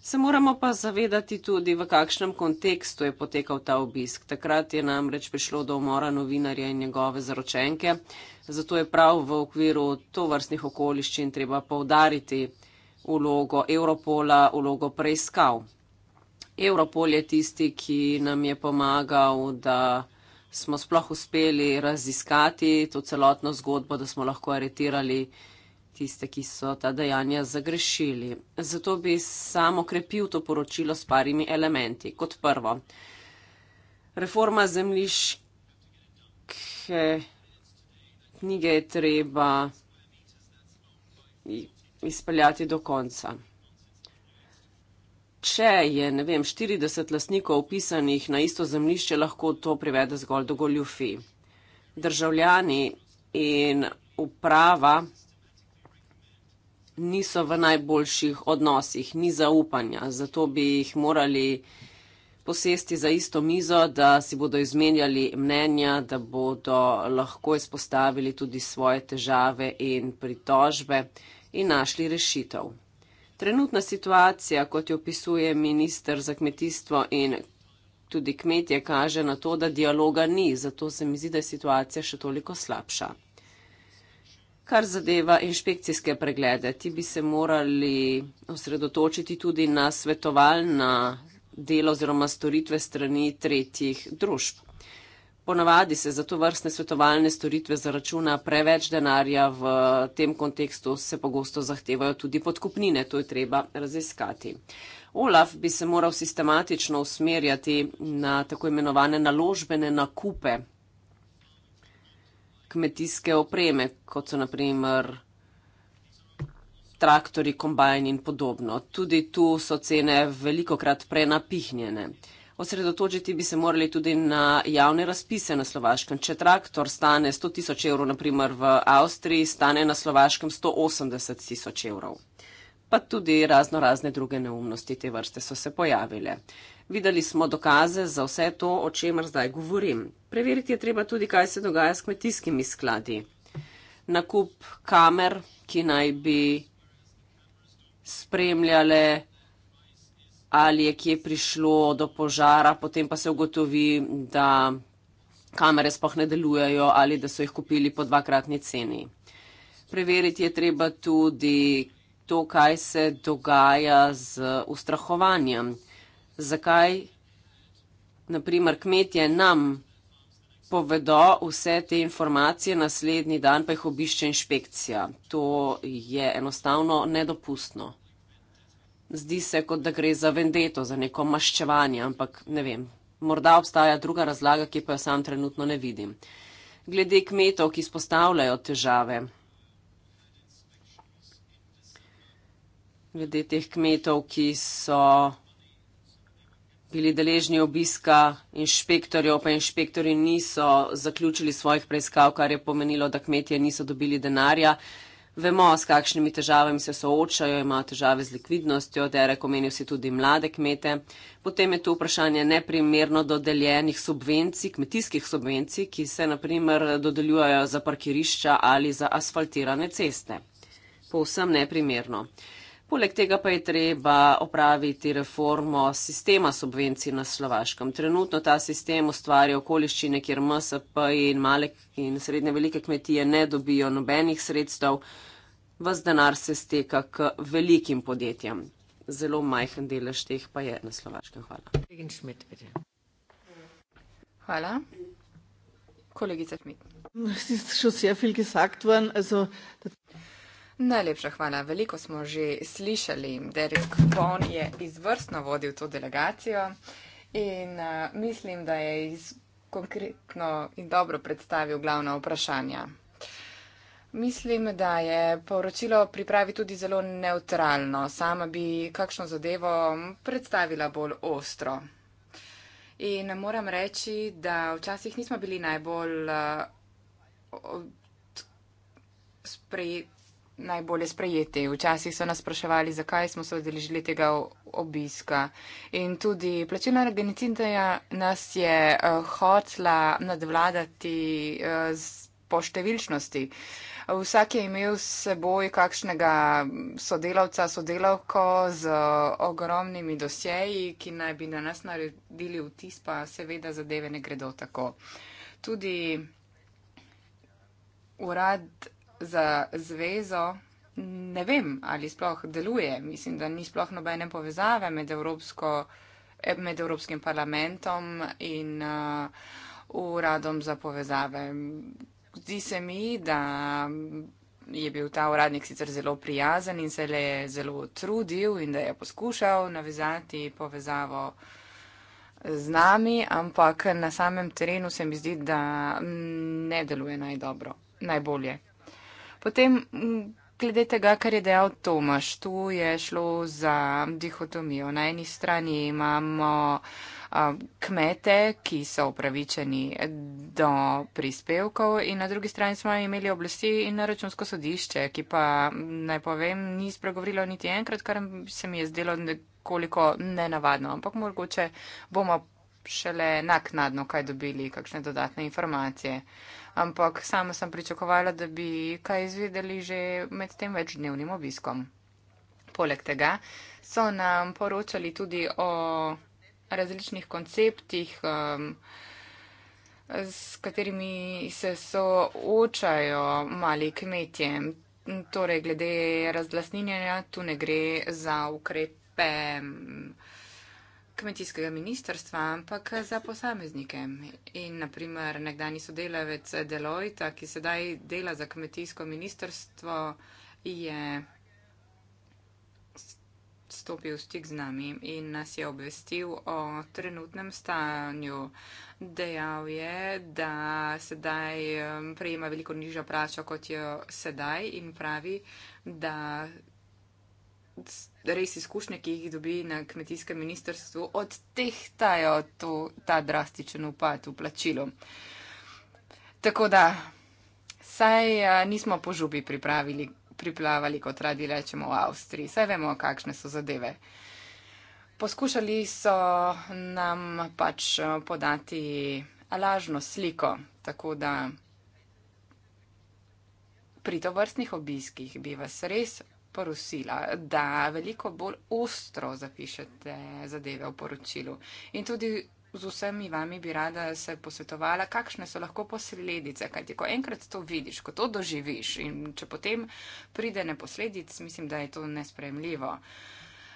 Speaker 2: Se moramo pa zavedati tudi, v kakšnem kontekstu je potekal ta obisk. Takrat je namreč prišlo do umora novinarja in njegove zaročenke, zato je prav v okviru to vrstnih okoliščin treba povdariti ulogo Europola, ulogo preiskav. Europol je tisti, ki nam je pomagal, da smo sploh uspeli raziskati to celotno zgodbo, da smo lahko aretirali tiste, ki so ta dejanja zagrešili. Zato bi samo okrepil to poročilo s parimi elementi. Kot prvo, reforma zemljiške knjige je treba izpeljati do konca če je, ne vem, 40 lastnikov upisanih na isto zemljišče, lahko to privede zgolj do goljufi. Državljani in uprava niso v najboljših odnosih, ni zaupanja, zato bi jih morali posesti za isto mizo, da si bodo izmenjali mnenja, da bodo lahko izpostavili tudi svoje težave in pritožbe in našli rešitev. Trenutna situacija, kot jo opisuje ministr za kmetijstvo in tudi kmetje, kaže na to, da dialoga ni, zato se mi zdi, da je situacija še toliko slabša. Kar zadeva inšpekcijske preglede, ti bi se morali osredotočiti tudi na svetovalna dela oziroma storitve strani tretjih družb. Ponavadi se za to vrstne svetovalne storitve zaračuna preveč denarja, v tem kontekstu se pogosto zahtevajo tudi podkupnine, to je treba raziskati. Olaf bi se moral sistematično usmerjati na tako imenovane naložbene nakupe kmetijske opreme, kot so naprimer traktori, kombajni in podobno. Tudi tu so cene veliko krat prenapihnjene osredotočiti bi se morali tudi na javne razpise na slovaškem. Če traktor stane 100 tisoč evrov, naprimer v Avstriji, stane na slovaškem 180 tisoč evrov. Pa tudi razno razne druge neumnosti te vrste so se pojavile. Videli smo dokaze za vse to, o čemer zdaj govorim. Preveriti je treba tudi, kaj se dogaja s kmetijskimi skladi. Nakup kamer, ki naj bi spremljale ali je kje prišlo do požara, potem pa se ugotovi, da kamere spoh ne delujejo ali da so jih kupili po dvakratni ceni. Preveriti je treba tudi to, kaj se dogaja z ustrahovanjem. Zakaj, naprimer, kmetje nam povedo vse te informacije, naslednji dan pa jih obišče inšpekcija. To je enostavno nedopustno zdi se, kot da gre za vendeto, za neko maščevanje, ampak ne vem. Morda obstaja druga razlaga, ki pa jo sam trenutno ne vidim. Glede kmetov, ki spostavljajo težave. Glede teh kmetov, ki so bili deležni obiska inšpektorjev, pa inšpektori niso zaključili svojih preiskav, kar je pomenilo, da kmetje niso dobili denarja. Uh, Vemo, s kakšnimi težavami se soočajo, imajo težave z likvidnostjo, Derek omenil si tudi mlade kmete. Potem je tu vprašanje neprimerno dodeljenih subvencij, kmetijskih subvencij, ki se naprimer dodeljujejo za parkirišča ali za asfaltirane ceste. Povsem neprimerno. Poleg tega pa je treba opraviti reformo sistema subvencij na Slovaškem. Trenutno ta sistem ustvarja okoliščine, kjer MSP in male in srednje velike kmetije ne dobijo nobenih sredstev vas denar se steka k velikim podjetjem. Zelo majhen delež teh pa je na slovaškem.
Speaker 3: Hvala.
Speaker 1: Hvala. Kolegica Šmit. Najlepša hvala. Veliko smo že slišali. Derek Bon je izvrstno vodil to delegacijo in uh, mislim, da je iz konkretno in dobro predstavil glavna vprašanja. Mislim, da je poročilo pripravi tudi zelo neutralno. Sama bi kakšno zadevo predstavila bolj ostro. In moram reči, da včasih nismo bili najbolj eh, spreje, najbolje sprejeti. Včasih so nas spraševali, zakaj smo se odeležili tega obiska. In tudi plačilna organizacija nas je eh, hotla nadvladati eh, po številčnosti. Vsak je imel s seboj kakšnega sodelavca, sodelavko z ogromnimi dosjeji, ki naj bi na nas naredili vtis, pa seveda zadeve ne gredo tako. Tudi urad za zvezo. Ne vem, ali sploh deluje. Mislim, da ni sploh nobene povezave med, Evropsko, eh, med Evropskim parlamentom in uh, uradom za povezave zdi se mi, da je bil ta uradnik sicer zelo prijazen in se le je zelo trudil in da je poskušal navezati povezavo z nami, ampak na samem terenu se mi zdi, da ne deluje najdobro, najbolje. Potem, glede tega, kar je dejal Tomaš, tu je šlo za dihotomijo. Na eni strani imamo. Um, kmete, ki so upravičeni do prispevkov in na drugi strani smo imeli oblasti in na računsko sodišče, ki pa, naj povem, ni spregovorilo niti enkrat, kar se mi je zdelo nekoliko nenavadno, ampak mogoče bomo šele naknadno kaj dobili, kakšne dodatne informacije. Ampak sama sem pričakovala, da bi kaj izvedeli že med tem večdnevnim obiskom. Poleg tega so nam poročali tudi o različnih konceptih, um, s katerimi se soočajo mali kmetje. Torej, glede razglasninjanja, tu ne gre za ukrepe um, kmetijskega ministrstva, ampak za posameznike. In naprimer nekdani sodelavec Deloita, ki sedaj dela za kmetijsko ministrstvo, je stopil v stik z nami in nas je obvestil o trenutnem stanju. Dejal je, da sedaj um, prejema veliko nižjo plačo, kot jo sedaj in pravi, da res izkušnje, ki jih dobi na kmetijskem ministrstvu, odtehtajo to, ta drastičen upad v plačilu. Tako da, saj uh, nismo po žubi pripravili priplavali, kot radi rečemo, v Avstriji. Saj vemo, kakšne so zadeve. Poskušali so nam pač eh, podati lažno sliko, tako da pri tovrstnih obiskih bi vas res porusila, da veliko bolj ostro zapišete zadeve v poročilu. In tudi z vsemi vami bi rada se posvetovala, kakšne so lahko posledice, kajti ko enkrat to vidiš, ko to doživiš in če potem pride ne posledic, mislim, da je to nespremljivo.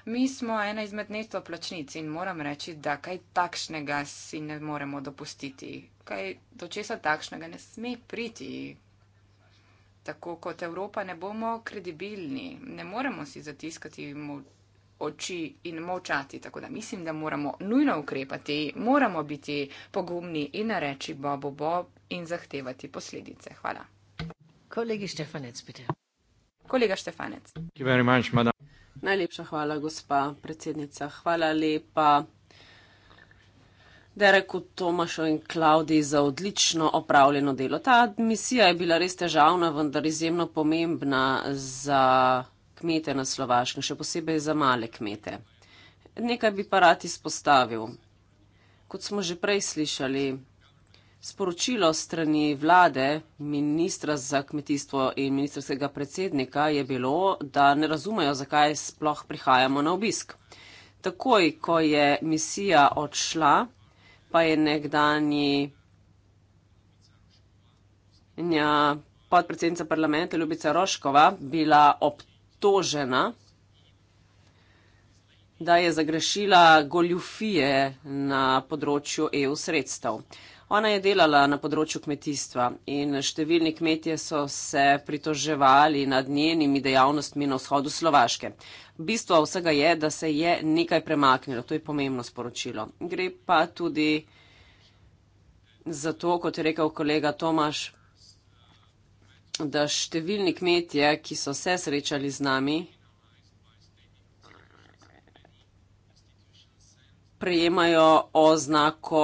Speaker 1: Mi smo ena izmed neto plačnic in moram reči, da kaj takšnega si ne moremo dopustiti. Kaj do česa takšnega ne sme priti. Tako kot Evropa ne bomo kredibilni, ne moremo si zatiskati moči oči in molčati. Tako da mislim, da moramo nujno ukrepati, moramo biti pogumni in reči bobo bob in zahtevati posledice. Hvala. Kolegi Štefanec, pite. Kolega Štefanec. Much,
Speaker 2: Najlepša hvala, gospa predsednica. Hvala lepa. Dereku Tomašu in Klaudi za odlično opravljeno delo. Ta misija je bila res težavna, vendar izjemno pomembna za kmete na Slovaškem, še posebej za male kmete. Nekaj bi pa rad izpostavil. Kot smo že prej slišali, sporočilo strani vlade, ministra za kmetijstvo in ministerskega predsednika je bilo, da ne razumejo, zakaj sploh prihajamo na obisk. Takoj, ko je misija odšla, pa je nekdani podpredsednica parlamenta Ljubica Roškova bila ob obtožena, da je zagrešila goljufije na področju EU sredstev. Ona je delala na področju kmetijstva in številni kmetje so se pritoževali nad njenimi dejavnostmi na vzhodu Slovaške. Bistvo vsega je, da se je nekaj premaknilo. To je pomembno sporočilo. Gre pa tudi za to, kot je rekel kolega Tomaš, da številni kmetje, ki so se srečali z nami, prejemajo oznako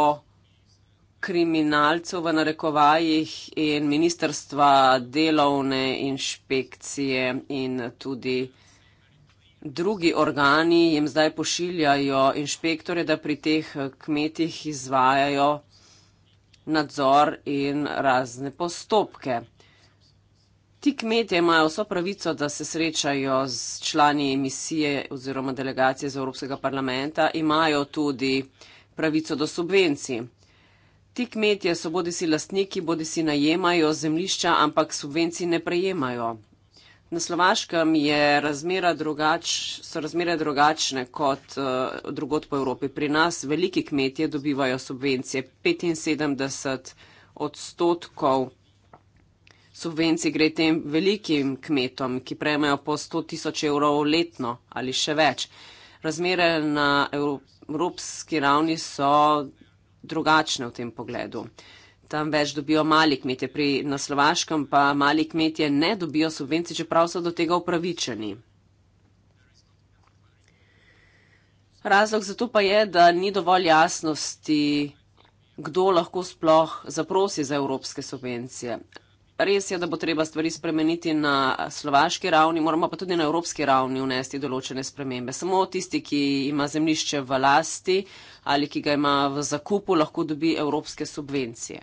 Speaker 2: kriminalcev v narekovajih in ministrstva delovne inšpekcije in tudi drugi organi jim zdaj pošiljajo inšpektore, da pri teh kmetih izvajajo nadzor in razne postopke. Ti kmetje imajo vso pravico, da se srečajo z člani emisije oziroma delegacije z Evropskega parlamenta, imajo tudi pravico do subvencij. Ti kmetje so bodi si lastniki, bodi si najemajo zemlišča, ampak subvencij ne prejemajo. Na Slovaškem je razmera drugač, so razmere drugačne kot uh, eh, drugot po Evropi. Pri nas veliki kmetje dobivajo subvencije 75 odstotkov subvencij gre tem velikim kmetom, ki prejmejo po 100 tisoč evrov letno ali še več. Razmere na evropski ravni so drugačne v tem pogledu. Tam več dobijo mali kmetje, pri naslovaškem pa mali kmetje ne dobijo subvencij, čeprav so do tega upravičeni. Razlog za to pa je, da ni dovolj jasnosti, kdo lahko sploh zaprosi za evropske subvencije res je, da bo treba stvari spremeniti na slovaški ravni, moramo pa tudi na evropski ravni unesti določene spremembe. Samo tisti, ki ima zemlišče v lasti ali ki ga ima v zakupu, lahko dobi evropske subvencije.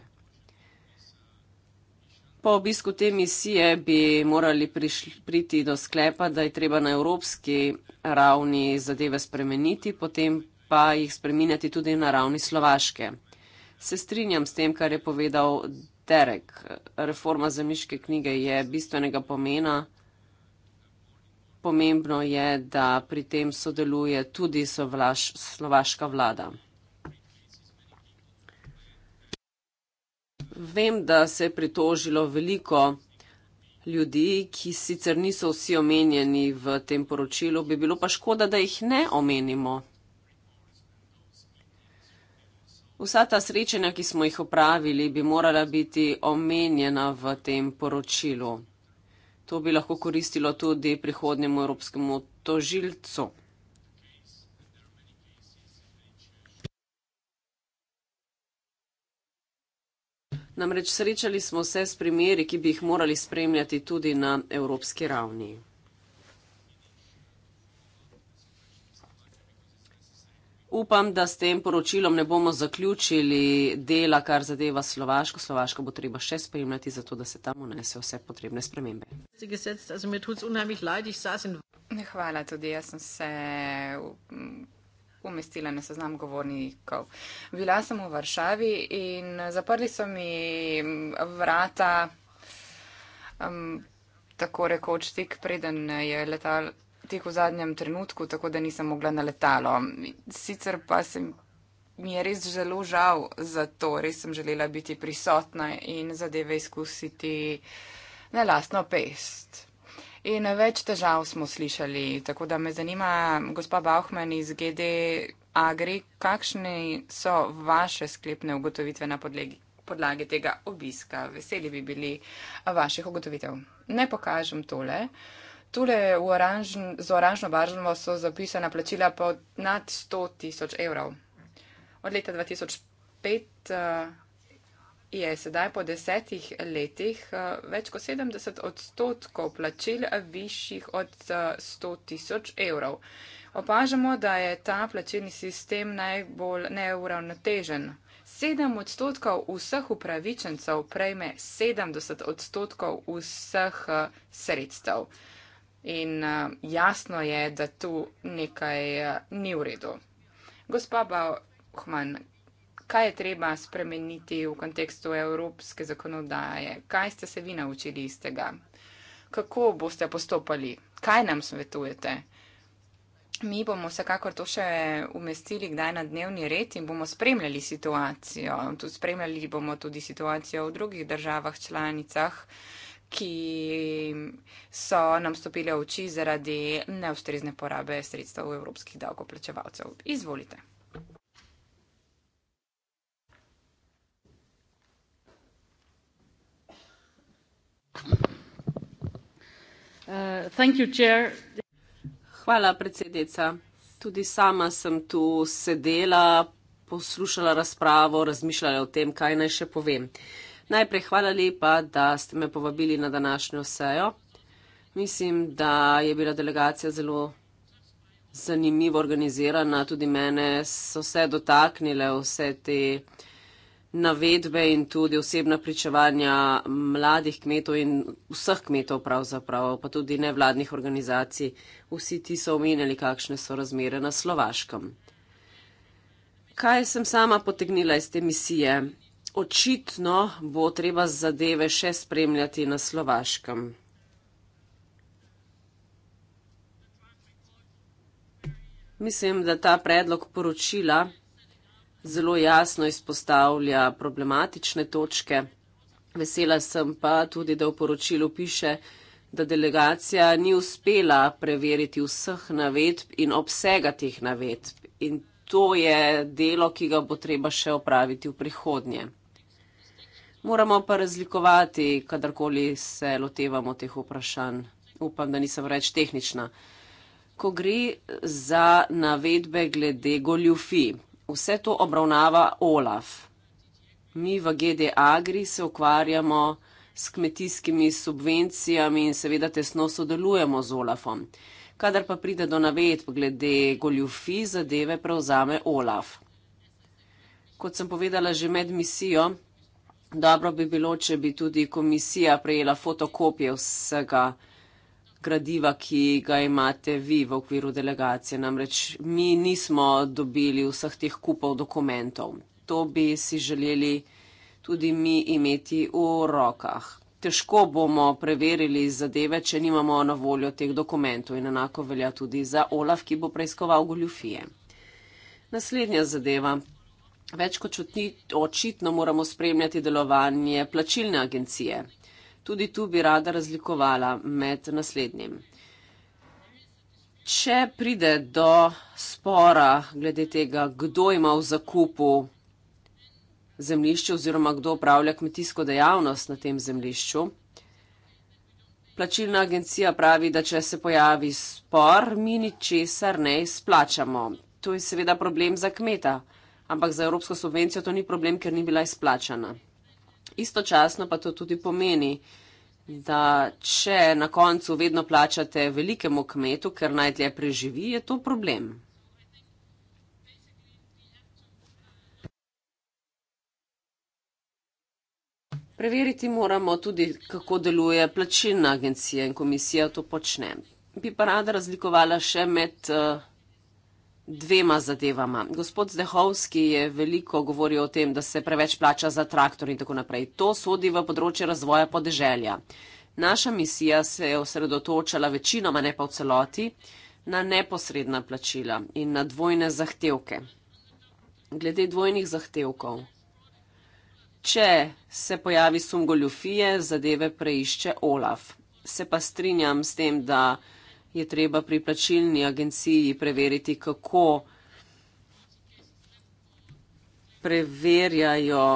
Speaker 2: Po obisku te misije bi morali priti do sklepa, da je treba na evropski ravni zadeve spremeniti, potem pa jih spreminjati tudi na ravni Slovaške. Se strinjam s tem, kar je povedal Terek, reforma za miške knjige je bistvenega pomena. Pomembno je, da pri tem sodeluje tudi sovlaš, slovaška vlada. Vem, da se je pritožilo veliko ljudi, ki sicer niso vsi omenjeni v tem poročilu, bi bilo pa škoda, da jih ne omenimo. Vsa ta srečanja, ki smo jih opravili, bi morala biti omenjena v tem poročilu. To bi lahko koristilo tudi prihodnjemu evropskemu tožilcu. Namreč srečali smo se s primeri, ki bi jih morali spremljati tudi na evropski ravni. upam, da s tem poročilom ne bomo zaključili dela, kar zadeva Slovaško. Slovaško bo treba še spremljati, zato da se tam unese vse potrebne spremembe.
Speaker 1: Hvala, tudi jaz sem se umestila na seznam govornikov. Bila sem v Varšavi in zaprli so mi vrata. Um, tako rekoč tik, preden je letal, tik v zadnjem trenutku, tako da nisem mogla na letalo. Sicer pa se mi je res zelo žal za to, res sem želela biti prisotna in zadeve izkusiti na lastno pest. In več težav smo slišali, tako da me zanima, gospa Bauchman iz GD Agri, kakšne so vaše sklepne ugotovitve na podlegi? podlagi tega obiska. Veseli bi bili vaših ugotovitev. Ne pokažem tole. Uh, Tule oranžn, z oranžno barvo so zapisana plačila po nad 100 tisoč evrov. Od leta 2005 eh, je sedaj po desetih letih eh, več kot 70 odstotkov plačil višjih od 100 eh, tisoč evrov. Opažamo, da je ta plačilni sistem najbolj neuravnotežen. 7 odstotkov vseh upravičencev prejme 70 odstotkov vseh sredstev in uh, jasno je, da tu nekaj uh, ni v redu. Gospa Bauhman, kaj je treba spremeniti v kontekstu evropske zakonodaje? Kaj ste se vi naučili iz tega? Kako boste postopali? Kaj nam svetujete? Mi bomo vsekakor to še umestili kdaj na dnevni red in bomo spremljali situacijo. Tudi spremljali bomo tudi situacijo v drugih državah članicah ki so nam stopile v oči zaradi neustrezne porabe sredstev evropskih davkoplačevalcev. Izvolite. Uh,
Speaker 2: Hvala, predsednica. Tudi sama sem tu sedela, poslušala razpravo, razmišljala o tem, kaj naj še povem. Uh, Najprej hvala lepa, da ste me povabili na današnjo sejo. Mislim, da je bila delegacija zelo zanimivo organizirana, tudi mene so se dotaknile vse te navedbe in tudi osebna pričevanja mladih kmetov in vseh kmetov pravzaprav, pa tudi nevladnih organizacij. Vsi ti so omenjali, kakšne so razmere na Slovaškem. Kaj sem sama potegnila iz te misije? očitno bo treba zadeve še spremljati na slovaškem. Mislim, da ta predlog poročila zelo jasno izpostavlja problematične točke. Vesela sem pa tudi, da v poročilu piše, da delegacija ni uspela preveriti vseh navedb in obsega teh navedb. In to je delo, ki ga bo treba še opraviti v prihodnje. Moramo pa razlikovati, kadarkoli se lotevamo teh vprašanj. Upam, da nisem reč tehnična. Ko gre za navedbe glede goljufi, vse to obravnava OLAF. Mi v GD Agri se ukvarjamo s kmetijskimi subvencijami in seveda tesno sodelujemo z OLAFom. Kadar pa pride do navedb glede goljufi, zadeve prevzame OLAF. Kot sem povedala že med misijo, Dobro bi bilo, če bi tudi komisija prejela fotokopije vsega gradiva, ki ga imate vi v okviru delegacije. Namreč mi nismo dobili vseh teh kupov dokumentov. To bi si želeli tudi mi imeti v rokah. Težko bomo preverili zadeve, če nimamo na voljo teh dokumentov in enako velja tudi za Olaf, ki bo preiskoval goljufije. Naslednja zadeva. Več kot čutni, očitno moramo spremljati delovanje plačilne agencije. Tudi tu bi rada razlikovala med naslednjim. Če pride do spora glede tega, kdo ima v zakupu zemlišče oziroma kdo upravlja kmetijsko dejavnost na tem zemlišču, plačilna agencija pravi, da če se pojavi spor, mi ničesar ne izplačamo. To je seveda problem za kmeta ampak za evropsko subvencijo to ni problem, ker ni bila izplačana. Istočasno pa to tudi pomeni, da če na koncu vedno plačate velikemu kmetu, ker najdlje preživi, je to problem. Preveriti moramo tudi, kako deluje plačilna agencija in komisija to počne. Bi pa rada razlikovala še med. Uh, dvema zadevama. Gospod Zdehovski je veliko govoril o tem, da se preveč plača za traktor in tako naprej. To sodi v področje razvoja podeželja. Naša misija se je osredotočala večinoma, ne pa v celoti, na neposredna plačila in na dvojne zahtevke. Glede dvojnih zahtevkov. Če se pojavi sum goljufije, zadeve preišče Olaf. Se pa strinjam s tem, da je treba pri plačilni agenciji preveriti, kako preverjajo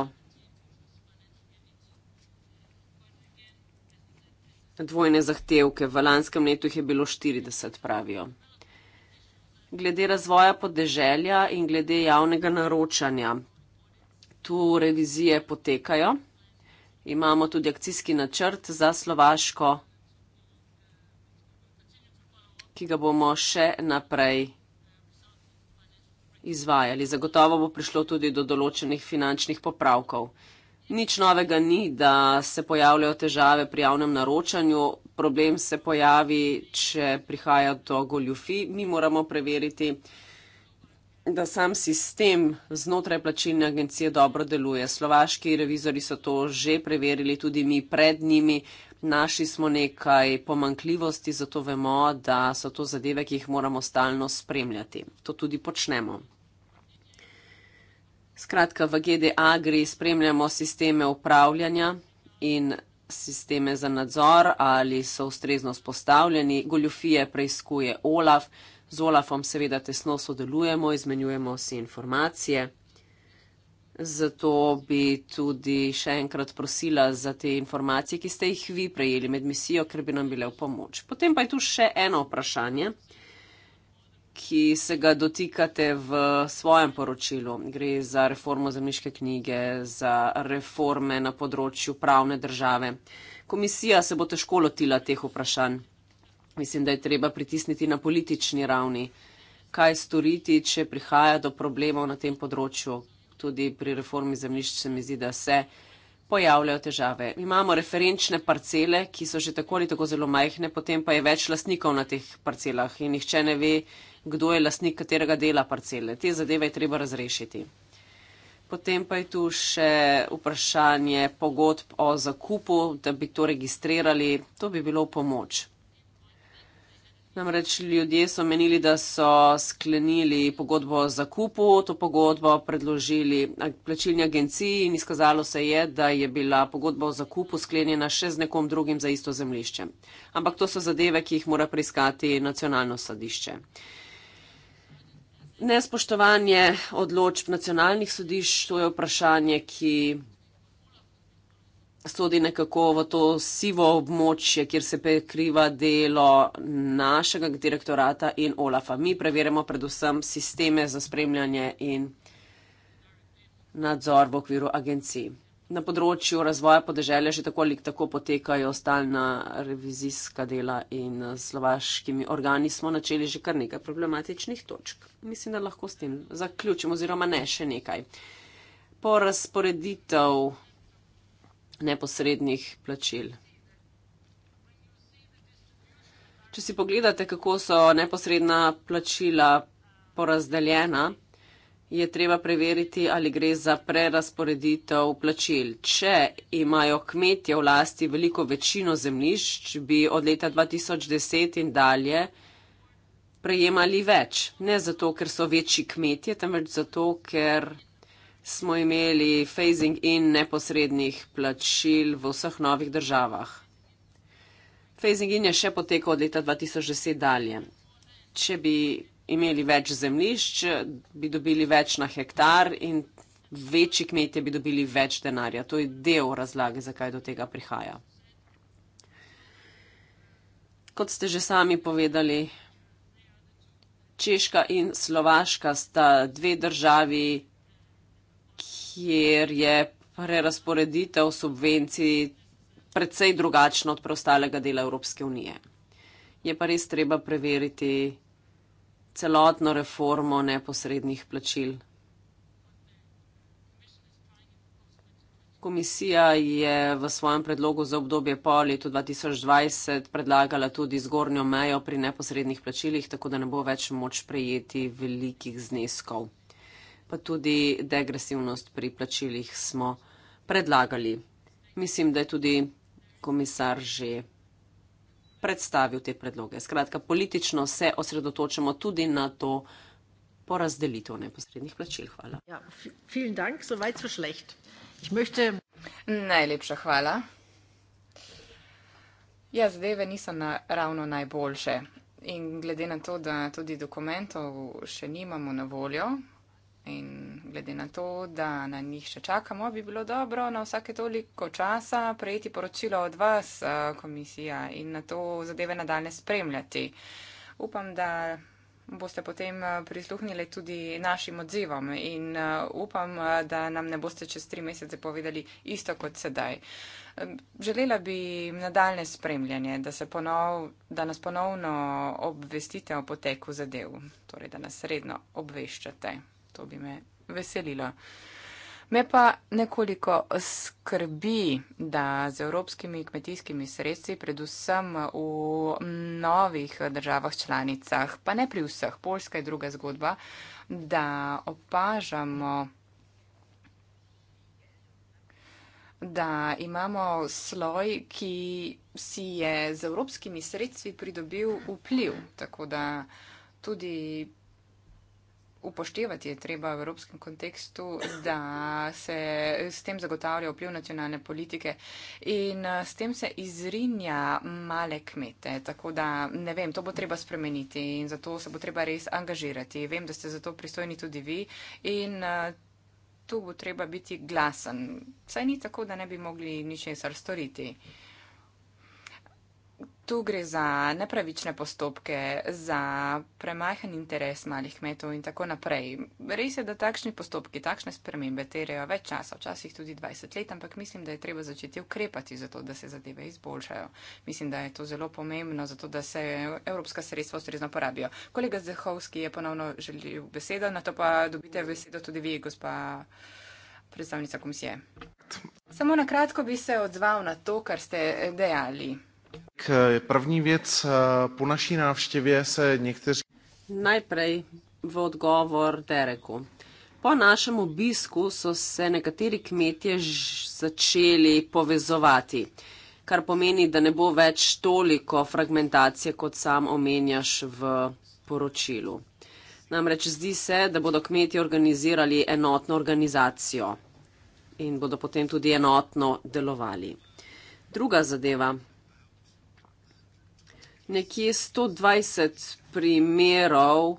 Speaker 2: dvojne zahtevke. V lanskem letu jih je bilo 40, pravijo. Glede razvoja podeželja in glede javnega naročanja, tu revizije potekajo. Imamo tudi akcijski načrt za Slovaško ki ga bomo še naprej izvajali. Zagotovo bo prišlo tudi do določenih finančnih popravkov. Nič novega ni, da se pojavljajo težave pri javnem naročanju. Problem se pojavi, če prihaja do goljufi. Mi moramo preveriti, da sam sistem znotraj plačilne agencije dobro deluje. Slovaški revizori so to že preverili, tudi mi pred njimi. Naši smo nekaj pomankljivosti, zato vemo, da so to zadeve, ki jih moramo stalno spremljati. To tudi počnemo. Skratka, v GD Agri spremljamo sisteme upravljanja in sisteme za nadzor, ali so ustrezno spostavljeni. Goljofije preizkuje Olaf. Z Olafom seveda tesno sodelujemo, izmenjujemo si informacije. Zato bi tudi še enkrat prosila za te informacije, ki ste jih vi prejeli med misijo, ker bi nam bile v pomoč. Potem pa je tu še eno vprašanje, ki se ga dotikate v svojem poročilu. Gre za reformo zemljiške knjige, za reforme na področju pravne države. Komisija se bo težko lotila teh vprašanj. Mislim, da je treba pritisniti na politični ravni. Kaj storiti, če prihaja do problemov na tem področju? tudi pri reformi zemljišč se mi zdi, da se pojavljajo težave. Imamo referenčne parcele, ki so že tako ali tako zelo majhne, potem pa je več lastnikov na teh parcelah in nihče ne ve, kdo je lastnik katerega dela parcele. Te zadeve je treba razrešiti. Potem pa je tu še vprašanje pogodb o zakupu, da bi to registrirali. To bi bilo v pomoč. Namreč ljudje so menili, da so sklenili pogodbo o zakupu, to pogodbo predložili plačilni agenciji in izkazalo se je, da je bila pogodba o zakupu sklenjena še z nekom drugim za isto zemlišče. Ampak to so zadeve, ki jih mora preiskati nacionalno sodišče. Nespoštovanje odločb nacionalnih sodišč, to je vprašanje, ki sodi nekako v to sivo območje, kjer se prekriva delo našega direktorata in OLAFA. Mi preverjamo predvsem sisteme za spremljanje in nadzor v okviru agencij. Na področju razvoja podeželja že tako ali tako potekajo stalna revizijska dela in s slovaškimi organi smo načeli že kar nekaj problematičnih točk. Mislim, da lahko s tem zaključimo oziroma ne še nekaj. Po razporeditev neposrednih plačil. Če si pogledate, kako so neposredna plačila porazdeljena, je treba preveriti, ali gre za prerasporeditev plačil. Če imajo kmetje v lasti veliko večino zemljišč, bi od leta 2010 in dalje prejemali več. Ne zato, ker so večji kmetje, temveč zato, ker smo imeli phasing in neposrednih plačil v vseh novih državah. Phasing in je še potekal od leta 2010 dalje. Če bi imeli več zemljišč, bi dobili več na hektar in večji kmetje bi dobili več denarja. To je del razlage, zakaj do tega prihaja. Kot ste že sami povedali, Češka in Slovaška sta dve državi, kjer je prerasporeditev subvencij predvsej drugačna od preostalega dela Evropske unije. Je pa res treba preveriti celotno reformo neposrednih plačil. Komisija je v svojem predlogu za obdobje po letu 2020 predlagala tudi zgornjo mejo pri neposrednih plačilih, tako da ne bo več moč prejeti velikih zneskov pa tudi degresivnost pri plačilih smo predlagali. Mislim, da je tudi komisar že predstavil te predloge. Skratka, politično se osredotočamo tudi na to porazdelitev neposrednih plačil. Hvala.
Speaker 1: Ja, vielen dank, so weit so schlecht. Ich möchte... Najlepša hvala. Ja, zadeve niso na ravno najboljše. In glede na to, da tudi dokumentov še nimamo na voljo, In glede na to, da na njih še čakamo, bi bilo dobro na vsake toliko časa prejeti poročilo od vas, eh, komisija, in na to zadeve nadalje spremljati. Upam, da boste potem eh, prisluhnili tudi našim odzivom in eh, upam, da nam ne boste čez tri mesece povedali isto kot sedaj. Želela bi nadaljne spremljanje, da, ponov, da nas ponovno obvestite o poteku zadev, torej da nas redno obveščate to bi me veselilo. Me pa nekoliko skrbi, da z evropskimi kmetijskimi sredstvi, predvsem v novih državah članicah, pa ne pri vseh, Poljska je druga zgodba, da opažamo, da imamo sloj, ki si je z evropskimi sredstvi pridobil vpliv. Tako da tudi upoštevati je treba v evropskem kontekstu, da se s tem zagotavlja vpliv nacionalne politike in eh, s tem se izrinja male kmete. Tako da ne vem, to bo treba spremeniti in zato se bo treba res angažirati. Vem, da ste zato pristojni tudi vi in eh, tu bo treba biti glasen. Saj ni tako, da ne bi mogli ničesar storiti tu gre za nepravične postopke, za premajhen interes malih kmetov in tako naprej. Res je, da takšni postopki, takšne spremembe terejo več časa, včasih tudi 20 let, ampak mislim, da je treba začeti ukrepati za to, da se zadeve izboljšajo. Mislim, da je to zelo pomembno, zato da se evropska sredstva ustrezno porabijo. Kolega Zehovski je ponovno želil besedo, na to pa dobite besedo tudi vi, gospa predstavnica komisije. Samo na kratko bi se odzval na to, kar ste dejali.
Speaker 2: Tak první věc, eh, po naší návštěvě se někteří... Najprej v odgovor Dereku. Po našem obisku so se nekateri kmetje začeli povezovati, kar pomeni, da ne bo več toliko fragmentacije, kot sam omenjaš v poročilu. Namreč zdi se, da bodo kmetje organizirali enotno organizacijo in bodo potem tudi enotno delovali. Druga zadeva nekje 120 primerov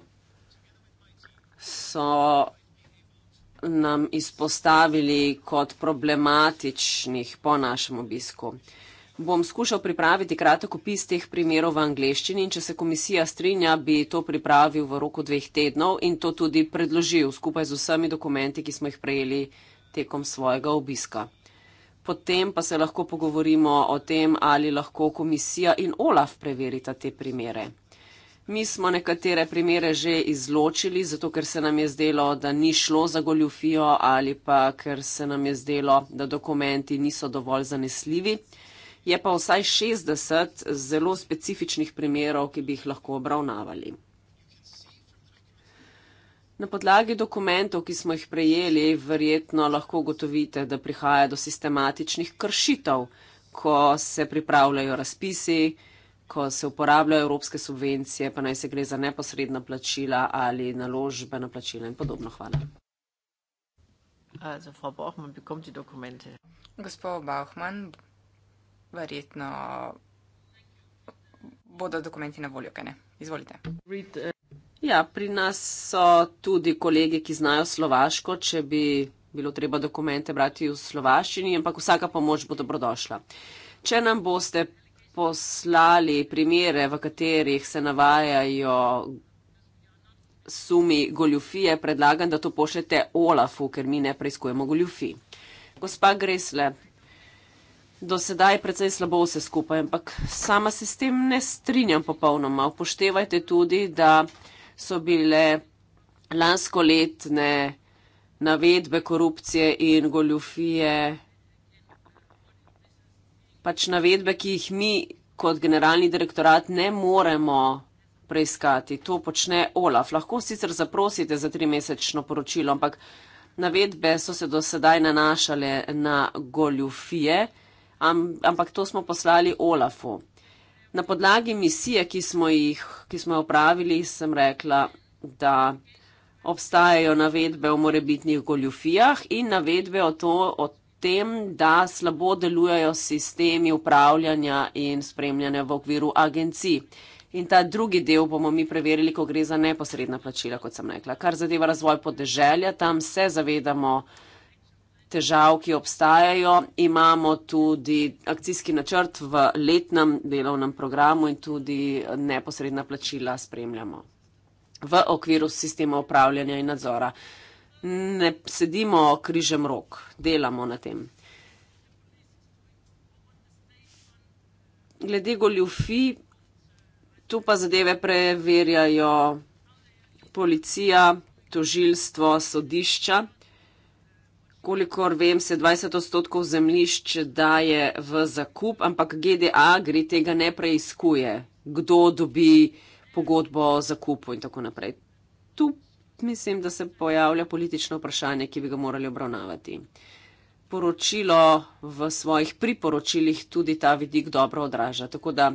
Speaker 2: so nam izpostavili kot problematičnih po našem obisku. Bom skušal pripraviti kratek opis teh primerov v angleščini in če se komisija strinja, bi to pripravil v roku dveh tednov in to tudi predložil skupaj z vsemi dokumenti, ki smo jih prejeli tekom svojega obiska potem pa se lahko pogovorimo o tem, ali lahko komisija in OLAF preverita te primere. Mi smo nekatere primere že izločili, zato ker se nam je zdelo, da ni šlo za goljufijo ali pa ker se nam je zdelo, da dokumenti niso dovolj zanesljivi. Je pa vsaj 60 zelo specifičnih primerov, ki bi jih lahko obravnavali. Na podlagi dokumentov, ki smo jih prejeli, verjetno lahko gotovite, da prihaja do sistematičnih kršitev, ko se pripravljajo razpisi, ko se uporabljajo evropske subvencije, pa naj se gre za neposredna plačila ali naložbe na plačila in podobno. Hvala.
Speaker 1: Za Frau Bauchmann, bi kom ti dokumente? Gospod Bauchmann, verjetno bodo dokumenti na voljo, kaj ne? Izvolite. Read, uh...
Speaker 2: Ja, pri nas so tudi kolegi, ki znajo slovaško, če bi bilo treba dokumente brati v slovaščini, ampak vsaka pomoč bo dobrodošla. Če nam boste poslali primere, v katerih se navajajo sumi goljufije, predlagam, da to pošljete Olafu, ker mi ne preizkujemo goljufi. Gospa Gresle, do sedaj precej slabo vse skupaj, ampak sama se s tem ne strinjam popolnoma. Upoštevajte tudi, da so bile lanskoletne navedbe korupcije in goljufije, pač navedbe, ki jih mi kot generalni direktorat ne moremo preiskati. To počne Olaf. Lahko sicer zaprosite za tri mesečno poročilo, ampak navedbe so se do sedaj nanašale na goljufije, ampak to smo poslali Olafu na podlagi misije, ki smo, jih, ki smo jo upravili, sem rekla, da obstajajo navedbe o morebitnih goljufijah in navedbe o, to, o tem, da slabo delujejo sistemi upravljanja in spremljanja v okviru agencij. In ta drugi del bomo mi preverili, ko gre za neposredna plačila, kot sem rekla. Kar zadeva razvoj podeželja, tam se zavedamo, težav, ki obstajajo. Imamo tudi akcijski načrt v letnem delovnem programu in tudi neposredna plačila spremljamo v okviru sistema upravljanja in nadzora. Ne sedimo križem rok, delamo na tem. Glede goljufi, tu pa zadeve preverjajo policija, tožilstvo, sodišča kolikor vem, se 20 odstotkov zemljišč daje v zakup, ampak GDA gre tega ne preiskuje, kdo dobi pogodbo o zakupu in tako naprej. Tu mislim, da se pojavlja politično vprašanje, ki bi ga morali obravnavati. Poročilo v svojih priporočilih tudi ta vidik dobro odraža. Tako da,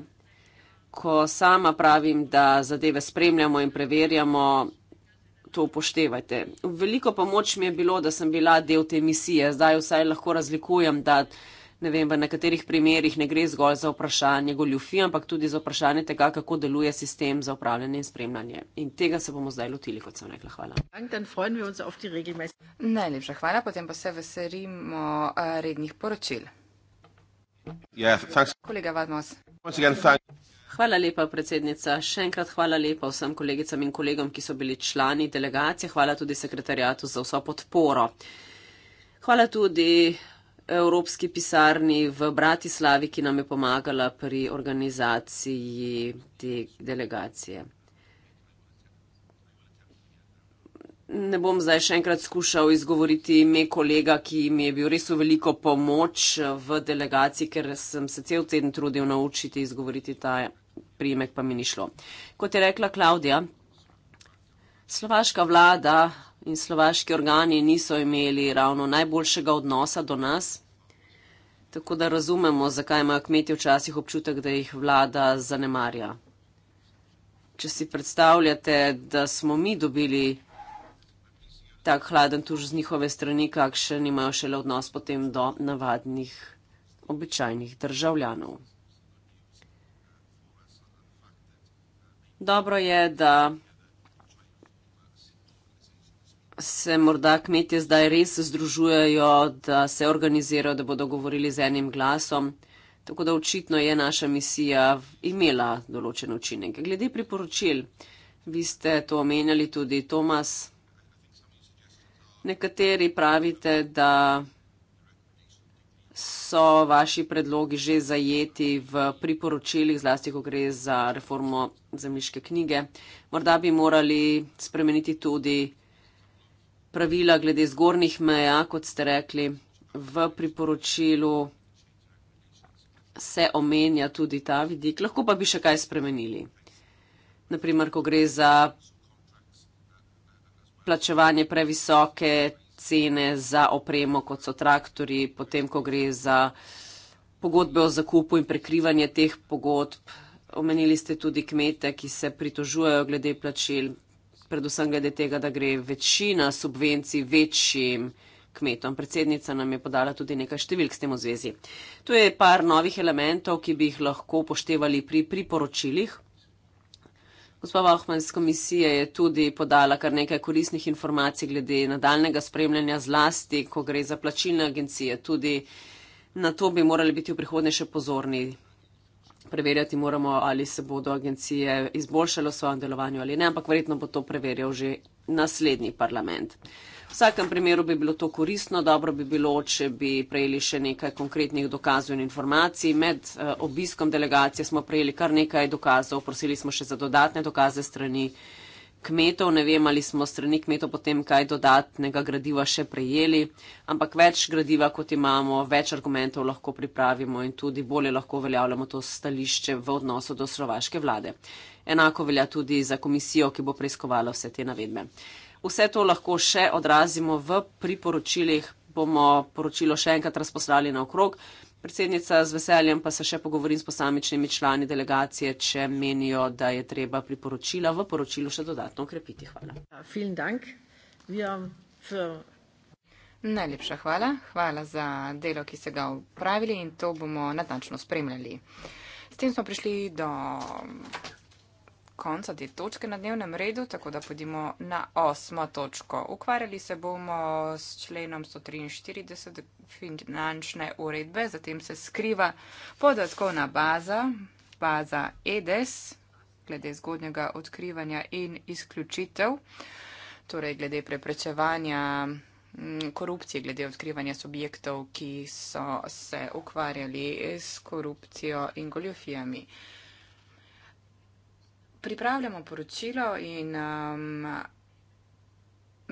Speaker 2: ko sama pravim, da zadeve spremljamo in preverjamo, to upoštevajte. Veliko pomoč mi je bilo, da sem bila del te misije. Zdaj vsaj lahko razlikujem, da ne vem, v nekaterih primerjih ne gre zgolj za vprašanje goljufi, ampak tudi za vprašanje tega, kako deluje sistem za upravljanje in spremljanje. In tega se bomo zdaj lotili, kot sem rekla. Hvala.
Speaker 1: Najlepša hvala, potem pa se veselimo eh, rednih poročil. Yeah, ja, Kolega Vadmos. Once again, thank you. Hvala lepa, predsednica. Še enkrat hvala
Speaker 2: lepa vsem kolegicam in kolegom, ki so bili člani delegacije. Hvala tudi sekretarjatu za vso podporo. Hvala tudi. Evropski pisarni v Bratislavi, ki nam je pomagala pri organizaciji te delegacije. Ne bom zdaj še enkrat skušal izgovoriti ime kolega, ki mi je bil res v veliko pomoč v delegaciji, ker sem se cel teden trudil naučiti izgovoriti ta primek pa mi ni šlo. Kot je rekla Klaudija, slovaška vlada in slovaški organi niso imeli ravno najboljšega odnosa do nas, tako da razumemo, zakaj imajo kmetje včasih občutek, da jih vlada zanemarja. Če si predstavljate, da smo mi dobili tak hladen tuž z njihove strani, kakšen imajo šele odnos potem do navadnih, običajnih državljanov. Dobro je, da se morda kmetje zdaj res združujejo, da se organizirajo, da bodo govorili z enim glasom. Tako da očitno je naša misija imela določen učinek. Glede priporočil, vi ste to omenjali tudi, Tomas. Nekateri pravite, da so vaši predlogi že zajeti v priporočilih, zlasti, ko gre za reformo zemljiške knjige. Morda bi morali spremeniti tudi pravila glede zgornjih meja, kot ste rekli, v priporočilu se omenja tudi ta vidik, lahko pa bi še kaj spremenili. Naprimer, ko gre za plačevanje previsoke cene za opremo, kot so traktori, potem, ko gre za pogodbe o zakupu in prekrivanje teh pogodb. Omenili ste tudi kmete, ki se pritožujejo glede plačil, predvsem glede tega, da gre večina subvencij večjim kmetom. Predsednica nam je podala tudi nekaj številk s tem v zvezi. To je par novih elementov, ki bi jih lahko poštevali pri priporočilih. Gospa Vahman iz komisije je tudi podala kar nekaj korisnih informacij glede nadaljnega spremljanja zlasti, ko gre za plačilne agencije. Tudi na to bi morali biti v prihodnje še pozorni. Preverjati moramo, ali se bodo agencije izboljšale v svojem delovanju ali ne, ampak verjetno bo to preverjal že naslednji parlament. V vsakem primeru bi bilo to koristno, dobro bi bilo, če bi prejeli še nekaj konkretnih dokazov in informacij. Med eh, obiskom delegacije smo prejeli kar nekaj dokazov, prosili smo še za dodatne dokaze strani kmetov, ne vem, ali smo strani kmetov potem kaj dodatnega gradiva še prejeli, ampak več gradiva, kot imamo, več argumentov lahko pripravimo in tudi bolje lahko uveljavljamo to stališče v odnosu do slovaške vlade. Enako velja tudi za komisijo, ki bo preiskovala vse te navedbe. Vse to lahko še odrazimo v priporočilih, bomo poročilo še enkrat razposlali na okrog. Predsednica, z veseljem pa se še pogovorim s posamičnimi člani delegacije, če menijo, da je treba priporočila v poročilu
Speaker 1: še dodatno ukrepiti. Hvala. Ja, Najlepša hvala. Hvala za delo, ki ste ga upravili in to bomo natančno spremljali. S tem smo prišli do konca te točke na dnevnem redu, tako da podimo na osmo točko. Ukvarjali se bomo s členom 143 finančne uredbe, zatem se skriva podatkovna baza, baza EDES, glede zgodnjega odkrivanja in izključitev, torej glede preprečevanja mm, korupcije glede odkrivanja subjektov, ki so se ukvarjali s korupcijo in goljofijami pripravljamo poročilo in um,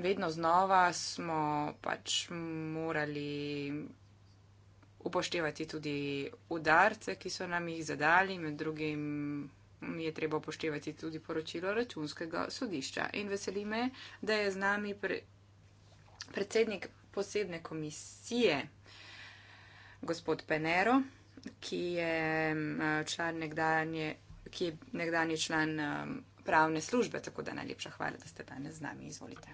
Speaker 1: vedno znova smo pač morali upoštevati tudi udarce, ki so nam jih zadali, med drugim je treba upoštevati tudi poročilo računskega sodišča. In veseli me, da je z nami pre, predsednik posebne komisije, gospod Penero, ki je um, član nekdanje ki je nekdani član um, pravne službe, tako da najlepša hvala, da ste danes z nami. Izvolite.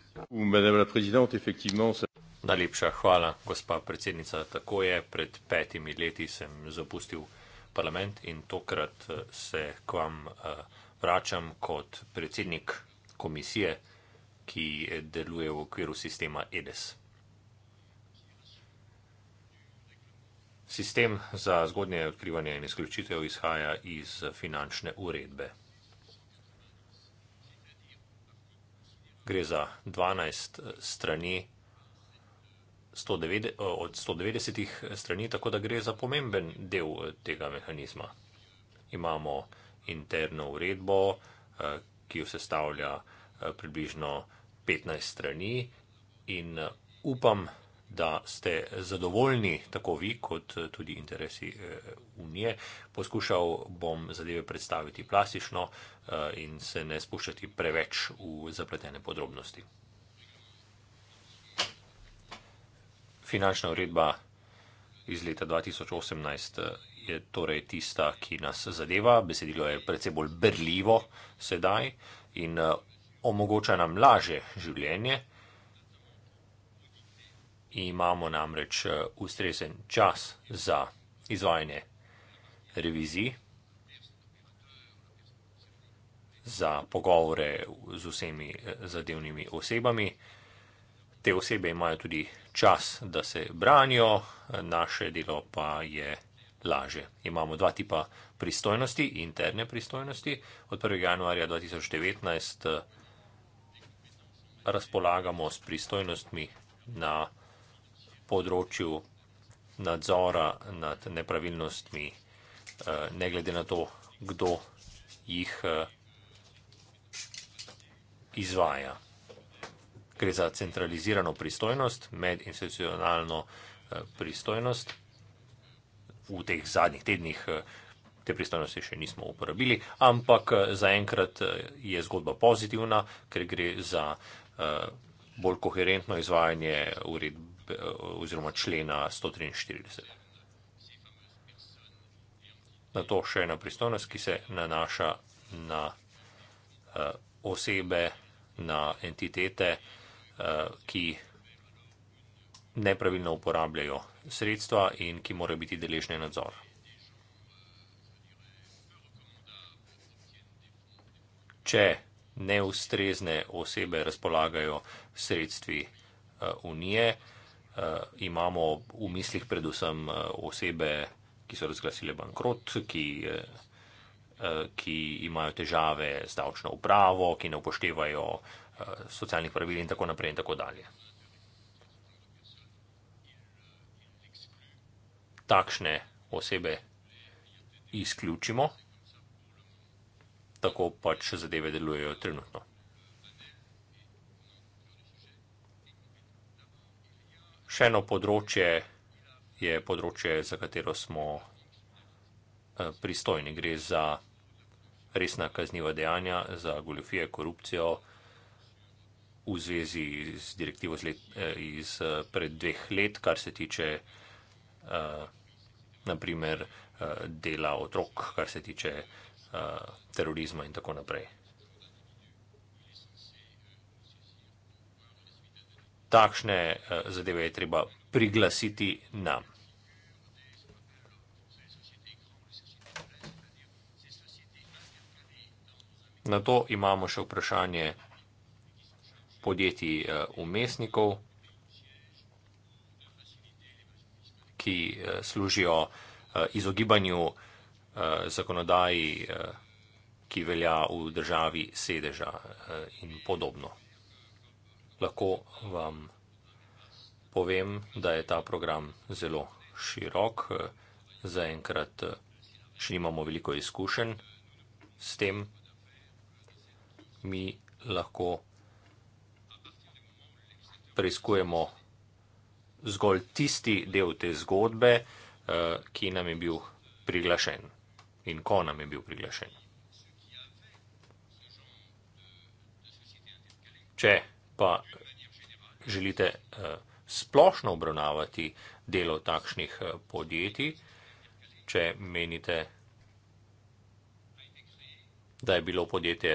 Speaker 3: Najlepša hvala, gospa predsednica. Tako je, pred petimi leti sem zapustil parlament in tokrat eh, se k vam eh, vračam kot predsednik komisije, ki deluje v okviru sistema EDES. Sistem za zgodnje odkrivanje in izključitev izhaja iz finančne uredbe. Gre za 12 eh, strani 190, eh, od 190 eh, strani, tako da gre za pomemben del tega mehanizma. Imamo interno uredbo, ki jo sestavlja približno 15 strani in upam, da da ste zadovoljni, tako vi, kot eh, tudi interesi eh, unije. Poskušal bom zadeve predstaviti plastično eh, in se ne spuščati preveč v zapletene podrobnosti. Finančna uredba iz leta 2018 je torej tista, ki nas zadeva. Besedilo je predvsej bolj brljivo sedaj in omogoča nam laže življenje imamo namreč eh, ustrezen čas za izvajanje revizij, za pogovore z vsemi eh, zadevnimi osebami. Te osebe imajo tudi čas, da se branijo, naše delo pa je laže. Imamo dva tipa pristojnosti, interne pristojnosti. Od 1. januarja 2019 eh, razpolagamo s pristojnostmi na področju nadzora nad nepravilnostmi, eh, ne glede na to, kdo jih eh, izvaja. Gre za centralizirano pristojnost, medinstitucionalno eh, pristojnost. V teh zadnjih tednih te pristojnosti še nismo uporabili, ampak zaenkrat je zgodba pozitivna, ker gre za bolj koherentno izvajanje uredb Eh, oziroma člena 143. Na to še ena pristojnost, ki se nanaša na uh, osebe, na entitete, uh, ki nepravilno uporabljajo sredstva in ki mora biti deležne nadzor. Če neustrezne osebe razpolagajo sredstvi uh, Unije, uh, uh, imamo v mislih predvsem uh, osebe, ki so razglasile bankrot, ki, uh, ki imajo težave z davčno upravo, ki ne upoštevajo uh, socialnih pravil in tako naprej in tako dalje. Takšne osebe izključimo, tako pač zadeve delujejo trenutno. Še eno področje je področje, za katero smo eh, pristojni. Gre za resna kazniva dejanja, za goljofije, korupcijo v zvezi z direktivo z let, eh, iz eh, pred dveh let, kar se tiče naprimer dela otrok, kar se tiče terorizma in tako naprej. takšne eh, zadeve je treba priglasiti nam. Na to imamo še vprašanje podjetij eh, umestnikov, ki eh, služijo izogibanju zakonodaji, ki velja v državi sedeža in podobno lahko vam povem, da je ta program zelo širok. Zaenkrat še nimamo veliko izkušenj s tem. Mi lahko preizkujemo zgolj tisti del te zgodbe, ki nam je bil priglašen in ko nam je bil priglašen. Če pa želite eh, splošno obravnavati delo takšnih eh, podjetij, če menite, da je bilo podjetje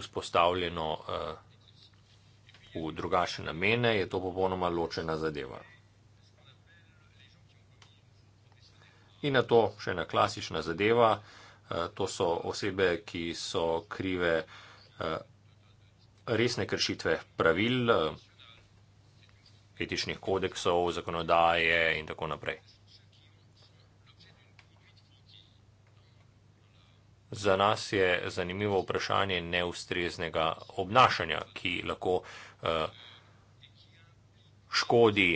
Speaker 3: vzpostavljeno eh, v drugačne namene, je to popolnoma ločena zadeva. In na to še ena klasična zadeva, Eh, to so osebe, ki so krive eh, resne kršitve pravil, eh, etičnih kodeksov, zakonodaje in tako naprej. Za nas je zanimivo vprašanje neustreznega obnašanja, ki lahko škodi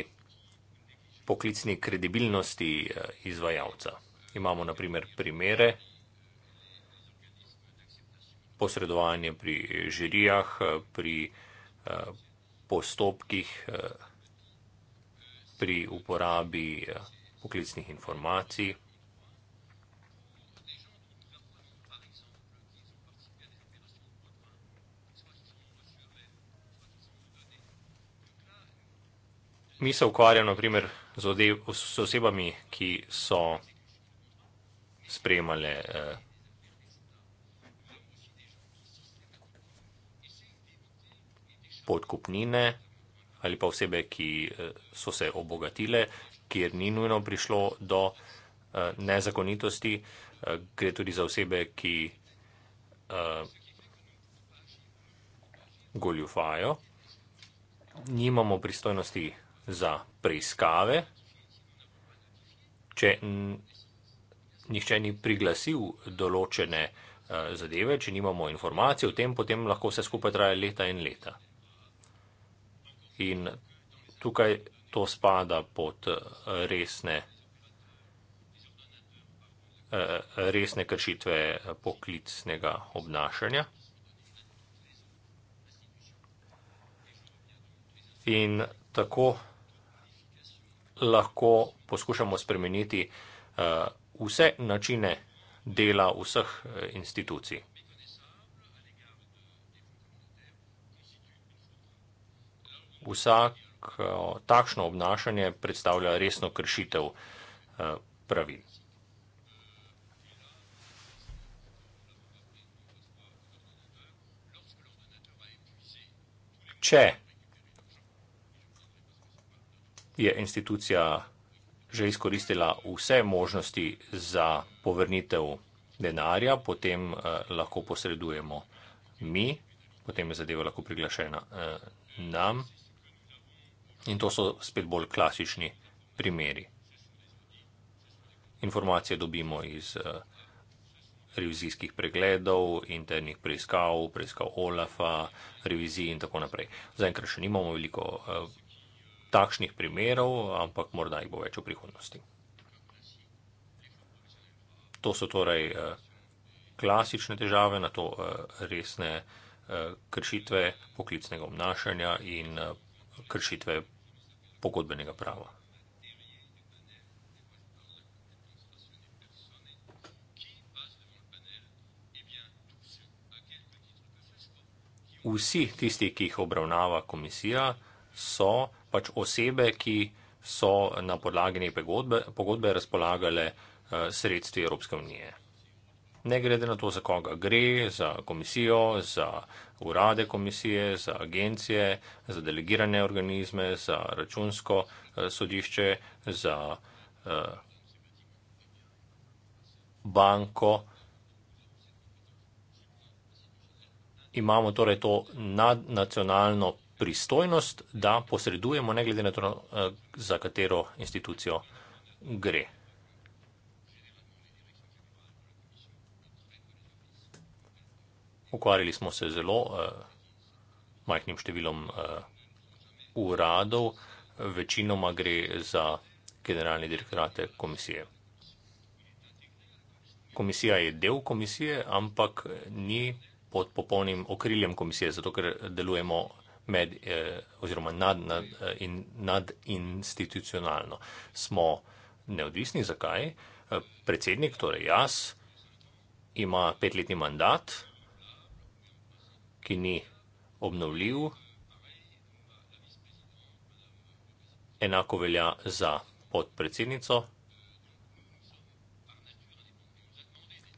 Speaker 3: poklicni kredibilnosti izvajalca. Imamo na primer primere, posredovanje pri žirijah, pri eh, postopkih, eh, pri uporabi eh, poklicnih informacij. Mi se ukvarjamo, na primer, z osebami, ki so spremljale. Eh, podkupnine ali pa osebe, ki eh, so se obogatile, kjer ni nujno prišlo do eh, nezakonitosti. Eh, gre tudi za osebe, ki goljufajo. Nimamo pristojnosti za preiskave. Če nihče ni priglasil določene zadeve, če nimamo informacije o tem, potem lahko vse skupaj traja leta in leta. In tukaj to spada pod eh, resne, eh, resne kršitve poklicnega obnašanja. In tako lahko poskušamo spremeniti eh, vse načine dela vseh institucij. vsak takšno obnašanje predstavlja resno kršitev eh, pravil. Če je institucija že izkoristila vse možnosti za povrnitev denarja, potem eh, lahko posredujemo mi, potem je zadeva lahko priglašena eh, nam. In to so spet bolj klasični primeri. Informacije dobimo iz eh, revizijskih pregledov, internih preiskav, preiskav OLAF-a, revizij in tako naprej. Zaenkrat še nimamo veliko eh, takšnih primerov, ampak morda jih bo več v prihodnosti. To so torej eh, klasične težave, na to resne kršitve poklicnega obnašanja in kršitve pogodbenega prava. Vsi tisti, ki jih obravnava komisija, so pač osebe, ki so na podlagi neke pogodbe, pogodbe razpolagale eh, sredstvi Evropske unije. Ne glede na to, za koga gre, za komisijo, za uh, urade komisije, za agencije, za delegirane organizme, za računsko eh, sodišče, za eh, banko. Imamo torej to nadnacionalno pristojnost, da posredujemo, ne glede na to, eh, za katero institucijo gre. Ukvarjali smo se zelo uh, majhnim številom uh, uradov, večinoma gre za generalni direktorate komisije. Komisija je del komisije, ampak ni pod popolnim okriljem komisije, zato ker delujemo med eh, oziroma nad, nad, eh, in, nad institucionalno. Smo neodvisni, zakaj? Predsednik, torej jaz, ima petletni mandat, ki ni obnovljiv. Enako velja za podpredsednico,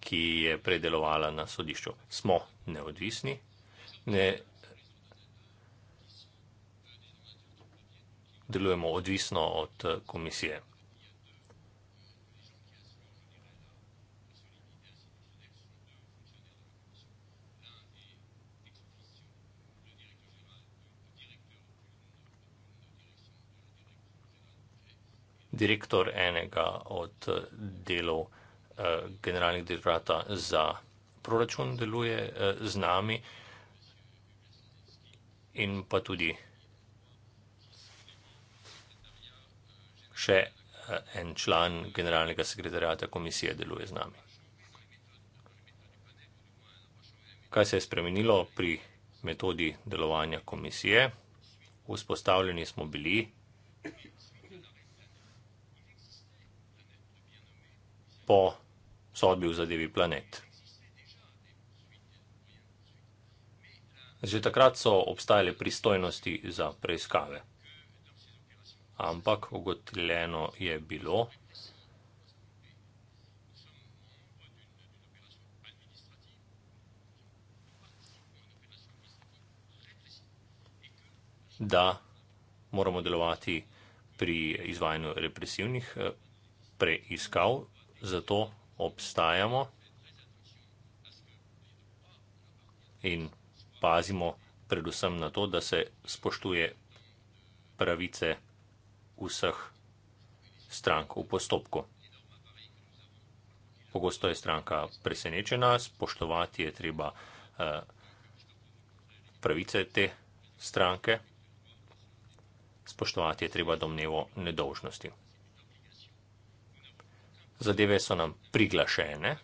Speaker 3: ki je predelovala na sodišču. Smo neodvisni. Ne delujemo odvisno od komisije. direktor enega od delov eh, generalnih direktorata za proračun deluje eh, z nami in pa tudi še eh, en član generalnega sekretarjata komisije deluje z nami. Kaj se je spremenilo pri metodi delovanja komisije? Vzpostavljeni smo bili po sodbi v zadevi planet. Že takrat so obstajale pristojnosti za preiskave. Ampak ugotovljeno je bilo, da moramo delovati pri izvajanju represivnih eh, preiskav zato obstajamo in pazimo predvsem na to, da se spoštuje pravice vseh strank v postopku. Pogosto je stranka presenečena, spoštovati je treba eh, pravice te stranke, spoštovati je treba domnevo nedolžnosti zadeve so nam priglašene,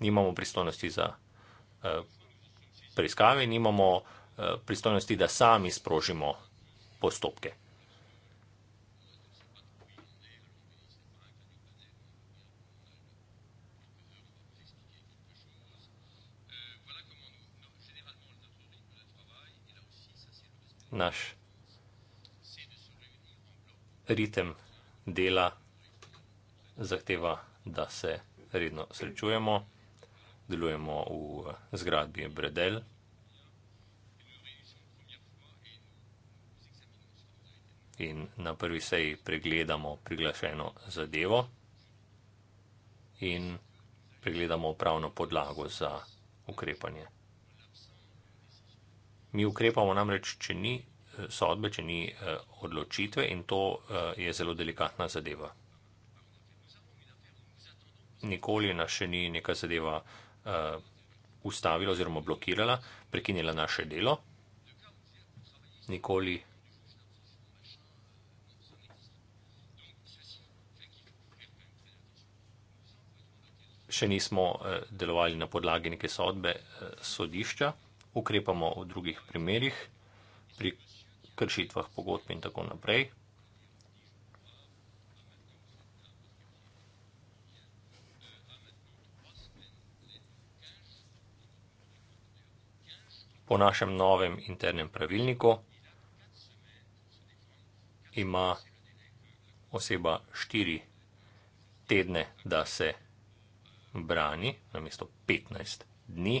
Speaker 3: nimamo pristojnosti za eh, preiskave, nimamo eh, pristojnosti, da sami sprožimo postopke. Naš ritem dela zahteva, da se redno srečujemo. Delujemo v zgradbi Bredel. In na prvi seji pregledamo priglašeno zadevo in pregledamo upravno podlago za ukrepanje. Mi ukrepamo namreč, če ni eh, sodbe, če ni eh, odločitve in to eh, je zelo delikatna zadeva nikoli nas še ni neka zadeva uh, ustavila oziroma blokirala, prekinila naše delo. Nikoli. Še nismo eh, delovali na podlagi neke sodbe eh, sodišča, ukrepamo v drugih primerjih, pri kršitvah pogodb in tako naprej. po našem novem internem pravilniku ima oseba štiri tedne, da se brani, namesto 15 dni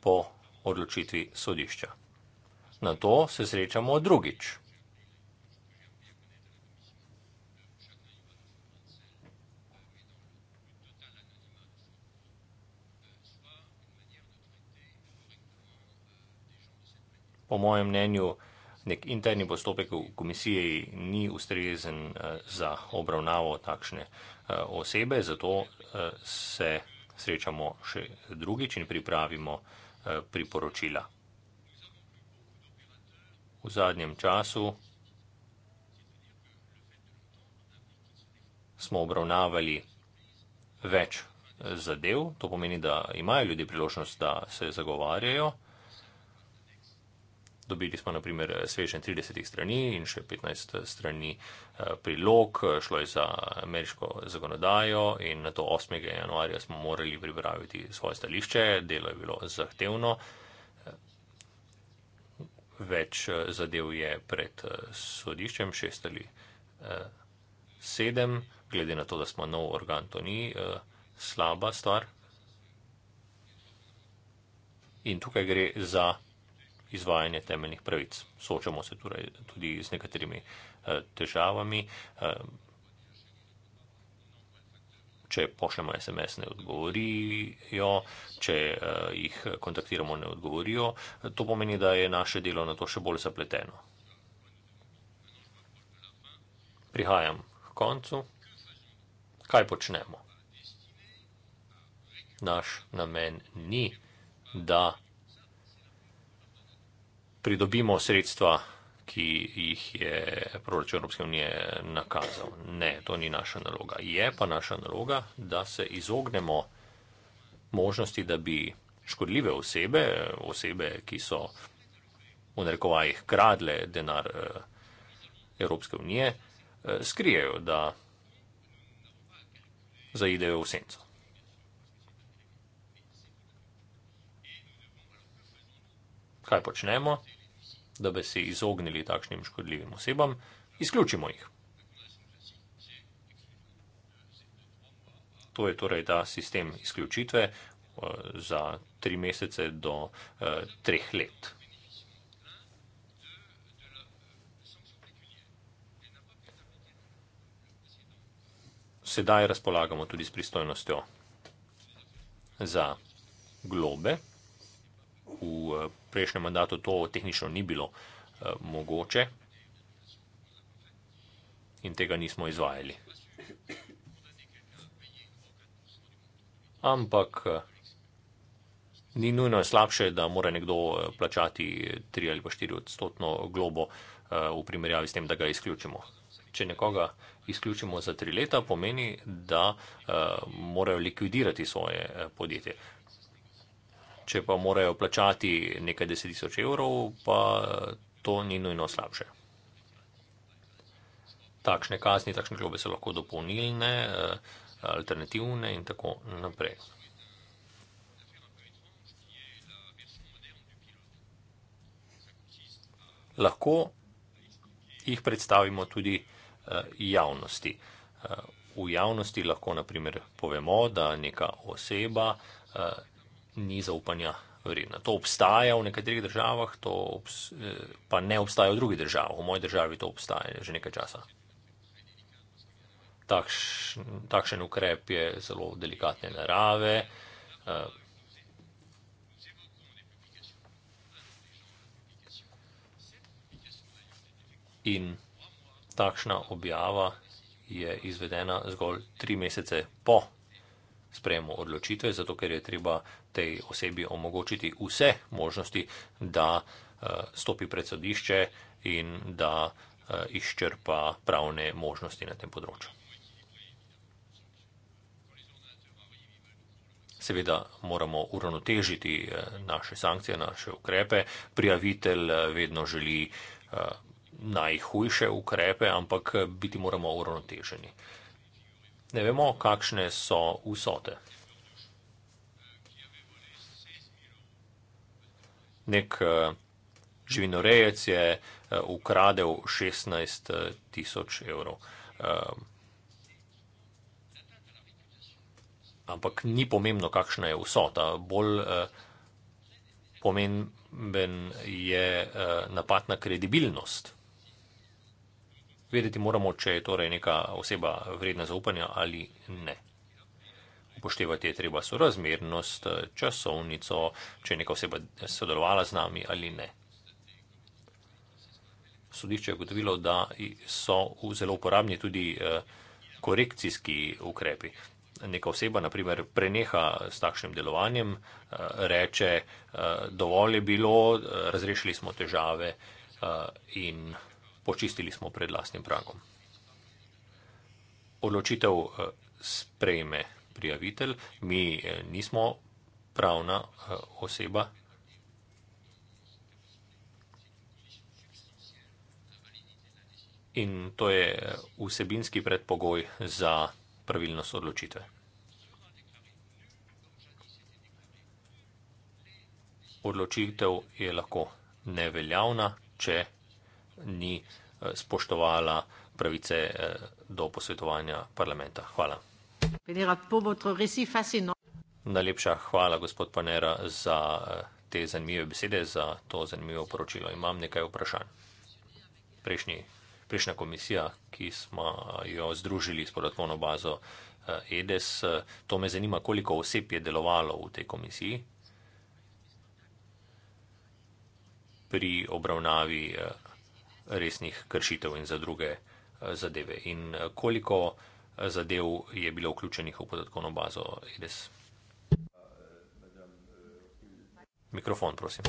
Speaker 3: po odločitvi sodišča. Na to se srečamo drugič. po mojem mnenju, nek interni postopek v komisiji ni ustrezen eh, za obravnavo takšne eh, osebe, zato eh, se srečamo še drugič in pripravimo priporočila. V zadnjem času smo obravnavali več zadev, to pomeni, da imajo ljudje priložnost, da se zagovarjajo. Dobili smo, naprimer, svežen 30 strani in še 15 eh, strani eh, prilog, šlo je za ameriško zakonodajo in na to 8. januarja smo morali pripraviti svoje stališče, delo je bilo zahtevno. Več eh, zadev je pred sodiščem, šest ali sedem, glede na to, da smo nov organ, to ni slaba stvar. In tukaj gre za izvajanje temeljnih pravic. Soočamo se torej tudi z nekaterimi eh, težavami. Eh, če pošljemo SMS, ne odgovorijo, če eh, jih kontaktiramo, ne odgovorijo. To pomeni, da je naše delo na to še bolj zapleteno. Prihajam k koncu. Kaj počnemo? Naš namen ni, da pridobimo sredstva, ki jih je proračun Evropske unije nakazal. Ne, to ni naša naloga. Je pa naša naloga, da se izognemo možnosti, da bi škodljive osebe, osebe, ki so v narekovajih kradle denar eh, Evropske unije, eh, skrijejo, da zaidejo v senco. Kaj počnemo? da bi se izognili takšnim škodljivim osebam, izključimo jih. To je torej ta sistem izključitve eh, za tri mesece do eh, treh let. Sedaj razpolagamo tudi s pristojnostjo za globe v pristojnosti. Eh, prejšnjem mandatu to tehnično ni bilo uh, mogoče in tega nismo izvajali. Ampak eh, ni nujno slabše, da mora nekdo eh, plačati 3 ali pa 4 odstotno globo v primerjavi s tem, da ga izključimo. Če nekoga izključimo za 3 leta, pomeni, da morajo likvidirati svoje podjetje če pa morajo plačati nekaj deset tisoč evrov, pa to ni nujno slabše. Takšne kazni, takšne globe so lahko dopolnilne, eh, alternativne in tako naprej. Lahko jih predstavimo tudi eh, javnosti. Eh, v javnosti lahko naprimer povemo, da neka oseba ni zaupanja vredna. To obstaja v nekaterih državah, obs, eh, pa ne obstaja v drugih državah. V moji državi to obstaja že nekaj časa. Takšen, takšen ukrep je zelo delikatne narave. Eh, in takšna objava je izvedena zgolj tri mesece po sprejemu odločitve, zato ker je treba tej osebi omogočiti vse možnosti, da eh, stopi pred sodišče in da eh, izčrpa pravne možnosti na tem področju. Seveda moramo uravnotežiti eh, naše sankcije, naše ukrepe. Prijavitelj vedno želi najhujše ukrepe, ampak biti moramo uravnoteženi. Ne vemo, kakšne so vsote. nek eh, živinorejec je eh, ukradel 16 eh, tisoč evrov. Ampak ni pomembno, kakšna je vsota. Bolj pomemben je napad na kredibilnost. Vedeti moramo, če je torej neka oseba vredna zaupanja ali ne upoštevati je treba sorazmernost, eh, časovnico, če je neka oseba eh, sodelovala z nami ali ne. Sodišče je gotovilo, da so zelo uporabni tudi eh, korekcijski ukrepi. Neka oseba, naprimer, preneha s takšnim delovanjem, reče, dovolj je bilo, razrešili smo težave in počistili smo pred lastnim pragom. Odločitev sprejme prijavitelj, mi eh, nismo pravna eh, oseba. In to je eh, vsebinski predpogoj za pravilnost odločitve. Odločitev je lahko neveljavna, če ni spoštovala pravice do posvetovanja parlamenta. Hvala. Najlepša hvala, gospod Panera, za eh, te zanimive besede, za to zanimivo poročilo. Imam nekaj vprašanj. Prejšnji, prejšnja komisija, ki smo jo združili s podatkovno bazo eh, EDES, eh, to me zanima, koliko oseb je delovalo v tej komisiji pri obravnavi resnih kršitev in za druge zadeve. In koliko zadev je bilo vključenih v podatkovno bazo EDES. Mikrofon, prosim.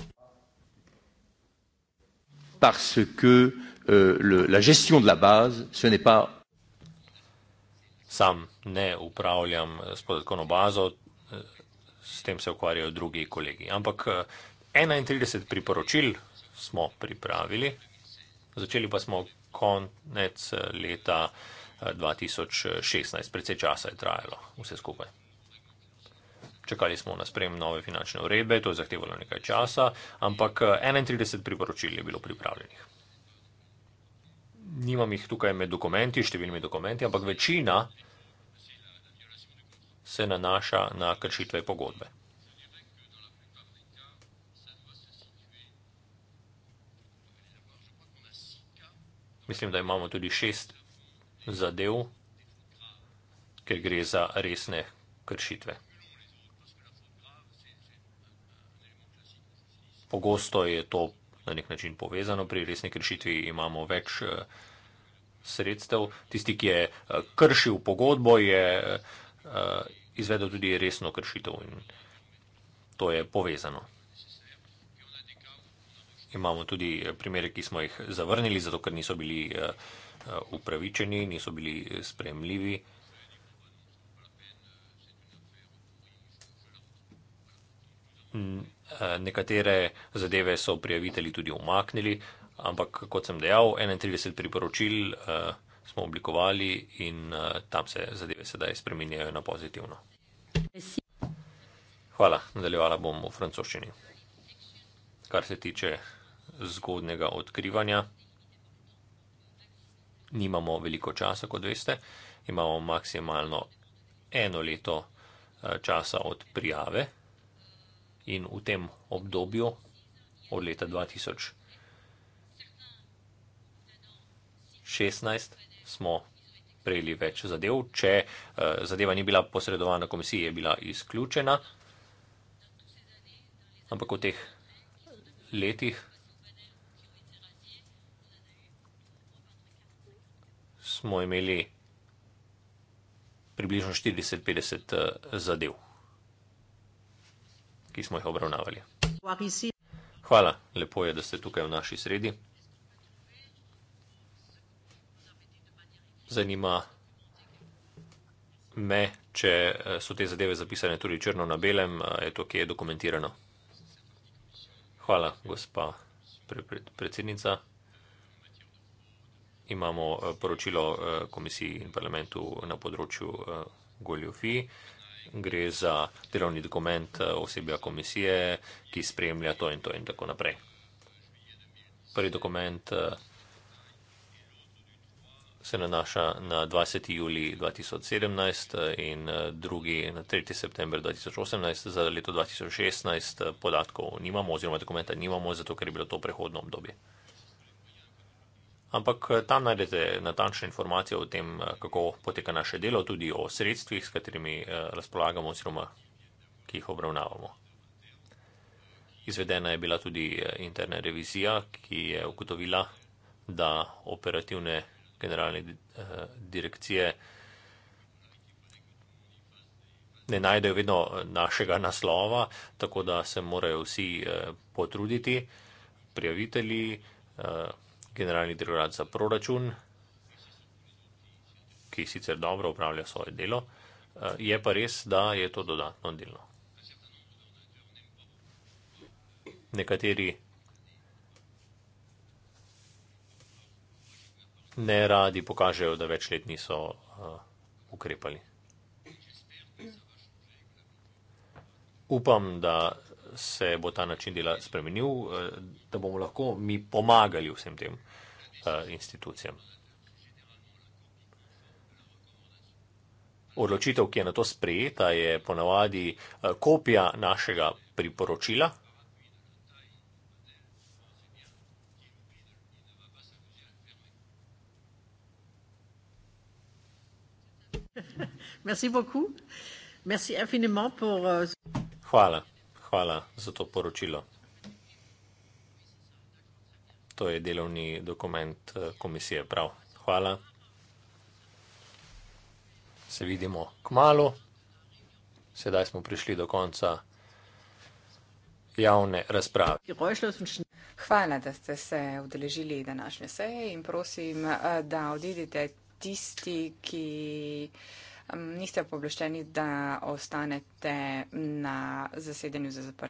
Speaker 3: Parce que euh, le, la gestion de la base, ce n'est pas. Sam ne upravljam eh, s podatkovno bazo, eh, s tem se ukvarjajo drugi kolegi. Ampak 31 eh, priporočil smo pripravili, začeli pa smo konec leta 2016. Predvsej časa je trajalo vse skupaj. Čakali smo na sprejem nove finančne urebe, to je zahtevalo nekaj časa, ampak 31 eh, priporočil je bilo pripravljenih. Nimam jih tukaj med dokumenti, številnimi dokumenti, ampak večina se nanaša na kršitve pogodbe. Mislim, da imamo tudi šest zadev, ker gre za resne kršitve. Pogosto je to na nek način povezano, pri resni kršitvi imamo več eh, sredstev. Tisti, ki je eh, kršil pogodbo, je eh, izvedel tudi resno kršitev in to je povezano. Imamo tudi primere, ki smo jih zavrnili, zato ker niso bili vsega. Eh, upravičeni, niso bili spremljivi. Mm, eh, nekatere zadeve so prijavitelji tudi umaknili, ampak kot sem dejal, 31 priporočil eh, smo oblikovali in tam se zadeve sedaj spreminjajo na pozitivno. Hvala, nadaljevala bom v francoščini. Kar se tiče zgodnega odkrivanja nimamo veliko časa, kot veste, imamo maksimalno eno leto eh, časa od prijave in v tem obdobju od leta 2016 smo prejeli več zadev. Če eh, zadeva ni bila posredovana komisiji, je bila izključena, ampak v teh letih smo imeli približno 40-50 eh, zadev, ki smo jih obravnavali. Hvala, lepo je, da ste tukaj v naši sredi. Zanima me, če eh, so te zadeve zapisane tudi črno na belem, eh, je to, ki je dokumentirano. Hvala, gospa predsednica imamo eh, poročilo eh, komisiji in parlamentu na področju eh, goljofij. Gre za delovni dokument osebja komisije, ki spremlja to in to in tako naprej. Prvi dokument se nanaša na 20. juli 2017 in drugi na 3. september 2018. Za leto 2016 podatkov nimamo oziroma dokumenta nimamo, zato ker je bilo to prehodno obdobje. Ampak eh, tam najdete natančne informacije o tem, eh, kako poteka naše delo, tudi o sredstvih, s katerimi eh, razpolagamo oziroma ki jih obravnavamo. Izvedena je bila tudi interna revizija, ki je ugotovila, da operativne generalne direkcije ne najdejo vedno našega naslova, tako da se morajo vsi potruditi, prijavitelji, generalni direktorat za proračun, ki sicer dobro upravlja svoje delo, eh, je pa res, da je to dodatno delo. Nekateri ne radi pokažejo, da več let niso eh, ukrepali. Upam, da se bo ta način dela spremenil, eh, da bomo lahko mi pomagali vsem tem eh, institucijam. Odločitev, ki je na to sprejeta, je ponavadi eh, kopija našega priporočila. Merci beaucoup. Merci infiniment pour euh, Hvala. Hvala za to poročilo. To je delovni dokument eh, komisije. Prav. Hvala. Se vidimo k malu. Sedaj smo prišli do konca javne razprave.
Speaker 1: Hvala, da ste se udeležili današnje seje in prosim, eh, da odidete tisti, ki niste pooblaščeni, da ostanete na zasedanju za zaprtje.